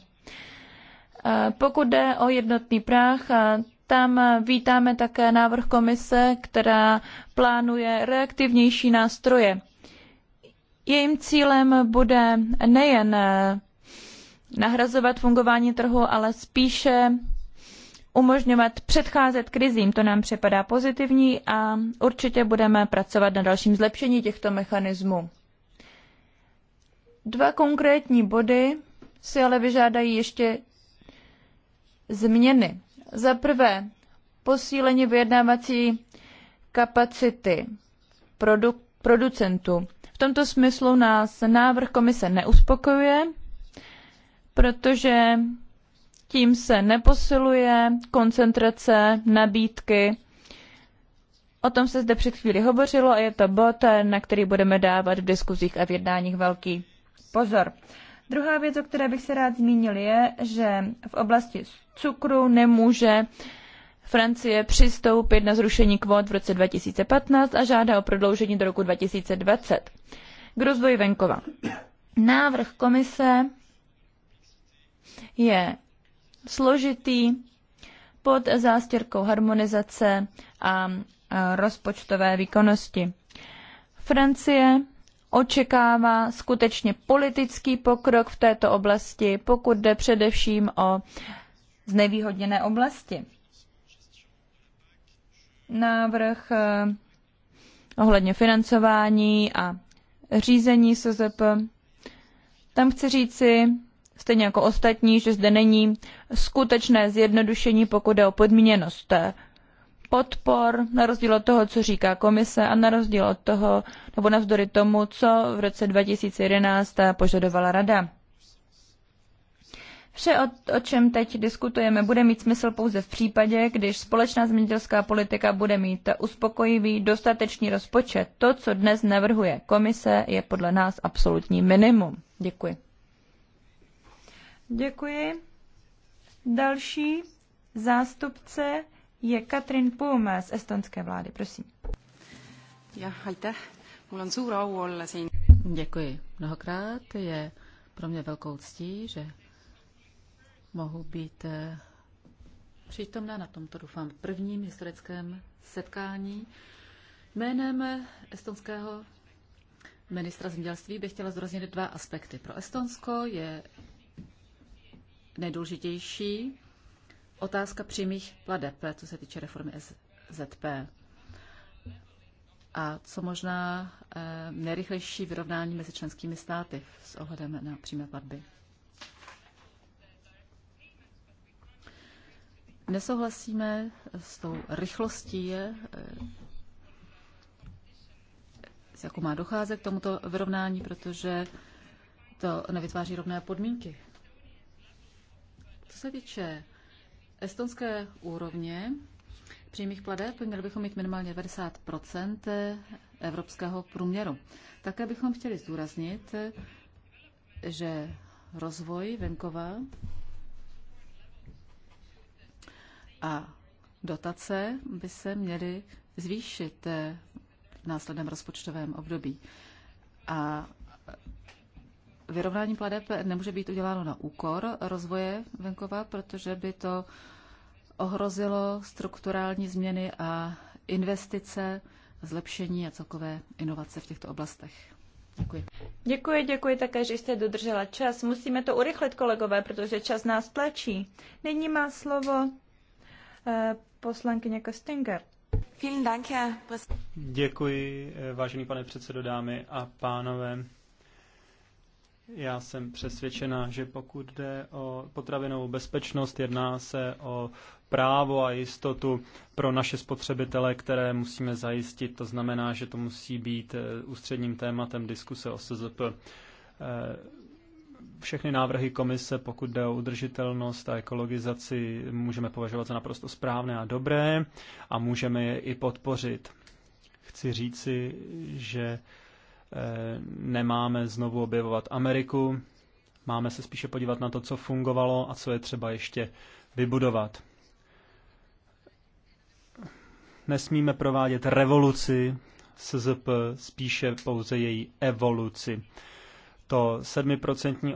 pokud jde o jednotný práh, e, tam vítáme také návrh komise, která plánuje reaktivnější nástroje. Jejím cílem bude nejen e, nahrazovat fungování trhu, ale spíše umožňovat předcházet krizím. To nám připadá pozitivní a určitě budeme pracovat na dalším zlepšení těchto mechanismů. Dva konkrétní body si ale vyžádají ještě změny. Za prvé, posílení vyjednávací kapacity produ- producentů. V tomto smyslu nás návrh komise neuspokojuje, protože tím se neposiluje koncentrace nabídky. O tom se zde před chvíli hovořilo a je to bod, na který budeme dávat v diskuzích a v jednáních velký pozor. Druhá věc, o které bych se rád zmínil, je, že v oblasti cukru nemůže Francie přistoupit na zrušení kvót v roce 2015 a žádá o prodloužení do roku 2020. K rozvoji venkova. Návrh komise je složitý pod zástěrkou harmonizace a rozpočtové výkonnosti. Francie očekává skutečně politický pokrok v této oblasti, pokud jde především o znevýhodněné oblasti. Návrh eh, ohledně financování a řízení SZP. Tam chci říci, stejně jako ostatní, že zde není skutečné zjednodušení, pokud jde o podmíněnost eh, podpor, na rozdíl od toho, co říká komise a na rozdíl od toho, nebo navzdory tomu, co v roce 2011 eh, požadovala rada. Vše, o, o čem teď diskutujeme, bude mít smysl pouze v případě, když společná zemědělská politika bude mít uspokojivý, dostatečný rozpočet. To, co dnes navrhuje komise, je podle nás absolutní minimum. Děkuji. Děkuji. Další zástupce je Katrin Puume z estonské vlády. Prosím. Ja, aitäh. Mul on suur au olla siin. Děkuji mnohokrát. Je pro mě velkou ctí, že mohu být eh, přítomná na tomto, doufám, prvním historickém setkání. Jménem eh, estonského ministra zemědělství bych chtěla zdůraznit dva aspekty. Pro Estonsko je nejdůležitější otázka přímých pladeb, co se týče reformy SZP. A co možná eh, nejrychlejší vyrovnání mezi členskými státy s ohledem na přímé platby. Nesouhlasíme s tou rychlostí, eh, s jakou má docházet k tomuto vyrovnání, protože to nevytváří rovné podmínky co se týče estonské úrovně přímých pladeb, měli bychom mít minimálně 90 evropského průměru. Také bychom chtěli zdůraznit, že rozvoj venkova a dotace by se měly zvýšit v následném rozpočtovém období. A vyrovnání pladeb nemůže být uděláno na úkor rozvoje venkova, protože by to ohrozilo strukturální změny a investice, zlepšení a celkové inovace v těchto oblastech. Děkuji. Děkuji, děkuji také, že jste dodržela čas. Musíme to urychlit, kolegové, protože čas nás tlačí. Nyní má slovo eh, poslankyně Kostinger. Děkuji, eh, vážený pane předsedo, dámy a pánové. Já jsem přesvědčená, že pokud jde o potravinovou bezpečnost, jedná se o právo a jistotu pro naše spotřebitele, které musíme zajistit. To znamená, že to musí být eh, ústředním tématem diskuse o SZP. Eh, všechny návrhy komise, pokud jde o udržitelnost a ekologizaci, můžeme považovat za naprosto správné a dobré a můžeme je i podpořit. Chci říci, že Eh, nemáme znovu objevovat Ameriku, máme se spíše podívat na to, co fungovalo a co je třeba ještě vybudovat. Nesmíme provádět revoluci SZP, spíše pouze její evoluci. To sedmiprocentní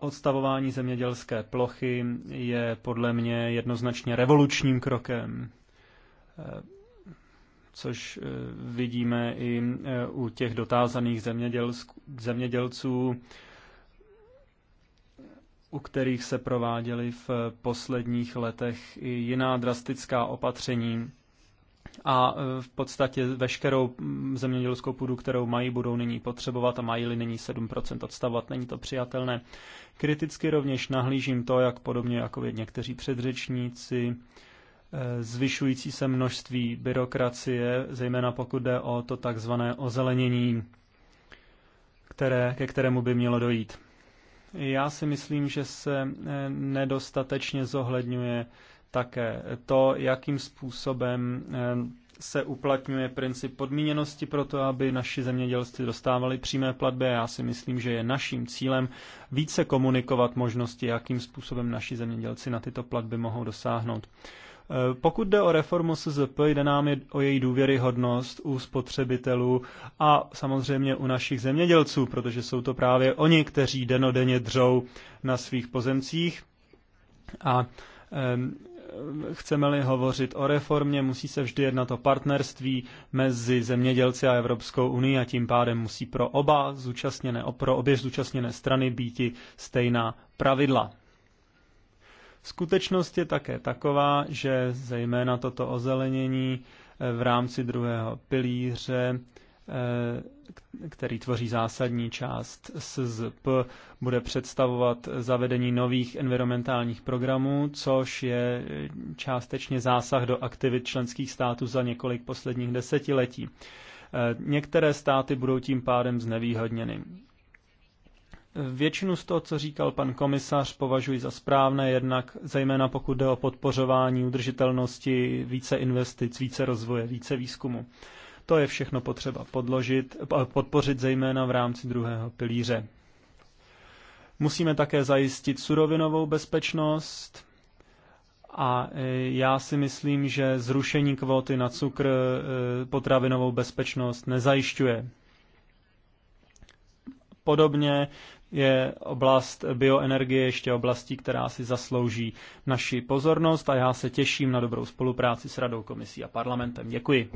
odstavování zemědělské plochy je podle mě jednoznačně revolučním krokem. Eh, což eh, vidíme i eh, u těch dotázaných zemědělců, u kterých se prováděly v eh, posledních letech i jiná drastická opatření. A v podstatě veškerou mm, zemědělskou půdu, kterou mají, budou nyní potřebovat a mají-li nyní 7% odstavovat, není to přijatelné. Kriticky rovněž nahlížím to, jak podobně jako někteří předřečníci, Eh, zvyšující se množství byrokracie, zejména pokud jde o to takzvané ozelenění, které, ke kterému by mělo dojít. Já si myslím, že se eh, nedostatečně zohledňuje také to, jakým způsobem eh, se uplatňuje princip podmíněnosti pro to, aby naši zemědělci dostávali přímé platby. Já si myslím, že je naším cílem více komunikovat možnosti, jakým způsobem naši zemědělci na tyto platby mohou dosáhnout. Eh, pokud jde o reformu SZP, jde nám o její důvěryhodnost u spotřebitelů a samozřejmě u našich zemědělců, protože jsou to právě oni, kteří denodenně dřou na svých pozemcích. A chceme-li hovořit o reformě, musí se vždy jednat o partnerství mezi zemědělci a Evropskou unii a tím pádem musí pro oba zúčastněné, pro obě zúčastněné strany býti stejná pravidla. Skutečnost je také taková, že zejména toto ozelenění eh, v rámci druhého pilíře, eh, který tvoří zásadní část SZP, bude představovat zavedení nových environmentálních programů, což je eh, částečně zásah do aktivit členských států za několik posledních desetiletí. Některé státy budou tím pádem znevýhodněny. Většinu z toho, co říkal pan komisař, považuji za správné, jednak zejména pokud jde o podpořování udržitelnosti, více investic, více rozvoje, více výzkumu. To je všechno potřeba podložit, eh, podpořit zejména v rámci druhého pilíře. Musíme také zajistit surovinovou bezpečnost a eh, já si myslím, že zrušení kvóty na cukr eh, potravinovou bezpečnost nezajišťuje. Podobně je oblast bioenergie ještě oblastí, která si zaslouží naši pozornost a já se těším na dobrou spolupráci s Radou komisí a parlamentem. Děkuji.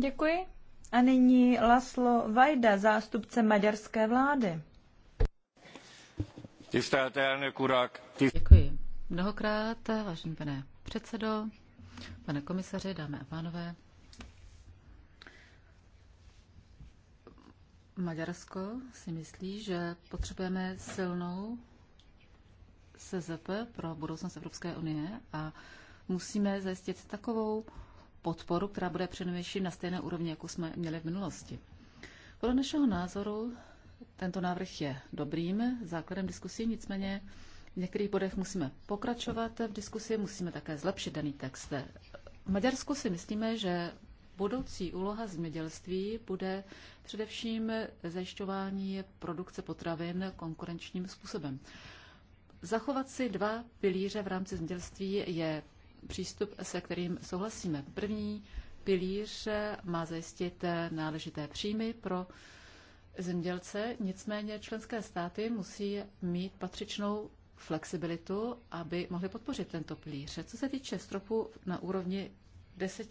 Děkuji. A nyní Laslo Vajda, zástupce maďarské vlády. Děkuji mnohokrát, vážený pane předsedo, pane komisaři, dámy a pánové. Maďarsko si myslí, že potřebujeme silnou SZP pro budoucnost Evropské unie a musíme zajistit takovou podporu, která bude přinejmenším na stejné úrovni, jako jsme měli v minulosti. Podle našeho názoru tento návrh je dobrým základem diskusí, nicméně v některých bodech musíme pokračovat v diskusi, musíme také zlepšit daný text. V Maďarsku si myslíme, že budoucí úloha zemědělství bude především zajišťování produkce potravin konkurenčním způsobem. Zachovat si dva pilíře v rámci zemědělství je přístup, se kterým souhlasíme. První pilíř má zajistit náležité příjmy pro zemědělce, nicméně členské státy musí mít patřičnou flexibilitu, aby mohli podpořit tento pilíř. Co se týče stropu na úrovni 10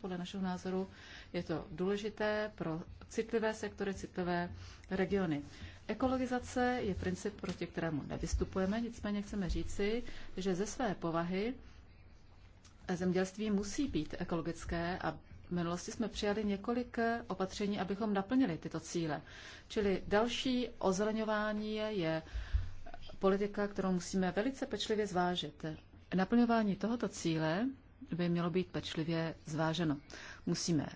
Podle našeho názoru je to důležité pro citlivé sektory, citlivé regiony. Ekologizace je princip, proti kterému nevystupujeme, nicméně chceme říci, že ze své povahy zemědělství musí být ekologické a v minulosti jsme přijali několik opatření, abychom naplnili tyto cíle. Čili další ozeleňování je politika, kterou musíme velice pečlivě zvážit. Naplňování tohoto cíle by mělo být pečlivě zváženo. Musíme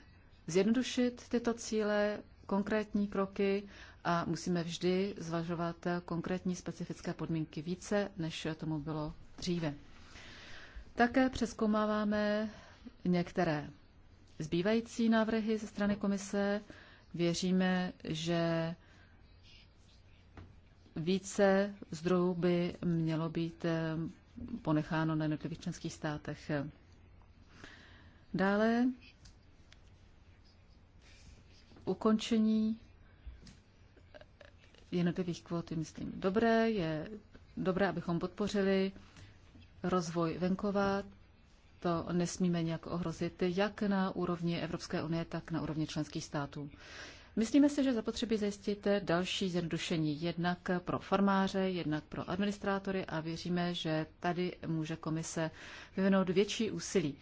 zjednodušit tyto cíle, konkrétní kroky a musíme vždy zvažovat konkrétní specifické podmínky více, než tomu bylo dříve. Také přeskoumáváme některé zbývající návrhy ze strany komise. Věříme, že více zdrojů by mělo být ponecháno na jednotlivých členských státech. Dále ukončení jednotlivých kvót je, myslím, dobré. Je dobré, abychom podpořili rozvoj venkova. To nesmíme nějak ohrozit jak na úrovni Evropské unie, tak na úrovni členských států. Myslíme si, že zapotřebí zajistit další zjednodušení jednak pro farmáře, jednak pro administrátory a věříme, že tady může komise vyvinout větší úsilí.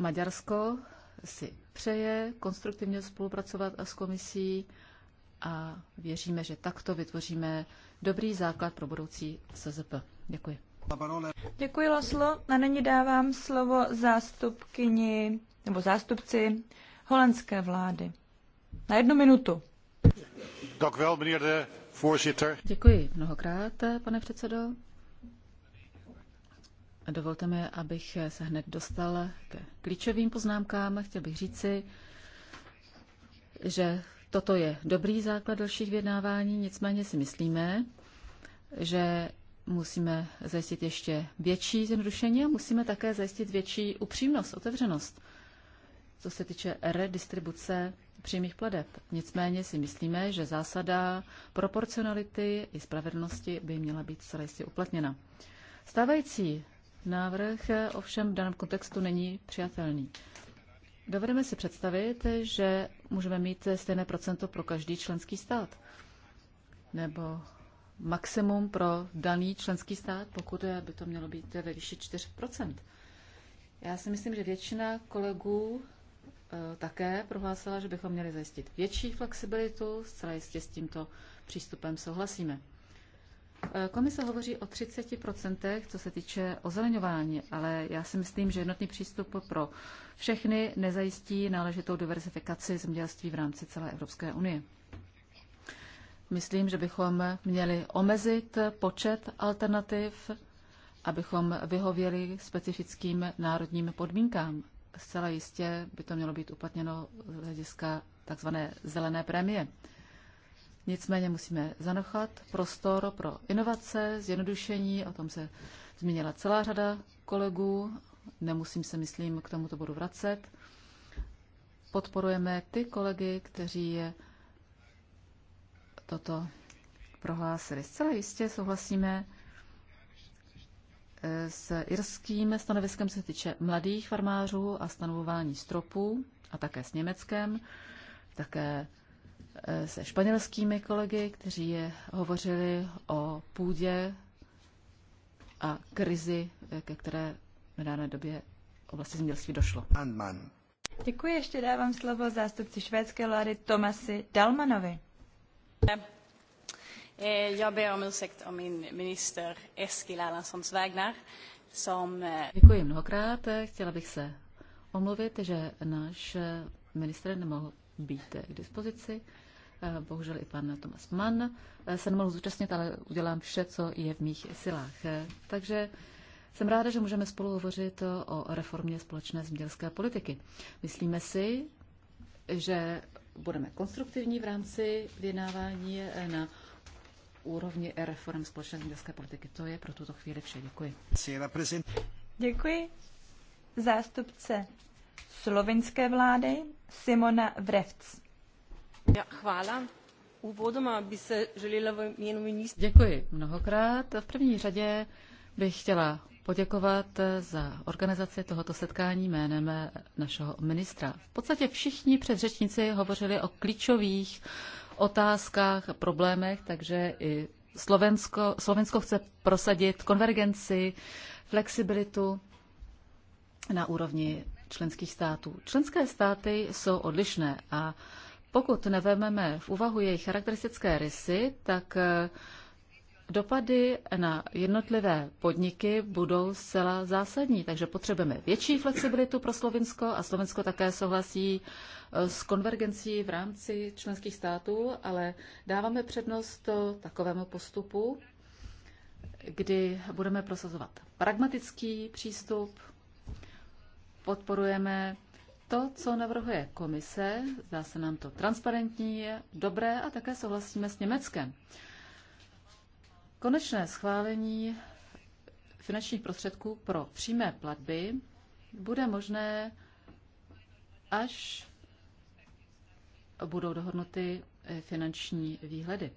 Maďarsko si přeje konstruktivně spolupracovat s komisí a věříme, že takto vytvoříme dobrý základ pro budoucí SZP. Děkuji. Děkuji, Loslo. A nyní dávám slovo zástupkyni nebo zástupci holandské vlády. Na jednu minutu. Děkuji mnohokrát, pane předsedo. Dovolte mi, abych se hned dostal ke klíčovým poznámkám. Chtěl bych říci, že toto je dobrý základ dalších vyjednávání, nicméně si myslíme, že musíme zajistit ještě větší zjednodušení a musíme také zajistit větší upřímnost, otevřenost, co se týče redistribuce přímých pladeb. Nicméně si myslíme, že zásada proporcionality i spravedlnosti by měla být zcela jistě uplatněna. Stávající Návrh ovšem v daném kontextu není přijatelný. Dovedeme si představit, že můžeme mít stejné procento pro každý členský stát, nebo maximum pro daný členský stát, pokud by to mělo být ve výši 4 Já si myslím, že většina kolegů eh, také prohlásila, že bychom měli zajistit větší flexibilitu. Zcela jistě s tímto přístupem souhlasíme. Eh, komise hovoří o 30%, co se týče ozeleňování, ale já si myslím, že jednotný přístup pro všechny nezajistí náležitou diverzifikaci zemědělství v rámci celé Evropské unie. Myslím, že bychom měli omezit počet alternativ, abychom vyhověli specifickým národním podmínkám. Zcela jistě by to mělo být uplatněno z hlediska tzv. zelené prémie. Nicméně musíme zanechat prostor pro inovace, zjednodušení, o tom se zmínila celá řada kolegů, nemusím se, myslím, k tomuto bodu vracet. Podporujeme ty kolegy, kteří toto prohlásili. Zcela jistě souhlasíme eh, s irským stanoviskem se týče mladých farmářů a stanovování stropů a také s německém. Také Eh, se španělskými kolegy, kteří je hovořili o půdě a krizi, eh, ke které v dané době oblasti zemědělství došlo. Andman. Děkuji, ještě dávám slovo zástupci švédské vlády Tomasi Dalmanovi. Eh, Já ber om ursäkt o min minister Eskil Erlandssons vägnar. Som... Děkuji mnohokrát. Chtěla bych se omluvit, že náš minister nemohl být k dispozici. Eh, bohužel i pan Thomas Mann eh, se nemohl zúčastnit, ale udělám vše, co je v mých silách. Eh, takže jsem ráda, že můžeme spolu hovořit o reformě společné zemědělské politiky. Myslíme si, že budeme konstruktivní v rámci vyjednávání na úrovni reform společné zemědělské politiky. To je pro tuto chvíli vše. Děkuji. Děkuji. Zástupce slovinské vlády Simona Vrevc v Děkuji mnohokrát. V první řadě bych chtěla poděkovat za organizaci tohoto setkání jménem našeho ministra. V podstatě všichni předřečníci hovořili o klíčových otázkách a problémech, takže i Slovensko, Slovensko chce prosadit konvergenci, flexibilitu na úrovni členských států. Členské státy jsou odlišné a pokud nevememe v úvahu jejich charakteristické rysy, tak eh, dopady na jednotlivé podniky budou zcela zásadní. Takže potřebujeme větší flexibilitu pro Slovinsko a Slovensko také souhlasí eh, s konvergencí v rámci členských států, ale dáváme přednost takovému postupu, kdy budeme prosazovat pragmatický přístup, podporujeme to, co navrhuje komise, zdá se nám to transparentní, dobré a také souhlasíme s Německem. Konečné schválení finančních prostředků pro přímé platby bude možné, až budou dohodnuty finanční výhledy.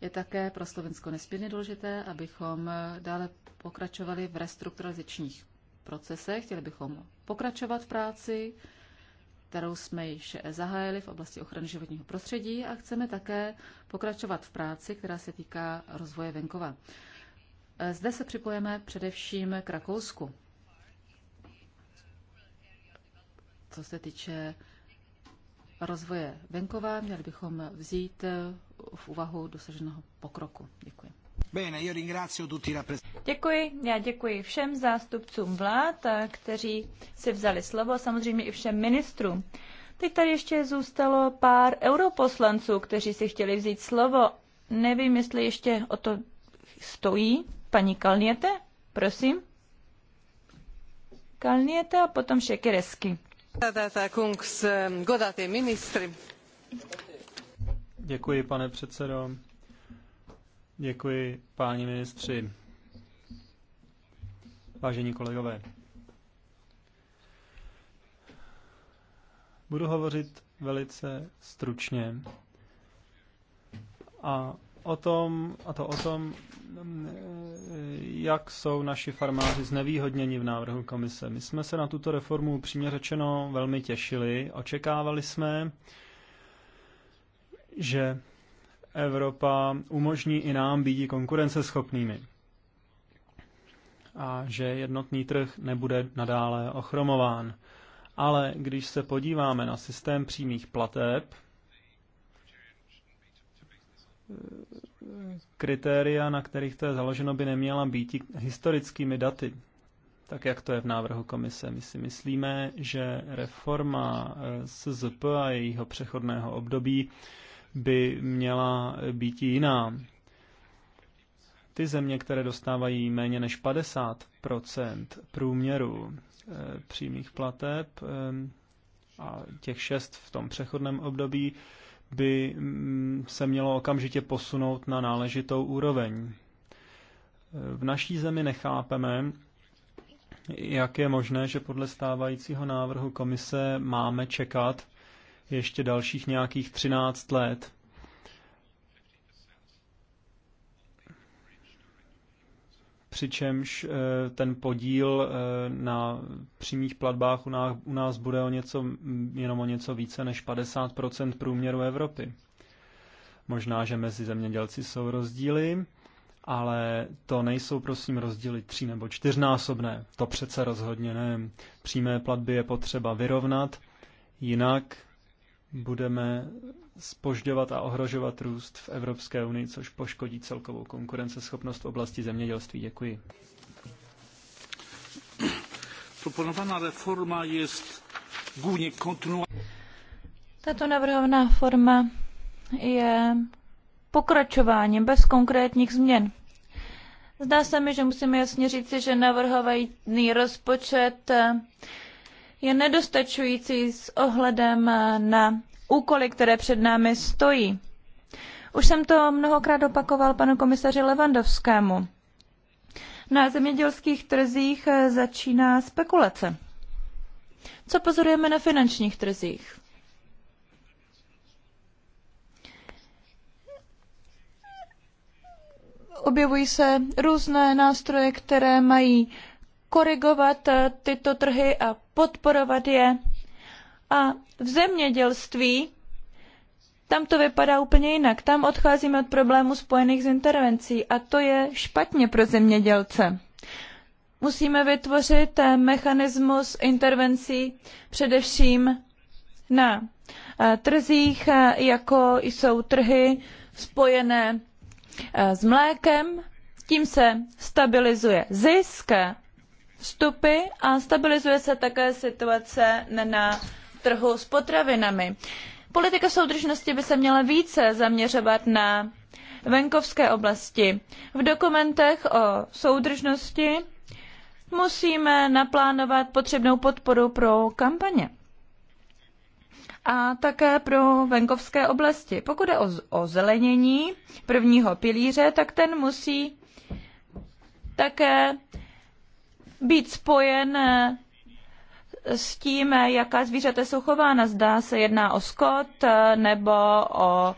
Je také pro Slovensko nesmírně důležité, abychom dále pokračovali v restrukturalizačních procese. Chtěli bychom pokračovat v práci, kterou jsme již zahájili v oblasti ochrany životního prostředí a chceme také pokračovat v práci, která se týká rozvoje venkova. Eh, zde se připojeme především k Rakousku. Co se týče rozvoje venkova, měli bychom vzít eh, v úvahu dosaženého pokroku. Děkuji. Děkuji, já děkuji všem zástupcům vlád, eh, kteří si vzali slovo samozřejmě i všem ministrům. Teď tady ještě zůstalo pár europoslanců, kteří si chtěli vzít slovo. Nevím, jestli ještě o to stojí. Paní Kalniete, prosím. Kalniete a potom Šekeresky. Děkuji, pane předsedo. Děkuji, páni ministři. Vážení kolegové, budu hovořit velice stručně a o tom, a to o tom, jak jsou naši farmáři znevýhodněni v návrhu komise. My jsme se na tuto reformu přímě řečeno velmi těšili. Očekávali jsme, že Evropa umožní i nám být konkurenceschopnými a že jednotný trh nebude nadále ochromován. Ale když se podíváme na systém přímých plateb, kritéria, na kterých to je založeno, by neměla být historickými daty, tak jak to je v návrhu komise. My si myslíme, že reforma eh, SZP a jejího přechodného období by měla být jiná. Ty země, které dostávají méně než 50 průměru eh, přímých plateb eh, a těch šest v tom přechodném období, by mm, se mělo okamžitě posunout na náležitou úroveň. Eh, v naší zemi nechápeme, jak je možné, že podle stávajícího návrhu komise máme čekat ještě dalších nějakých 13 let. Přičemž eh, ten podíl eh, na přímých platbách u nás, u nás bude o něco, jenom o něco více než 50 průměru Evropy. Možná, že mezi zemědělci jsou rozdíly, ale to nejsou prosím rozdíly tří nebo čtyřnásobné. To přece rozhodně ne. Přímé platby je potřeba vyrovnat, jinak budeme spožďovat a ohrožovat růst v Evropské unii, což poškodí celkovou konkurenceschopnost v oblasti zemědělství. Děkuji. Proponovaná reforma je hlavně kontinuální. Tato navrhovaná forma je pokračováním bez konkrétních změn. Zdá se mi, že musíme jasně říci, že navrhovaný rozpočet je nedostačující s ohledem na úkoly, které před námi stojí. Už jsem to mnohokrát opakoval panu komisaři Levandovskému. Na zemědělských trzích začíná spekulace. Co pozorujeme na finančních trzích? Objevují se různé nástroje, které mají korigovat tyto trhy a podporovat je. A v zemědělství tam to vypadá úplně jinak. Tam odcházíme od problémů spojených s intervencí a to je špatně pro zemědělce. Musíme vytvořit eh, mechanismus intervencí především na eh, trzích, eh, jako jsou trhy spojené s mlékem. Tím se stabilizuje zisk vstupy a stabilizuje se také situace na trhu s potravinami. Politika soudržnosti by se měla více zaměřovat na venkovské oblasti. V dokumentech o soudržnosti musíme naplánovat potřebnou podporu pro kampaně a také pro venkovské oblasti. Pokud je o ozelenění prvního pilíře, tak ten musí také být spojen eh, s tím, eh, jaká zvířata jsou chována. Zdá se jedná o skot eh, nebo o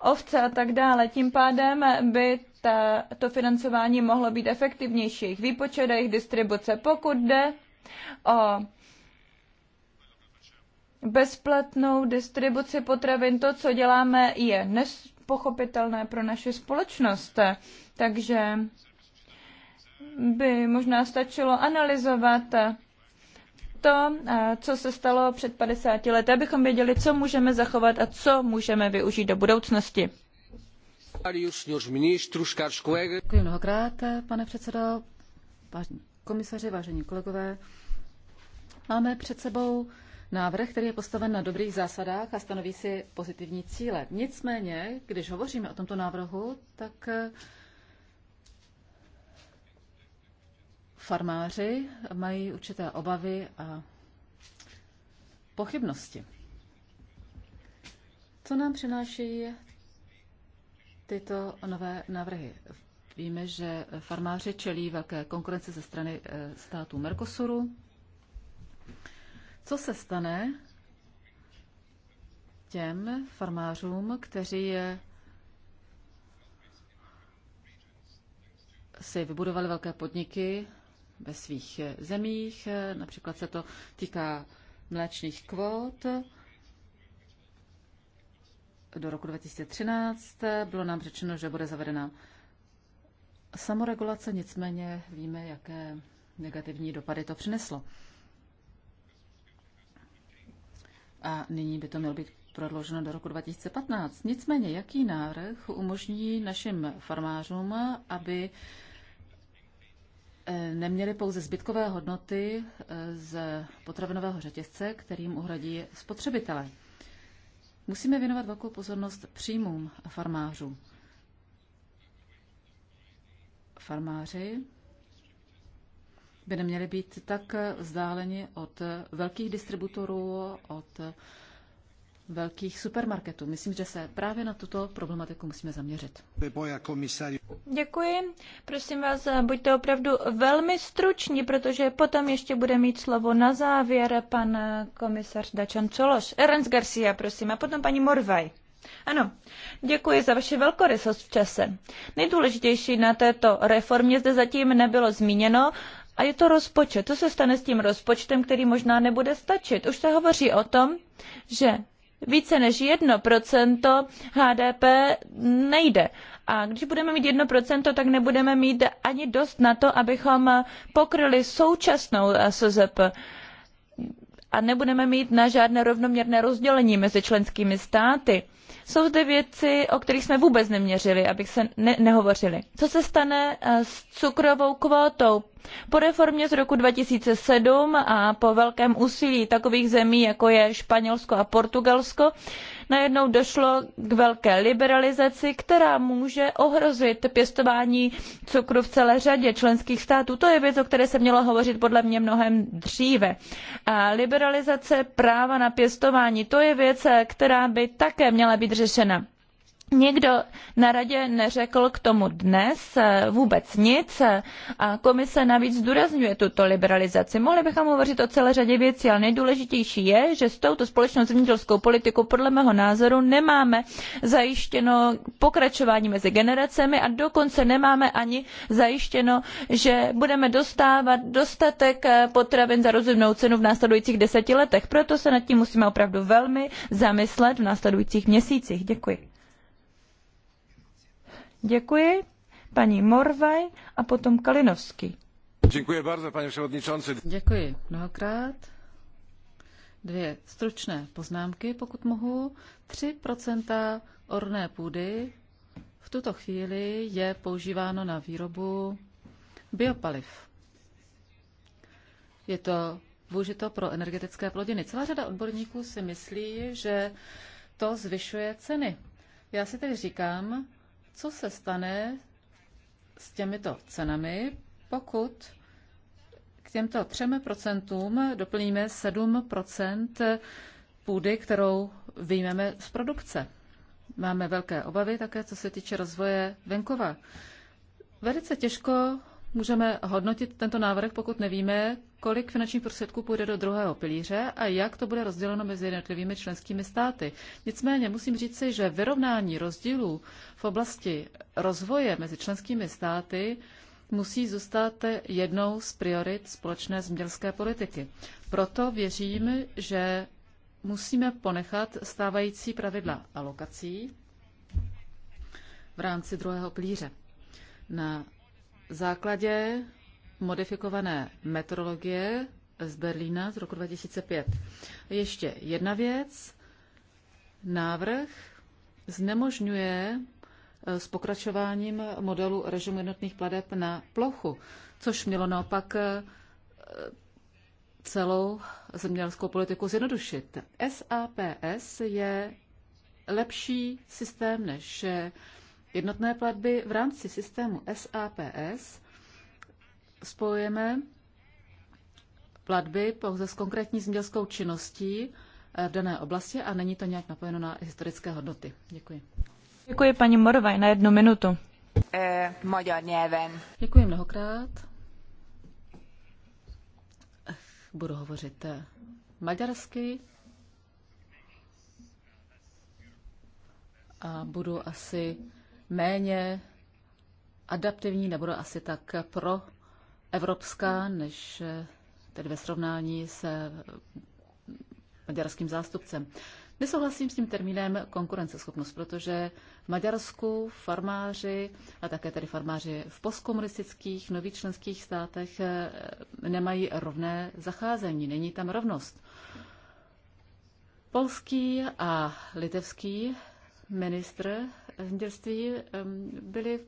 ovce a tak dále. Tím pádem by ta, to financování mohlo být efektivnější. Jejich výpočet a jejich distribuce. Pokud jde o bezplatnou distribuci potravin, to, co děláme, je nepochopitelné pro naši společnost. Takže by možná stačilo analyzovat to, eh, co se stalo před 50 lety, abychom věděli, co můžeme zachovat a co můžeme využít do budoucnosti. Děkuji mnohokrát, pane předsedo, vážení komisaři, vážení kolegové. Máme před sebou návrh, který je postaven na dobrých zásadách a stanoví si pozitivní cíle. Nicméně, když hovoříme o tomto návrhu, tak farmáři mají určité obavy a pochybnosti. Co nám přináší tyto nové návrhy? Víme, že farmáři čelí velké konkurenci ze strany eh, států Mercosuru. Co se stane těm farmářům, kteří si vybudovali velké podniky ve svých eh, zemích. Eh, například se to týká mléčných kvót. Do roku 2013 eh, bylo nám řečeno, že bude zavedena samoregulace, nicméně víme, jaké negativní dopady to přineslo. A nyní by to mělo být prodlouženo do roku 2015. Nicméně, jaký návrh umožní našim farmářům, aby neměli pouze zbytkové hodnoty eh, z potravinového řetězce, kterým uhradí spotřebitele. Musíme věnovat velkou pozornost příjmům farmářů. Farmáři by neměli být tak vzdáleni od velkých distributorů, od velkých supermarketů. Myslím, že se právě na tuto problematiku musíme zaměřit. Děkuji. Prosím vás, buďte opravdu velmi struční, protože potom ještě bude mít slovo na závěr pan komisař Dačan Čološ. Ernst Garcia, prosím, a potom paní Morvaj. Ano, děkuji za vaši velkorysost v čase. Nejdůležitější na této reformě zde zatím nebylo zmíněno, a je to rozpočet. Co se stane s tím rozpočtem, který možná nebude stačit? Už se hovoří o tom, že více než 1% HDP nejde. A když budeme mít 1%, tak nebudeme mít ani dost na to, abychom pokryli současnou eh, SZP a nebudeme mít na žádné rovnoměrné rozdělení mezi členskými státy. Jsou zde věci, o kterých jsme vůbec neměřili, abych se ne- nehovořili. Co se stane eh, s cukrovou kvótou po reformě z roku 2007 a po velkém úsilí takových zemí, jako je Španělsko a Portugalsko, najednou došlo k velké liberalizaci, která může ohrozit pěstování cukru v celé řadě členských států. To je věc, o které se mělo hovořit podle mě mnohem dříve. A liberalizace práva na pěstování, to je věc, která by také měla být řešena. Nikdo na radě neřekl k tomu dnes eh, vůbec nic eh, a komise navíc zdůrazňuje tuto liberalizaci. Mohli bychom hovořit o celé řadě věcí, ale nejdůležitější je, že s touto společnou zemědělskou politikou podle mého názoru nemáme zajištěno pokračování mezi generacemi a dokonce nemáme ani zajištěno, že budeme dostávat dostatek eh, potravin za rozumnou cenu v následujících deseti letech. Proto se nad tím musíme opravdu velmi zamyslet v následujících měsících. Děkuji. Děkuji. Paní Morvaj a potom Kalinovský. Děkuji bardzo, pane předsedající. Děkuji mnohokrát. Dvě stručné poznámky, pokud mohu. 3 orné půdy v tuto chvíli je používáno na výrobu biopaliv. Je to využito pro energetické plodiny. Celá řada odborníků si myslí, že to zvyšuje ceny. Já si tedy říkám, co se stane s těmito cenami, pokud k těmto 3% doplníme 7% půdy, kterou vyjmeme z produkce. Máme velké obavy také, co se týče rozvoje venkova. Velice těžko můžeme hodnotit tento návrh, pokud nevíme, kolik finančních prostředků půjde do druhého pilíře a jak to bude rozděleno mezi jednotlivými členskými státy. Nicméně musím říci, že vyrovnání rozdílů v oblasti rozvoje mezi členskými státy musí zůstat jednou z priorit společné zemědělské politiky. Proto věřím, že musíme ponechat stávající pravidla alokací v rámci druhého pilíře. Na základě modifikované metrologie z Berlína z roku 2005. Ještě jedna věc. Návrh znemožňuje eh, s pokračováním modelu režimu jednotných pladeb na plochu, což mělo naopak eh, celou zemědělskou politiku zjednodušit. SAPS je lepší systém než jednotné platby v rámci systému SAPS spojujeme platby pouze s konkrétní zemědělskou činností eh, v dané oblasti a není to nějak napojeno na historické hodnoty. Děkuji. Děkuji paní Morovaj na jednu minutu. E, magyar nyelven. Děkuji mnohokrát. Ech, budu hovořit eh, maďarsky. A budu asi méně adaptivní, nebo asi tak pro evropská, než eh, tedy ve srovnání se maďarským zástupcem. Nesouhlasím s tím termínem konkurenceschopnost, protože v Maďarsku farmáři a také tedy farmáři v postkomunistických nových členských státech eh, nemají rovné zacházení, není tam rovnost. Polský a litevský ministr zemědělství byli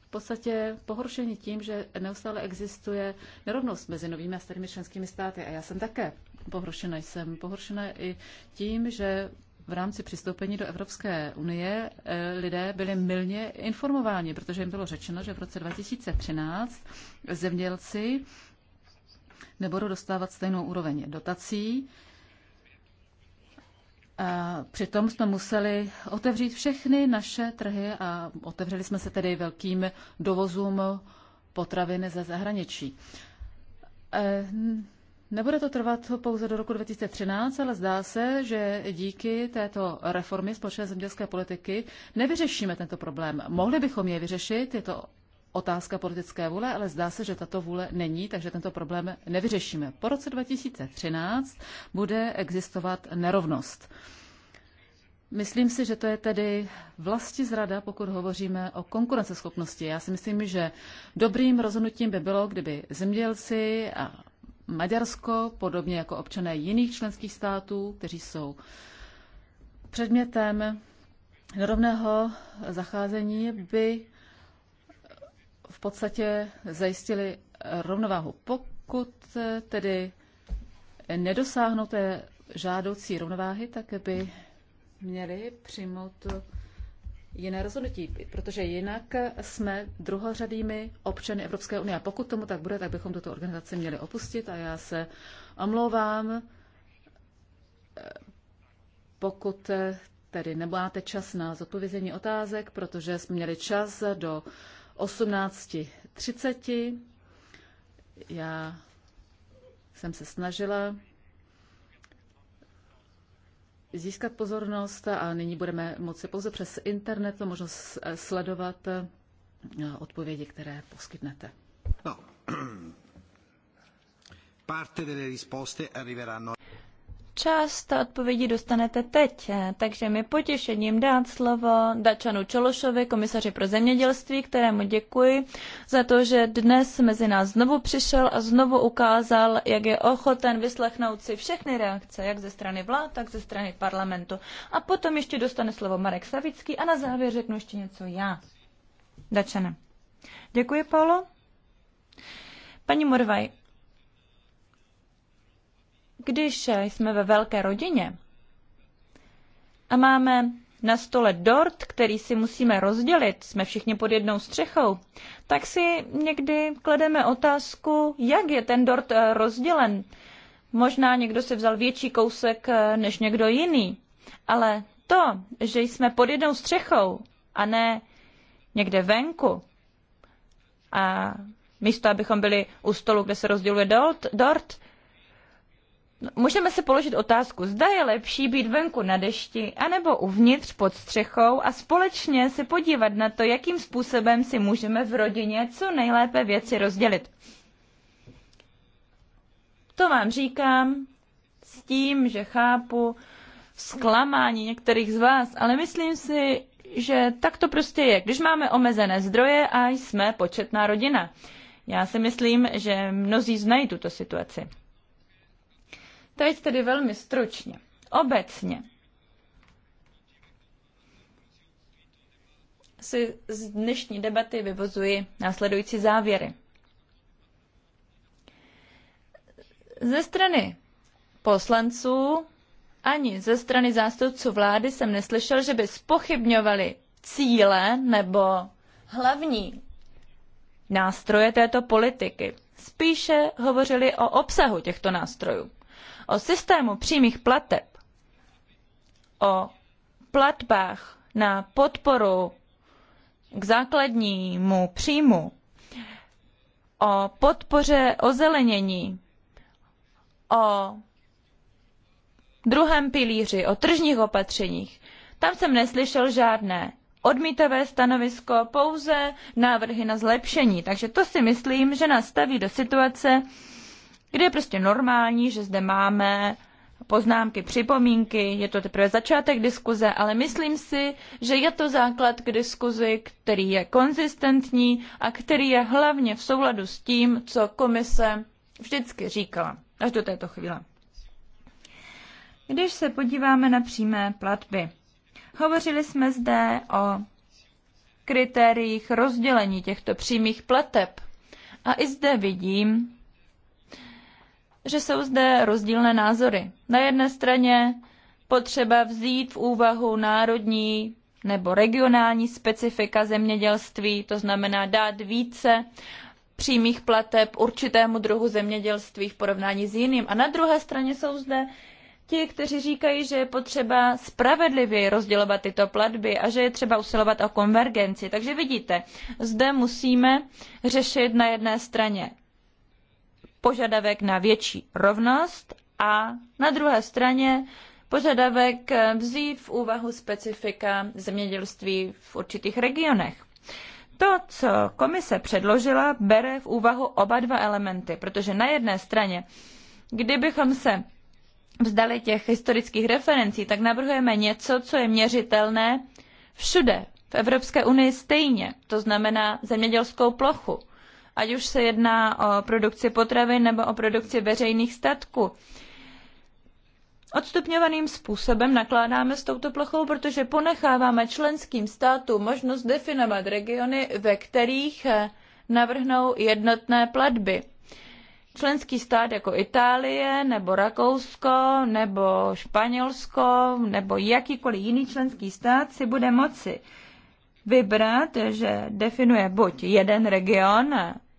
v podstatě pohoršeni tím, že neustále existuje nerovnost mezi novými a starými členskými státy. A já jsem také pohoršena. Jsem pohoršena i tím, že v rámci přistoupení do Evropské unie eh, lidé byli mylně informováni, protože jim bylo řečeno, že v roce 2013 zemědělci nebudou dostávat stejnou úroveň dotací a přitom jsme museli otevřít všechny naše trhy a otevřeli jsme se tedy velkým dovozům potravin ze zahraničí. E, nebude to trvat pouze do roku 2013, ale zdá se, že díky této reformě společné zemědělské politiky nevyřešíme tento problém. Mohli bychom je vyřešit, je to otázka politické vůle, ale zdá se, že tato vůle není, takže tento problém nevyřešíme. Po roce 2013 bude existovat nerovnost. Myslím si, že to je tedy vlasti zrada, pokud hovoříme o konkurenceschopnosti. Já si myslím, že dobrým rozhodnutím by bylo, kdyby zemědělci a Maďarsko, podobně jako občané jiných členských států, kteří jsou předmětem nerovného zacházení, by v podstatě zajistili rovnováhu. Pokud tedy nedosáhnou té žádoucí rovnováhy, tak by měli přijmout jiné rozhodnutí, protože jinak jsme druhořadými občany Evropské unie. A pokud tomu tak bude, tak bychom tuto organizaci měli opustit a já se omlouvám, pokud tedy nemáte čas na zodpovězení otázek, protože jsme měli čas do 18.30. Já jsem se snažila získat pozornost a nyní budeme moci pouze přes internet to možnost sledovat eh, odpovědi, které poskytnete. No. Parte delle risposte arriveranno. Část odpovědí dostanete teď, takže mi potěšením dát slovo Dačanu Čološovi, komisaři pro zemědělství, kterému děkuji za to, že dnes mezi nás znovu přišel a znovu ukázal, jak je ochoten vyslechnout si všechny reakce, jak ze strany vlád, tak ze strany parlamentu. A potom ještě dostane slovo Marek Savický a na závěr řeknu ještě něco já. Dačane. Děkuji, Paolo. Paní Morvaj, když jsme ve velké rodině a máme na stole dort, který si musíme rozdělit, jsme všichni pod jednou střechou, tak si někdy klademe otázku, jak je ten dort eh, rozdělen. Možná někdo si vzal větší kousek eh, než někdo jiný, ale to, že jsme pod jednou střechou a ne někde venku a místo, abychom byli u stolu, kde se rozděluje dort, dort Můžeme si položit otázku, zda je lepší být venku na dešti, anebo uvnitř pod střechou a společně se podívat na to, jakým způsobem si můžeme v rodině co nejlépe věci rozdělit. To vám říkám s tím, že chápu zklamání některých z vás, ale myslím si, že tak to prostě je, když máme omezené zdroje a jsme početná rodina. Já si myslím, že mnozí znají tuto situaci. Teď tedy velmi stručně. Obecně si z dnešní debaty vyvozuji následující závěry. Ze strany poslanců ani ze strany zástupců vlády jsem neslyšel, že by spochybňovali cíle nebo hlavní nástroje této politiky. Spíše hovořili o obsahu těchto nástrojů o systému přímých plateb, o platbách na podporu k základnímu příjmu, o podpoře ozelenění, o druhém pilíři, o tržních opatřeních. Tam jsem neslyšel žádné odmítavé stanovisko, pouze návrhy na zlepšení. Takže to si myslím, že nás staví do situace, kde je prostě normální, že zde máme poznámky, připomínky, je to teprve začátek diskuze, ale myslím si, že je to základ k diskuzi, který je konzistentní a který je hlavně v souladu s tím, co komise vždycky říkala až do této chvíle. Když se podíváme na přímé platby, hovořili jsme zde o kritériích rozdělení těchto přímých plateb. A i zde vidím, že jsou zde rozdílné názory. Na jedné straně potřeba vzít v úvahu národní nebo regionální specifika zemědělství, to znamená dát více přímých plateb určitému druhu zemědělství v porovnání s jiným. A na druhé straně jsou zde ti, kteří říkají, že je potřeba spravedlivě rozdělovat tyto platby a že je třeba usilovat o konvergenci. Takže vidíte, zde musíme řešit na jedné straně požadavek na větší rovnost a na druhé straně požadavek vzít v úvahu specifika zemědělství v určitých regionech. To, co komise předložila, bere v úvahu oba dva elementy, protože na jedné straně, kdybychom se vzdali těch historických referencí, tak navrhujeme něco, co je měřitelné všude v Evropské unii stejně, to znamená zemědělskou plochu ať už se jedná o produkci potravy nebo o produkci veřejných statků. Odstupňovaným způsobem nakládáme s touto plochou, protože ponecháváme členským státům možnost definovat regiony, ve kterých eh, navrhnou jednotné platby. Členský stát jako Itálie, nebo Rakousko, nebo Španělsko, nebo jakýkoliv jiný členský stát si bude moci vybrat, že definuje buď jeden region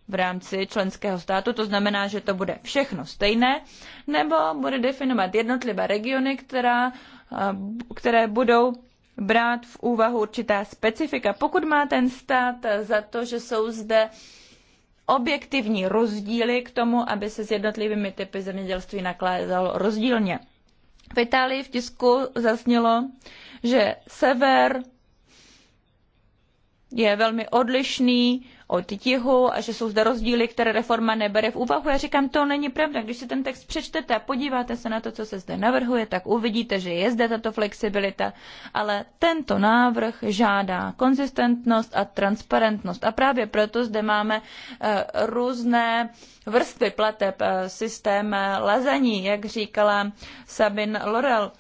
v rámci členského státu, to znamená, že to bude všechno stejné, nebo bude definovat jednotlivé regiony, která, eh, které budou brát v úvahu určitá specifika. Pokud má ten stát za to, že jsou zde objektivní rozdíly k tomu, aby se s jednotlivými typy zemědělství nakládalo rozdílně. V Itálii v tisku zasnilo, že sever je velmi odlišný od jihu a že jsou zde rozdíly, které reforma nebere v úvahu. Já říkám, to není pravda. Když si ten text přečtete a podíváte se na to, co se zde navrhuje, tak uvidíte, že je zde tato flexibilita. Ale tento návrh žádá konzistentnost a transparentnost. A právě proto zde máme eh, různé vrstvy plateb, eh, systém eh, lazaní, jak říkala Sabin Lorel.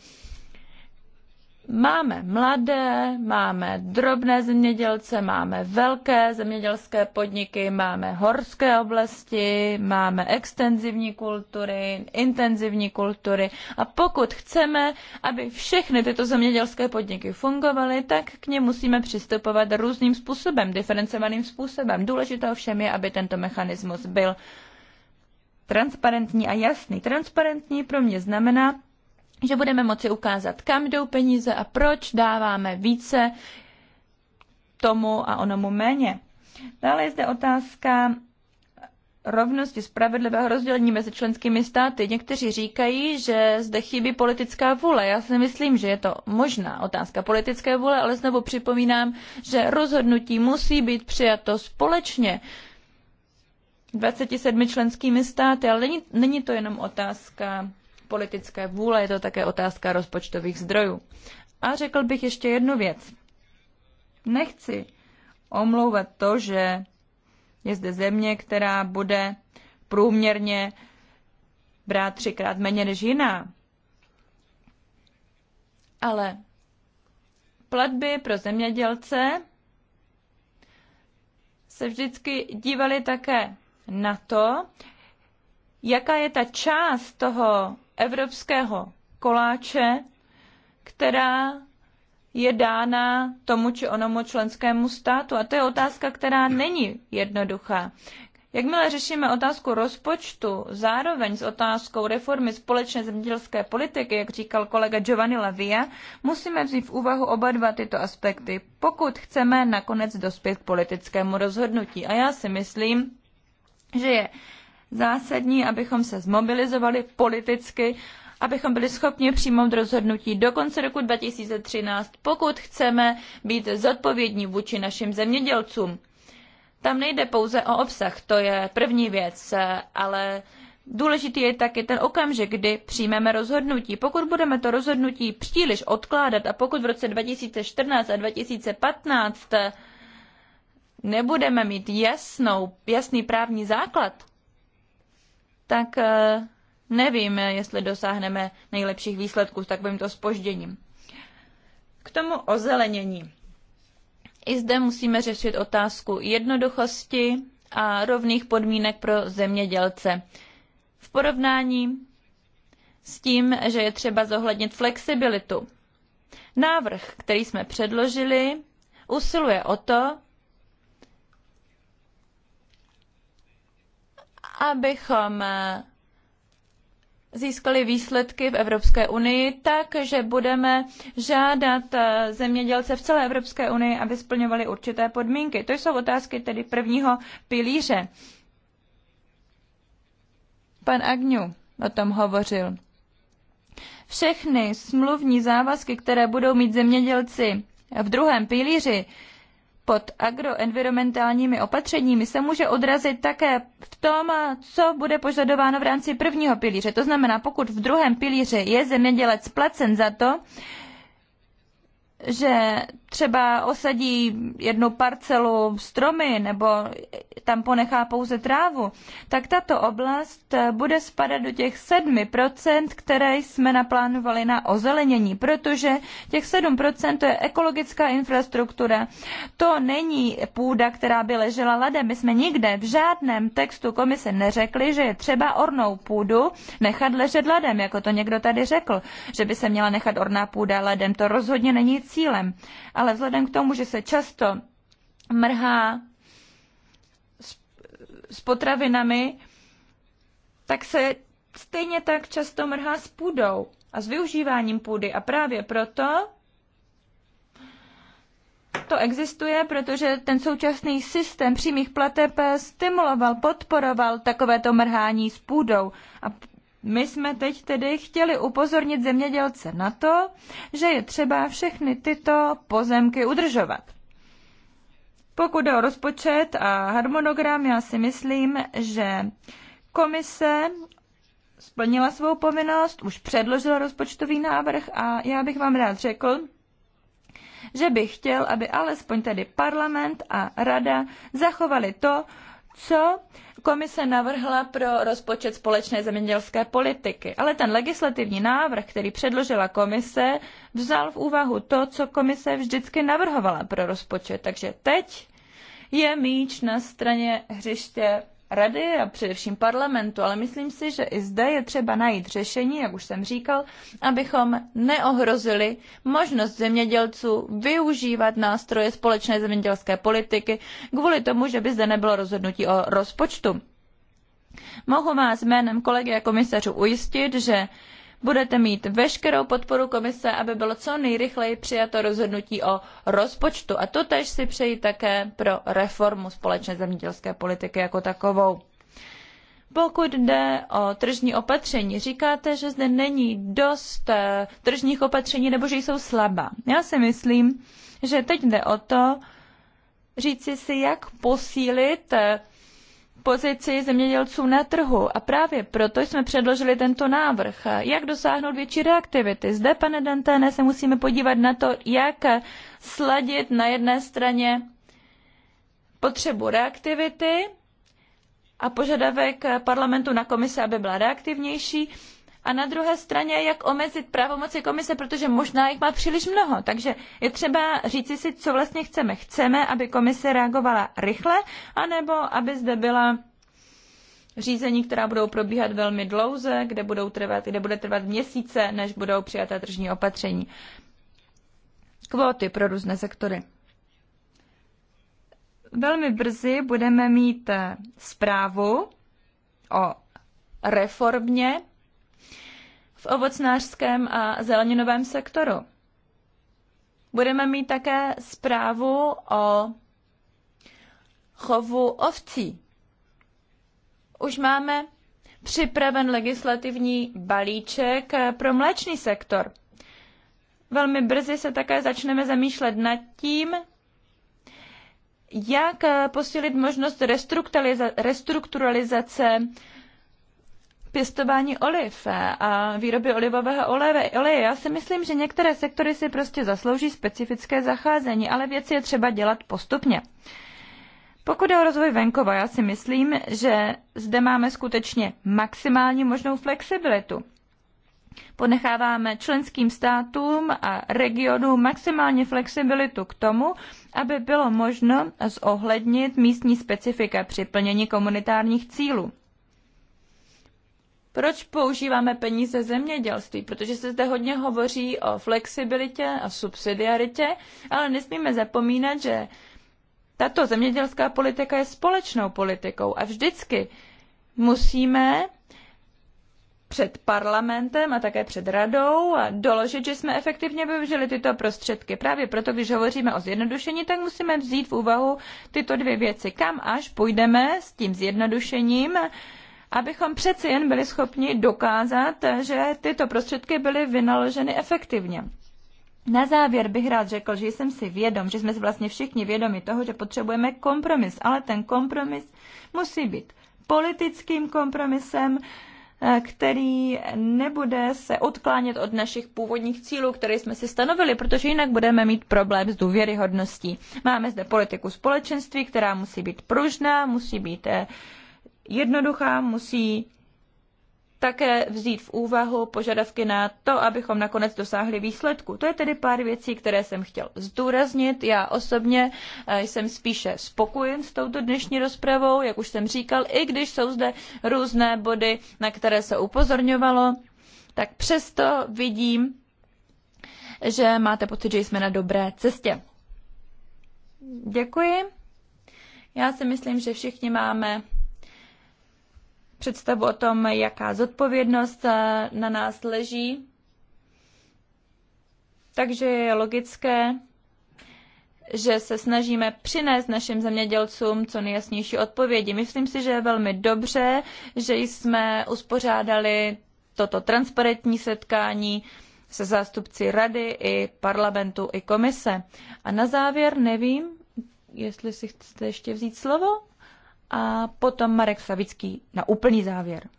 Máme mladé, máme drobné zemědělce, máme velké zemědělské podniky, máme horské oblasti, máme extenzivní kultury, intenzivní kultury. A pokud chceme, aby všechny tyto zemědělské podniky fungovaly, tak k ně musíme přistupovat různým způsobem, diferencovaným způsobem. Důležité ovšem je, aby tento mechanismus byl transparentní a jasný. Transparentní pro mě znamená, že budeme moci ukázat, kam jdou peníze a proč dáváme více tomu a onomu méně. Dále je zde otázka rovnosti spravedlivého rozdělení mezi členskými státy. Někteří říkají, že zde chybí politická vůle. Já si myslím, že je to možná otázka politické vůle, ale znovu připomínám, že rozhodnutí musí být přijato společně 27 členskými státy, ale není, není to jenom otázka politické vůle, je to také otázka rozpočtových zdrojů. A řekl bych ještě jednu věc. Nechci omlouvat to, že je zde země, která bude průměrně brát třikrát méně než jiná. Ale platby pro zemědělce se vždycky dívali také na to, jaká je ta část toho evropského koláče, která je dána tomu či onomu členskému státu. A to je otázka, která není jednoduchá. Jakmile řešíme otázku rozpočtu, zároveň s otázkou reformy společné zemědělské politiky, jak říkal kolega Giovanni Lavia, musíme vzít v úvahu oba dva tyto aspekty, pokud chceme nakonec dospět k politickému rozhodnutí. A já si myslím, že je zásadní, abychom se zmobilizovali politicky, abychom byli schopni přijmout rozhodnutí do konce roku 2013, pokud chceme být zodpovědní vůči našim zemědělcům. Tam nejde pouze o obsah, to je první věc, ale Důležitý je také ten okamžik, kdy přijmeme rozhodnutí. Pokud budeme to rozhodnutí příliš odkládat a pokud v roce 2014 a 2015 nebudeme mít jasnou, jasný právní základ, tak eh, nevím, jestli dosáhneme nejlepších výsledků s takovýmto spožděním. K tomu ozelenění. I zde musíme řešit otázku jednoduchosti a rovných podmínek pro zemědělce. V porovnání s tím, že je třeba zohlednit flexibilitu. Návrh, který jsme předložili, usiluje o to, abychom eh, získali výsledky v Evropské unii tak, že budeme žádat eh, zemědělce v celé Evropské unii, aby splňovali určité podmínky. To jsou otázky tedy prvního pilíře. Pan Agňu o tom hovořil. Všechny smluvní závazky, které budou mít zemědělci v druhém pilíři, pod agroenvironmentálními opatřeními se může odrazit také v tom, co bude požadováno v rámci prvního pilíře. To znamená, pokud v druhém pilíři je zemědělec placen za to, že třeba osadí jednu parcelu stromy nebo tam ponechá pouze trávu, tak tato oblast eh, bude spadat do těch 7%, které jsme naplánovali na ozelenění, protože těch 7% to je ekologická infrastruktura. To není půda, která by ležela ladem. My jsme nikde v žádném textu komise neřekli, že je třeba ornou půdu nechat ležet ladem, jako to někdo tady řekl, že by se měla nechat orná půda ladem. To rozhodně není cílem ale vzhledem k tomu, že se často mrhá s potravinami, tak se stejně tak často mrhá s půdou a s využíváním půdy. A právě proto to existuje, protože ten současný systém přímých plateb stimuloval, podporoval takovéto mrhání s půdou. A my jsme teď tedy chtěli upozornit zemědělce na to, že je třeba všechny tyto pozemky udržovat. Pokud jde o rozpočet a harmonogram, já si myslím, že komise splnila svou povinnost, už předložila rozpočtový návrh a já bych vám rád řekl, že bych chtěl, aby alespoň tedy parlament a rada zachovali to, co komise navrhla pro rozpočet společné zemědělské politiky. Ale ten legislativní návrh, který předložila komise, vzal v úvahu to, co komise vždycky navrhovala pro rozpočet. Takže teď je míč na straně hřiště rady a především parlamentu, ale myslím si, že i zde je třeba najít řešení, jak už jsem říkal, abychom neohrozili možnost zemědělců využívat nástroje společné zemědělské politiky kvůli tomu, že by zde nebylo rozhodnutí o rozpočtu. Mohu vás jménem kolegy a komisařů ujistit, že budete mít veškerou podporu komise, aby bylo co nejrychleji přijato rozhodnutí o rozpočtu. A to tež si přeji také pro reformu společné zemědělské politiky jako takovou. Pokud jde o tržní opatření, říkáte, že zde není dost eh, tržních opatření nebo že jsou slabá. Já si myslím, že teď jde o to, říci si, jak posílit eh, pozici zemědělců na trhu a právě proto jsme předložili tento návrh. Jak dosáhnout větší reaktivity? Zde, pane Dantene, se musíme podívat na to, jak sladit na jedné straně potřebu reaktivity a požadavek parlamentu na komise, aby byla reaktivnější, a na druhé straně, jak omezit pravomoci komise, protože možná jich má příliš mnoho. Takže je třeba říci si, co vlastně chceme. Chceme, aby komise reagovala rychle, anebo aby zde byla řízení, která budou probíhat velmi dlouze, kde, budou trvat, kde bude trvat měsíce, než budou přijata tržní opatření. Kvóty pro různé sektory. Velmi brzy budeme mít eh, zprávu o reformě v ovocnářském a zeleninovém sektoru. Budeme mít také zprávu o chovu ovcí. Už máme připraven legislativní balíček pro mléčný sektor. Velmi brzy se také začneme zamýšlet nad tím, jak posílit možnost restrukturalizace pěstování oliv eh, a výroby olivového oleje. Já si myslím, že některé sektory si prostě zaslouží specifické zacházení, ale věci je třeba dělat postupně. Pokud je o rozvoj venkova, já si myslím, že zde máme skutečně maximální možnou flexibilitu. Ponecháváme členským státům a regionům maximálně flexibilitu k tomu, aby bylo možno zohlednit místní specifika při plnění komunitárních cílů. Proč používáme peníze zemědělství? Protože se zde hodně hovoří o flexibilitě a subsidiaritě, ale nesmíme zapomínat, že tato zemědělská politika je společnou politikou a vždycky musíme před parlamentem a také před radou a doložit, že jsme efektivně využili tyto prostředky. Právě proto, když hovoříme o zjednodušení, tak musíme vzít v úvahu tyto dvě věci. Kam až půjdeme s tím zjednodušením, abychom přeci jen byli schopni dokázat, že tyto prostředky byly vynaloženy efektivně. Na závěr bych rád řekl, že jsem si vědom, že jsme si vlastně všichni vědomi toho, že potřebujeme kompromis, ale ten kompromis musí být politickým kompromisem, eh, který nebude se odklánět od našich původních cílů, které jsme si stanovili, protože jinak budeme mít problém s důvěryhodností. Máme zde politiku společenství, která musí být pružná, musí být eh, jednoduchá, musí také vzít v úvahu požadavky na to, abychom nakonec dosáhli výsledku. To je tedy pár věcí, které jsem chtěl zdůraznit. Já osobně eh, jsem spíše spokojen s touto dnešní rozpravou, jak už jsem říkal, i když jsou zde různé body, na které se upozorňovalo, tak přesto vidím, že máte pocit, že jsme na dobré cestě. Děkuji. Já si myslím, že všichni máme představu o tom, jaká zodpovědnost eh, na nás leží. Takže je logické, že se snažíme přinést našim zemědělcům co nejjasnější odpovědi. Myslím si, že je velmi dobře, že jsme uspořádali toto transparentní setkání se zástupci rady i parlamentu i komise. A na závěr nevím, jestli si chcete ještě vzít slovo a potom Marek Savický na úplný závěr.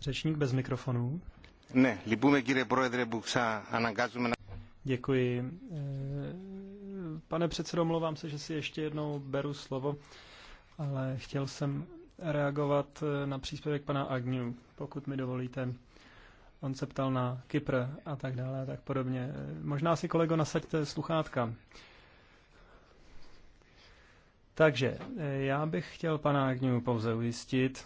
Řečník bez mikrofonu. Ne, libume, gire, projedre, buksa, a na... Děkuji. Eh, pane předsedo, mluvám se, že si ještě jednou beru slovo, ale chtěl jsem reagovat eh, na příspěvek pana Agniu, pokud mi dovolíte. On se ptal na Kypr a tak dále a tak podobně. Možná si, kolego, nasaďte sluchátka. Takže eh, já bych chtěl pana Agniu pouze ujistit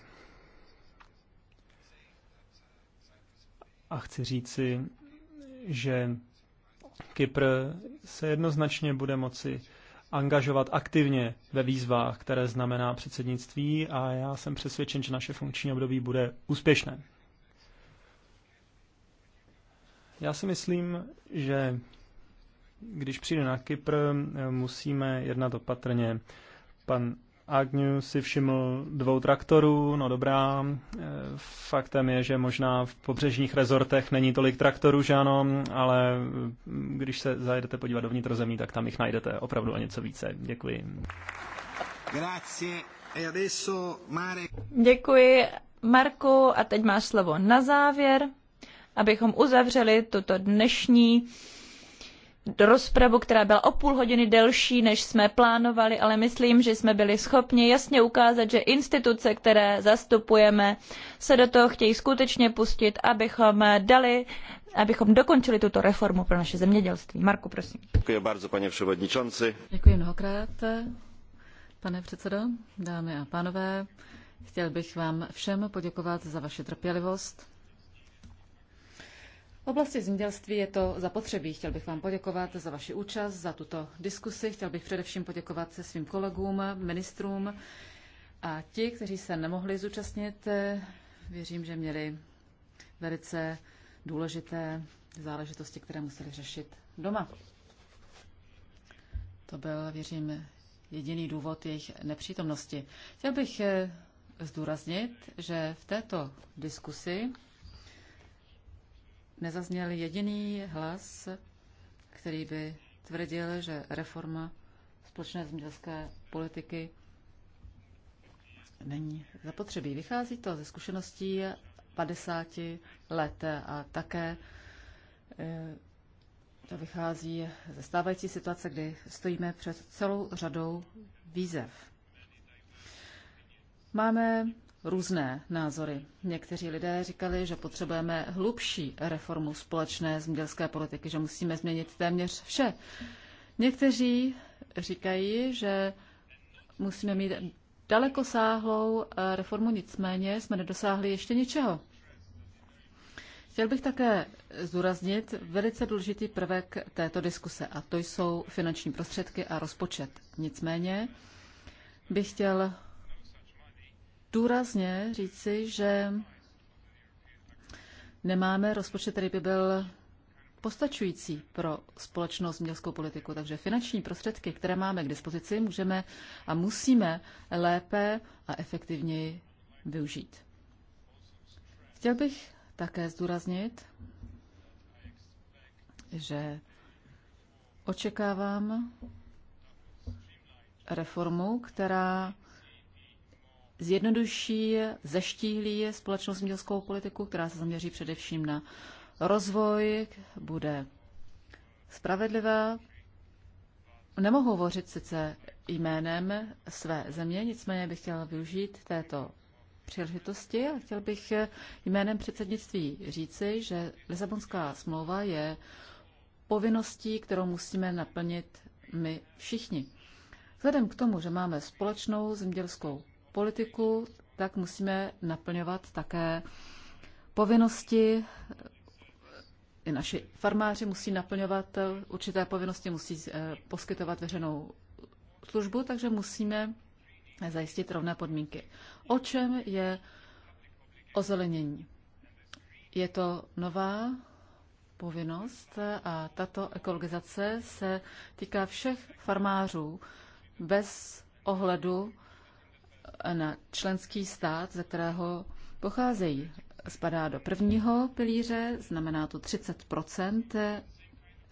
a chci říci, že Kypr se jednoznačně bude moci angažovat aktivně ve výzvách, které znamená předsednictví a já jsem přesvědčen, že naše funkční období bude úspěšné. Já si myslím, že když přijde na Kypr, musíme jednat opatrně. Pan Agnew si všiml dvou traktorů, no dobrá, eh, faktem je, že možná v pobřežních rezortech není tolik traktorů, že ano, ale když se zajedete podívat do vnitrozemí, tak tam jich najdete opravdu o něco více. Děkuji. E Děkuji, Marku, a teď máš slovo na závěr abychom uzavřeli tuto dnešní rozpravu, která byla o půl hodiny delší, než jsme plánovali, ale myslím, že jsme byli schopni jasně ukázat, že instituce, které zastupujeme, se do toho chtějí skutečně pustit, abychom dali abychom dokončili tuto reformu pro naše zemědělství. Marku, prosím. Děkuji bardzo, pane předsedající. Děkuji mnohokrát, pane předsedo, dámy a pánové. Chtěl bych vám všem poděkovat za vaši trpělivost v oblasti zemědělství je to zapotřebí. Chtěl bych vám poděkovat za vaši účast, za tuto diskusi. Chtěl bych především poděkovat se svým kolegům, ministrům a ti, kteří se nemohli zúčastnit, věřím, že měli velice důležité záležitosti, které museli řešit doma. To byl, věřím, jediný důvod jejich nepřítomnosti. Chtěl bych zdůraznit, že v této diskusi nezazněl jediný hlas, který by tvrdil, že reforma společné zemědělské politiky není zapotřebí. Vychází to ze zkušeností 50 let a také eh, to vychází ze stávající situace, kdy stojíme před celou řadou výzev. Máme různé názory. Někteří lidé říkali, že potřebujeme hlubší reformu společné zemědělské politiky, že musíme změnit téměř vše. Někteří říkají, že musíme mít sáhlou eh, reformu, nicméně jsme nedosáhli ještě ničeho. Chtěl bych také zdůraznit velice důležitý prvek této diskuse, a to jsou finanční prostředky a rozpočet. Nicméně bych chtěl důrazně říci, že nemáme rozpočet, který by byl postačující pro společnost zemědělskou politiku. Takže finanční prostředky, které máme k dispozici, můžeme a musíme lépe a efektivněji využít. Chtěl bych také zdůraznit, že očekávám reformu, která zjednoduší, zeštíhlí společnou zemědělskou politiku, která se zaměří především na rozvoj, bude spravedlivá. Nemohu hovořit sice jménem své země, nicméně bych chtěla využít této příležitosti a chtěl bych jménem předsednictví říci, že Lisabonská smlouva je povinností, kterou musíme naplnit my všichni. Vzhledem k tomu, že máme společnou zemědělskou politiku, tak musíme naplňovat také povinnosti. I naši farmáři musí naplňovat eh, určité povinnosti, musí eh, poskytovat veřejnou službu, takže musíme zajistit rovné podmínky. O čem je ozelenění? Je to nová povinnost a tato ekologizace se týká všech farmářů bez ohledu na členský stát, ze kterého pocházejí. Spadá do prvního pilíře, znamená to 30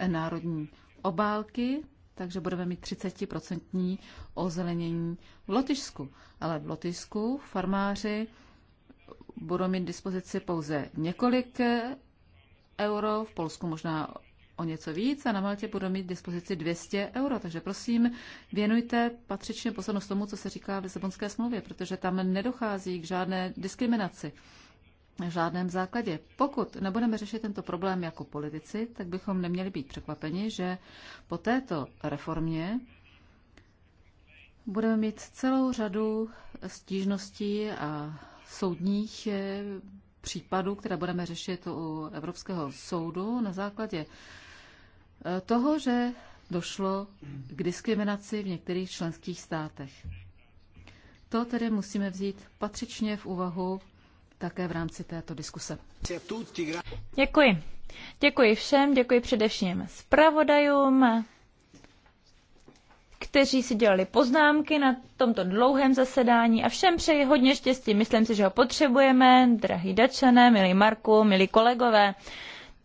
národní obálky, takže budeme mít 30% ozelenění v Lotyšsku. Ale v Lotyšsku farmáři budou mít dispozici pouze několik euro, v Polsku možná o něco víc a na Maltě budou mít dispozici 200 euro. Takže prosím, věnujte patřičně pozornost tomu, co se říká v Lisabonské smlouvě, protože tam nedochází k žádné diskriminaci na žádném základě. Pokud nebudeme řešit tento problém jako politici, tak bychom neměli být překvapeni, že po této reformě budeme mít celou řadu stížností a soudních eh, případů, které budeme řešit u Evropského soudu na základě toho, že došlo k diskriminaci v některých členských státech. To tedy musíme vzít patřičně v úvahu také v rámci této diskuse. Děkuji. Děkuji všem, děkuji především zpravodajům, kteří si dělali poznámky na tomto dlouhém zasedání a všem přeji hodně štěstí. Myslím si, že ho potřebujeme, drahý Dačané, milý Marku, milí kolegové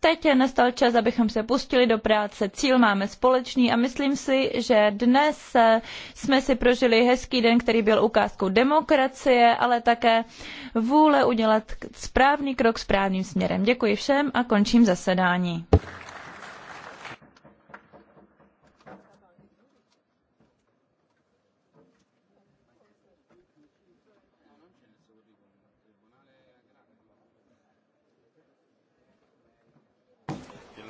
teď nastal čas, abychom se pustili do práce. Cíl máme společný a myslím si, že dnes eh, jsme si prožili hezký den, který byl ukázkou demokracie, ale také vůle udělat správný krok správným směrem. Děkuji všem a končím zasedání.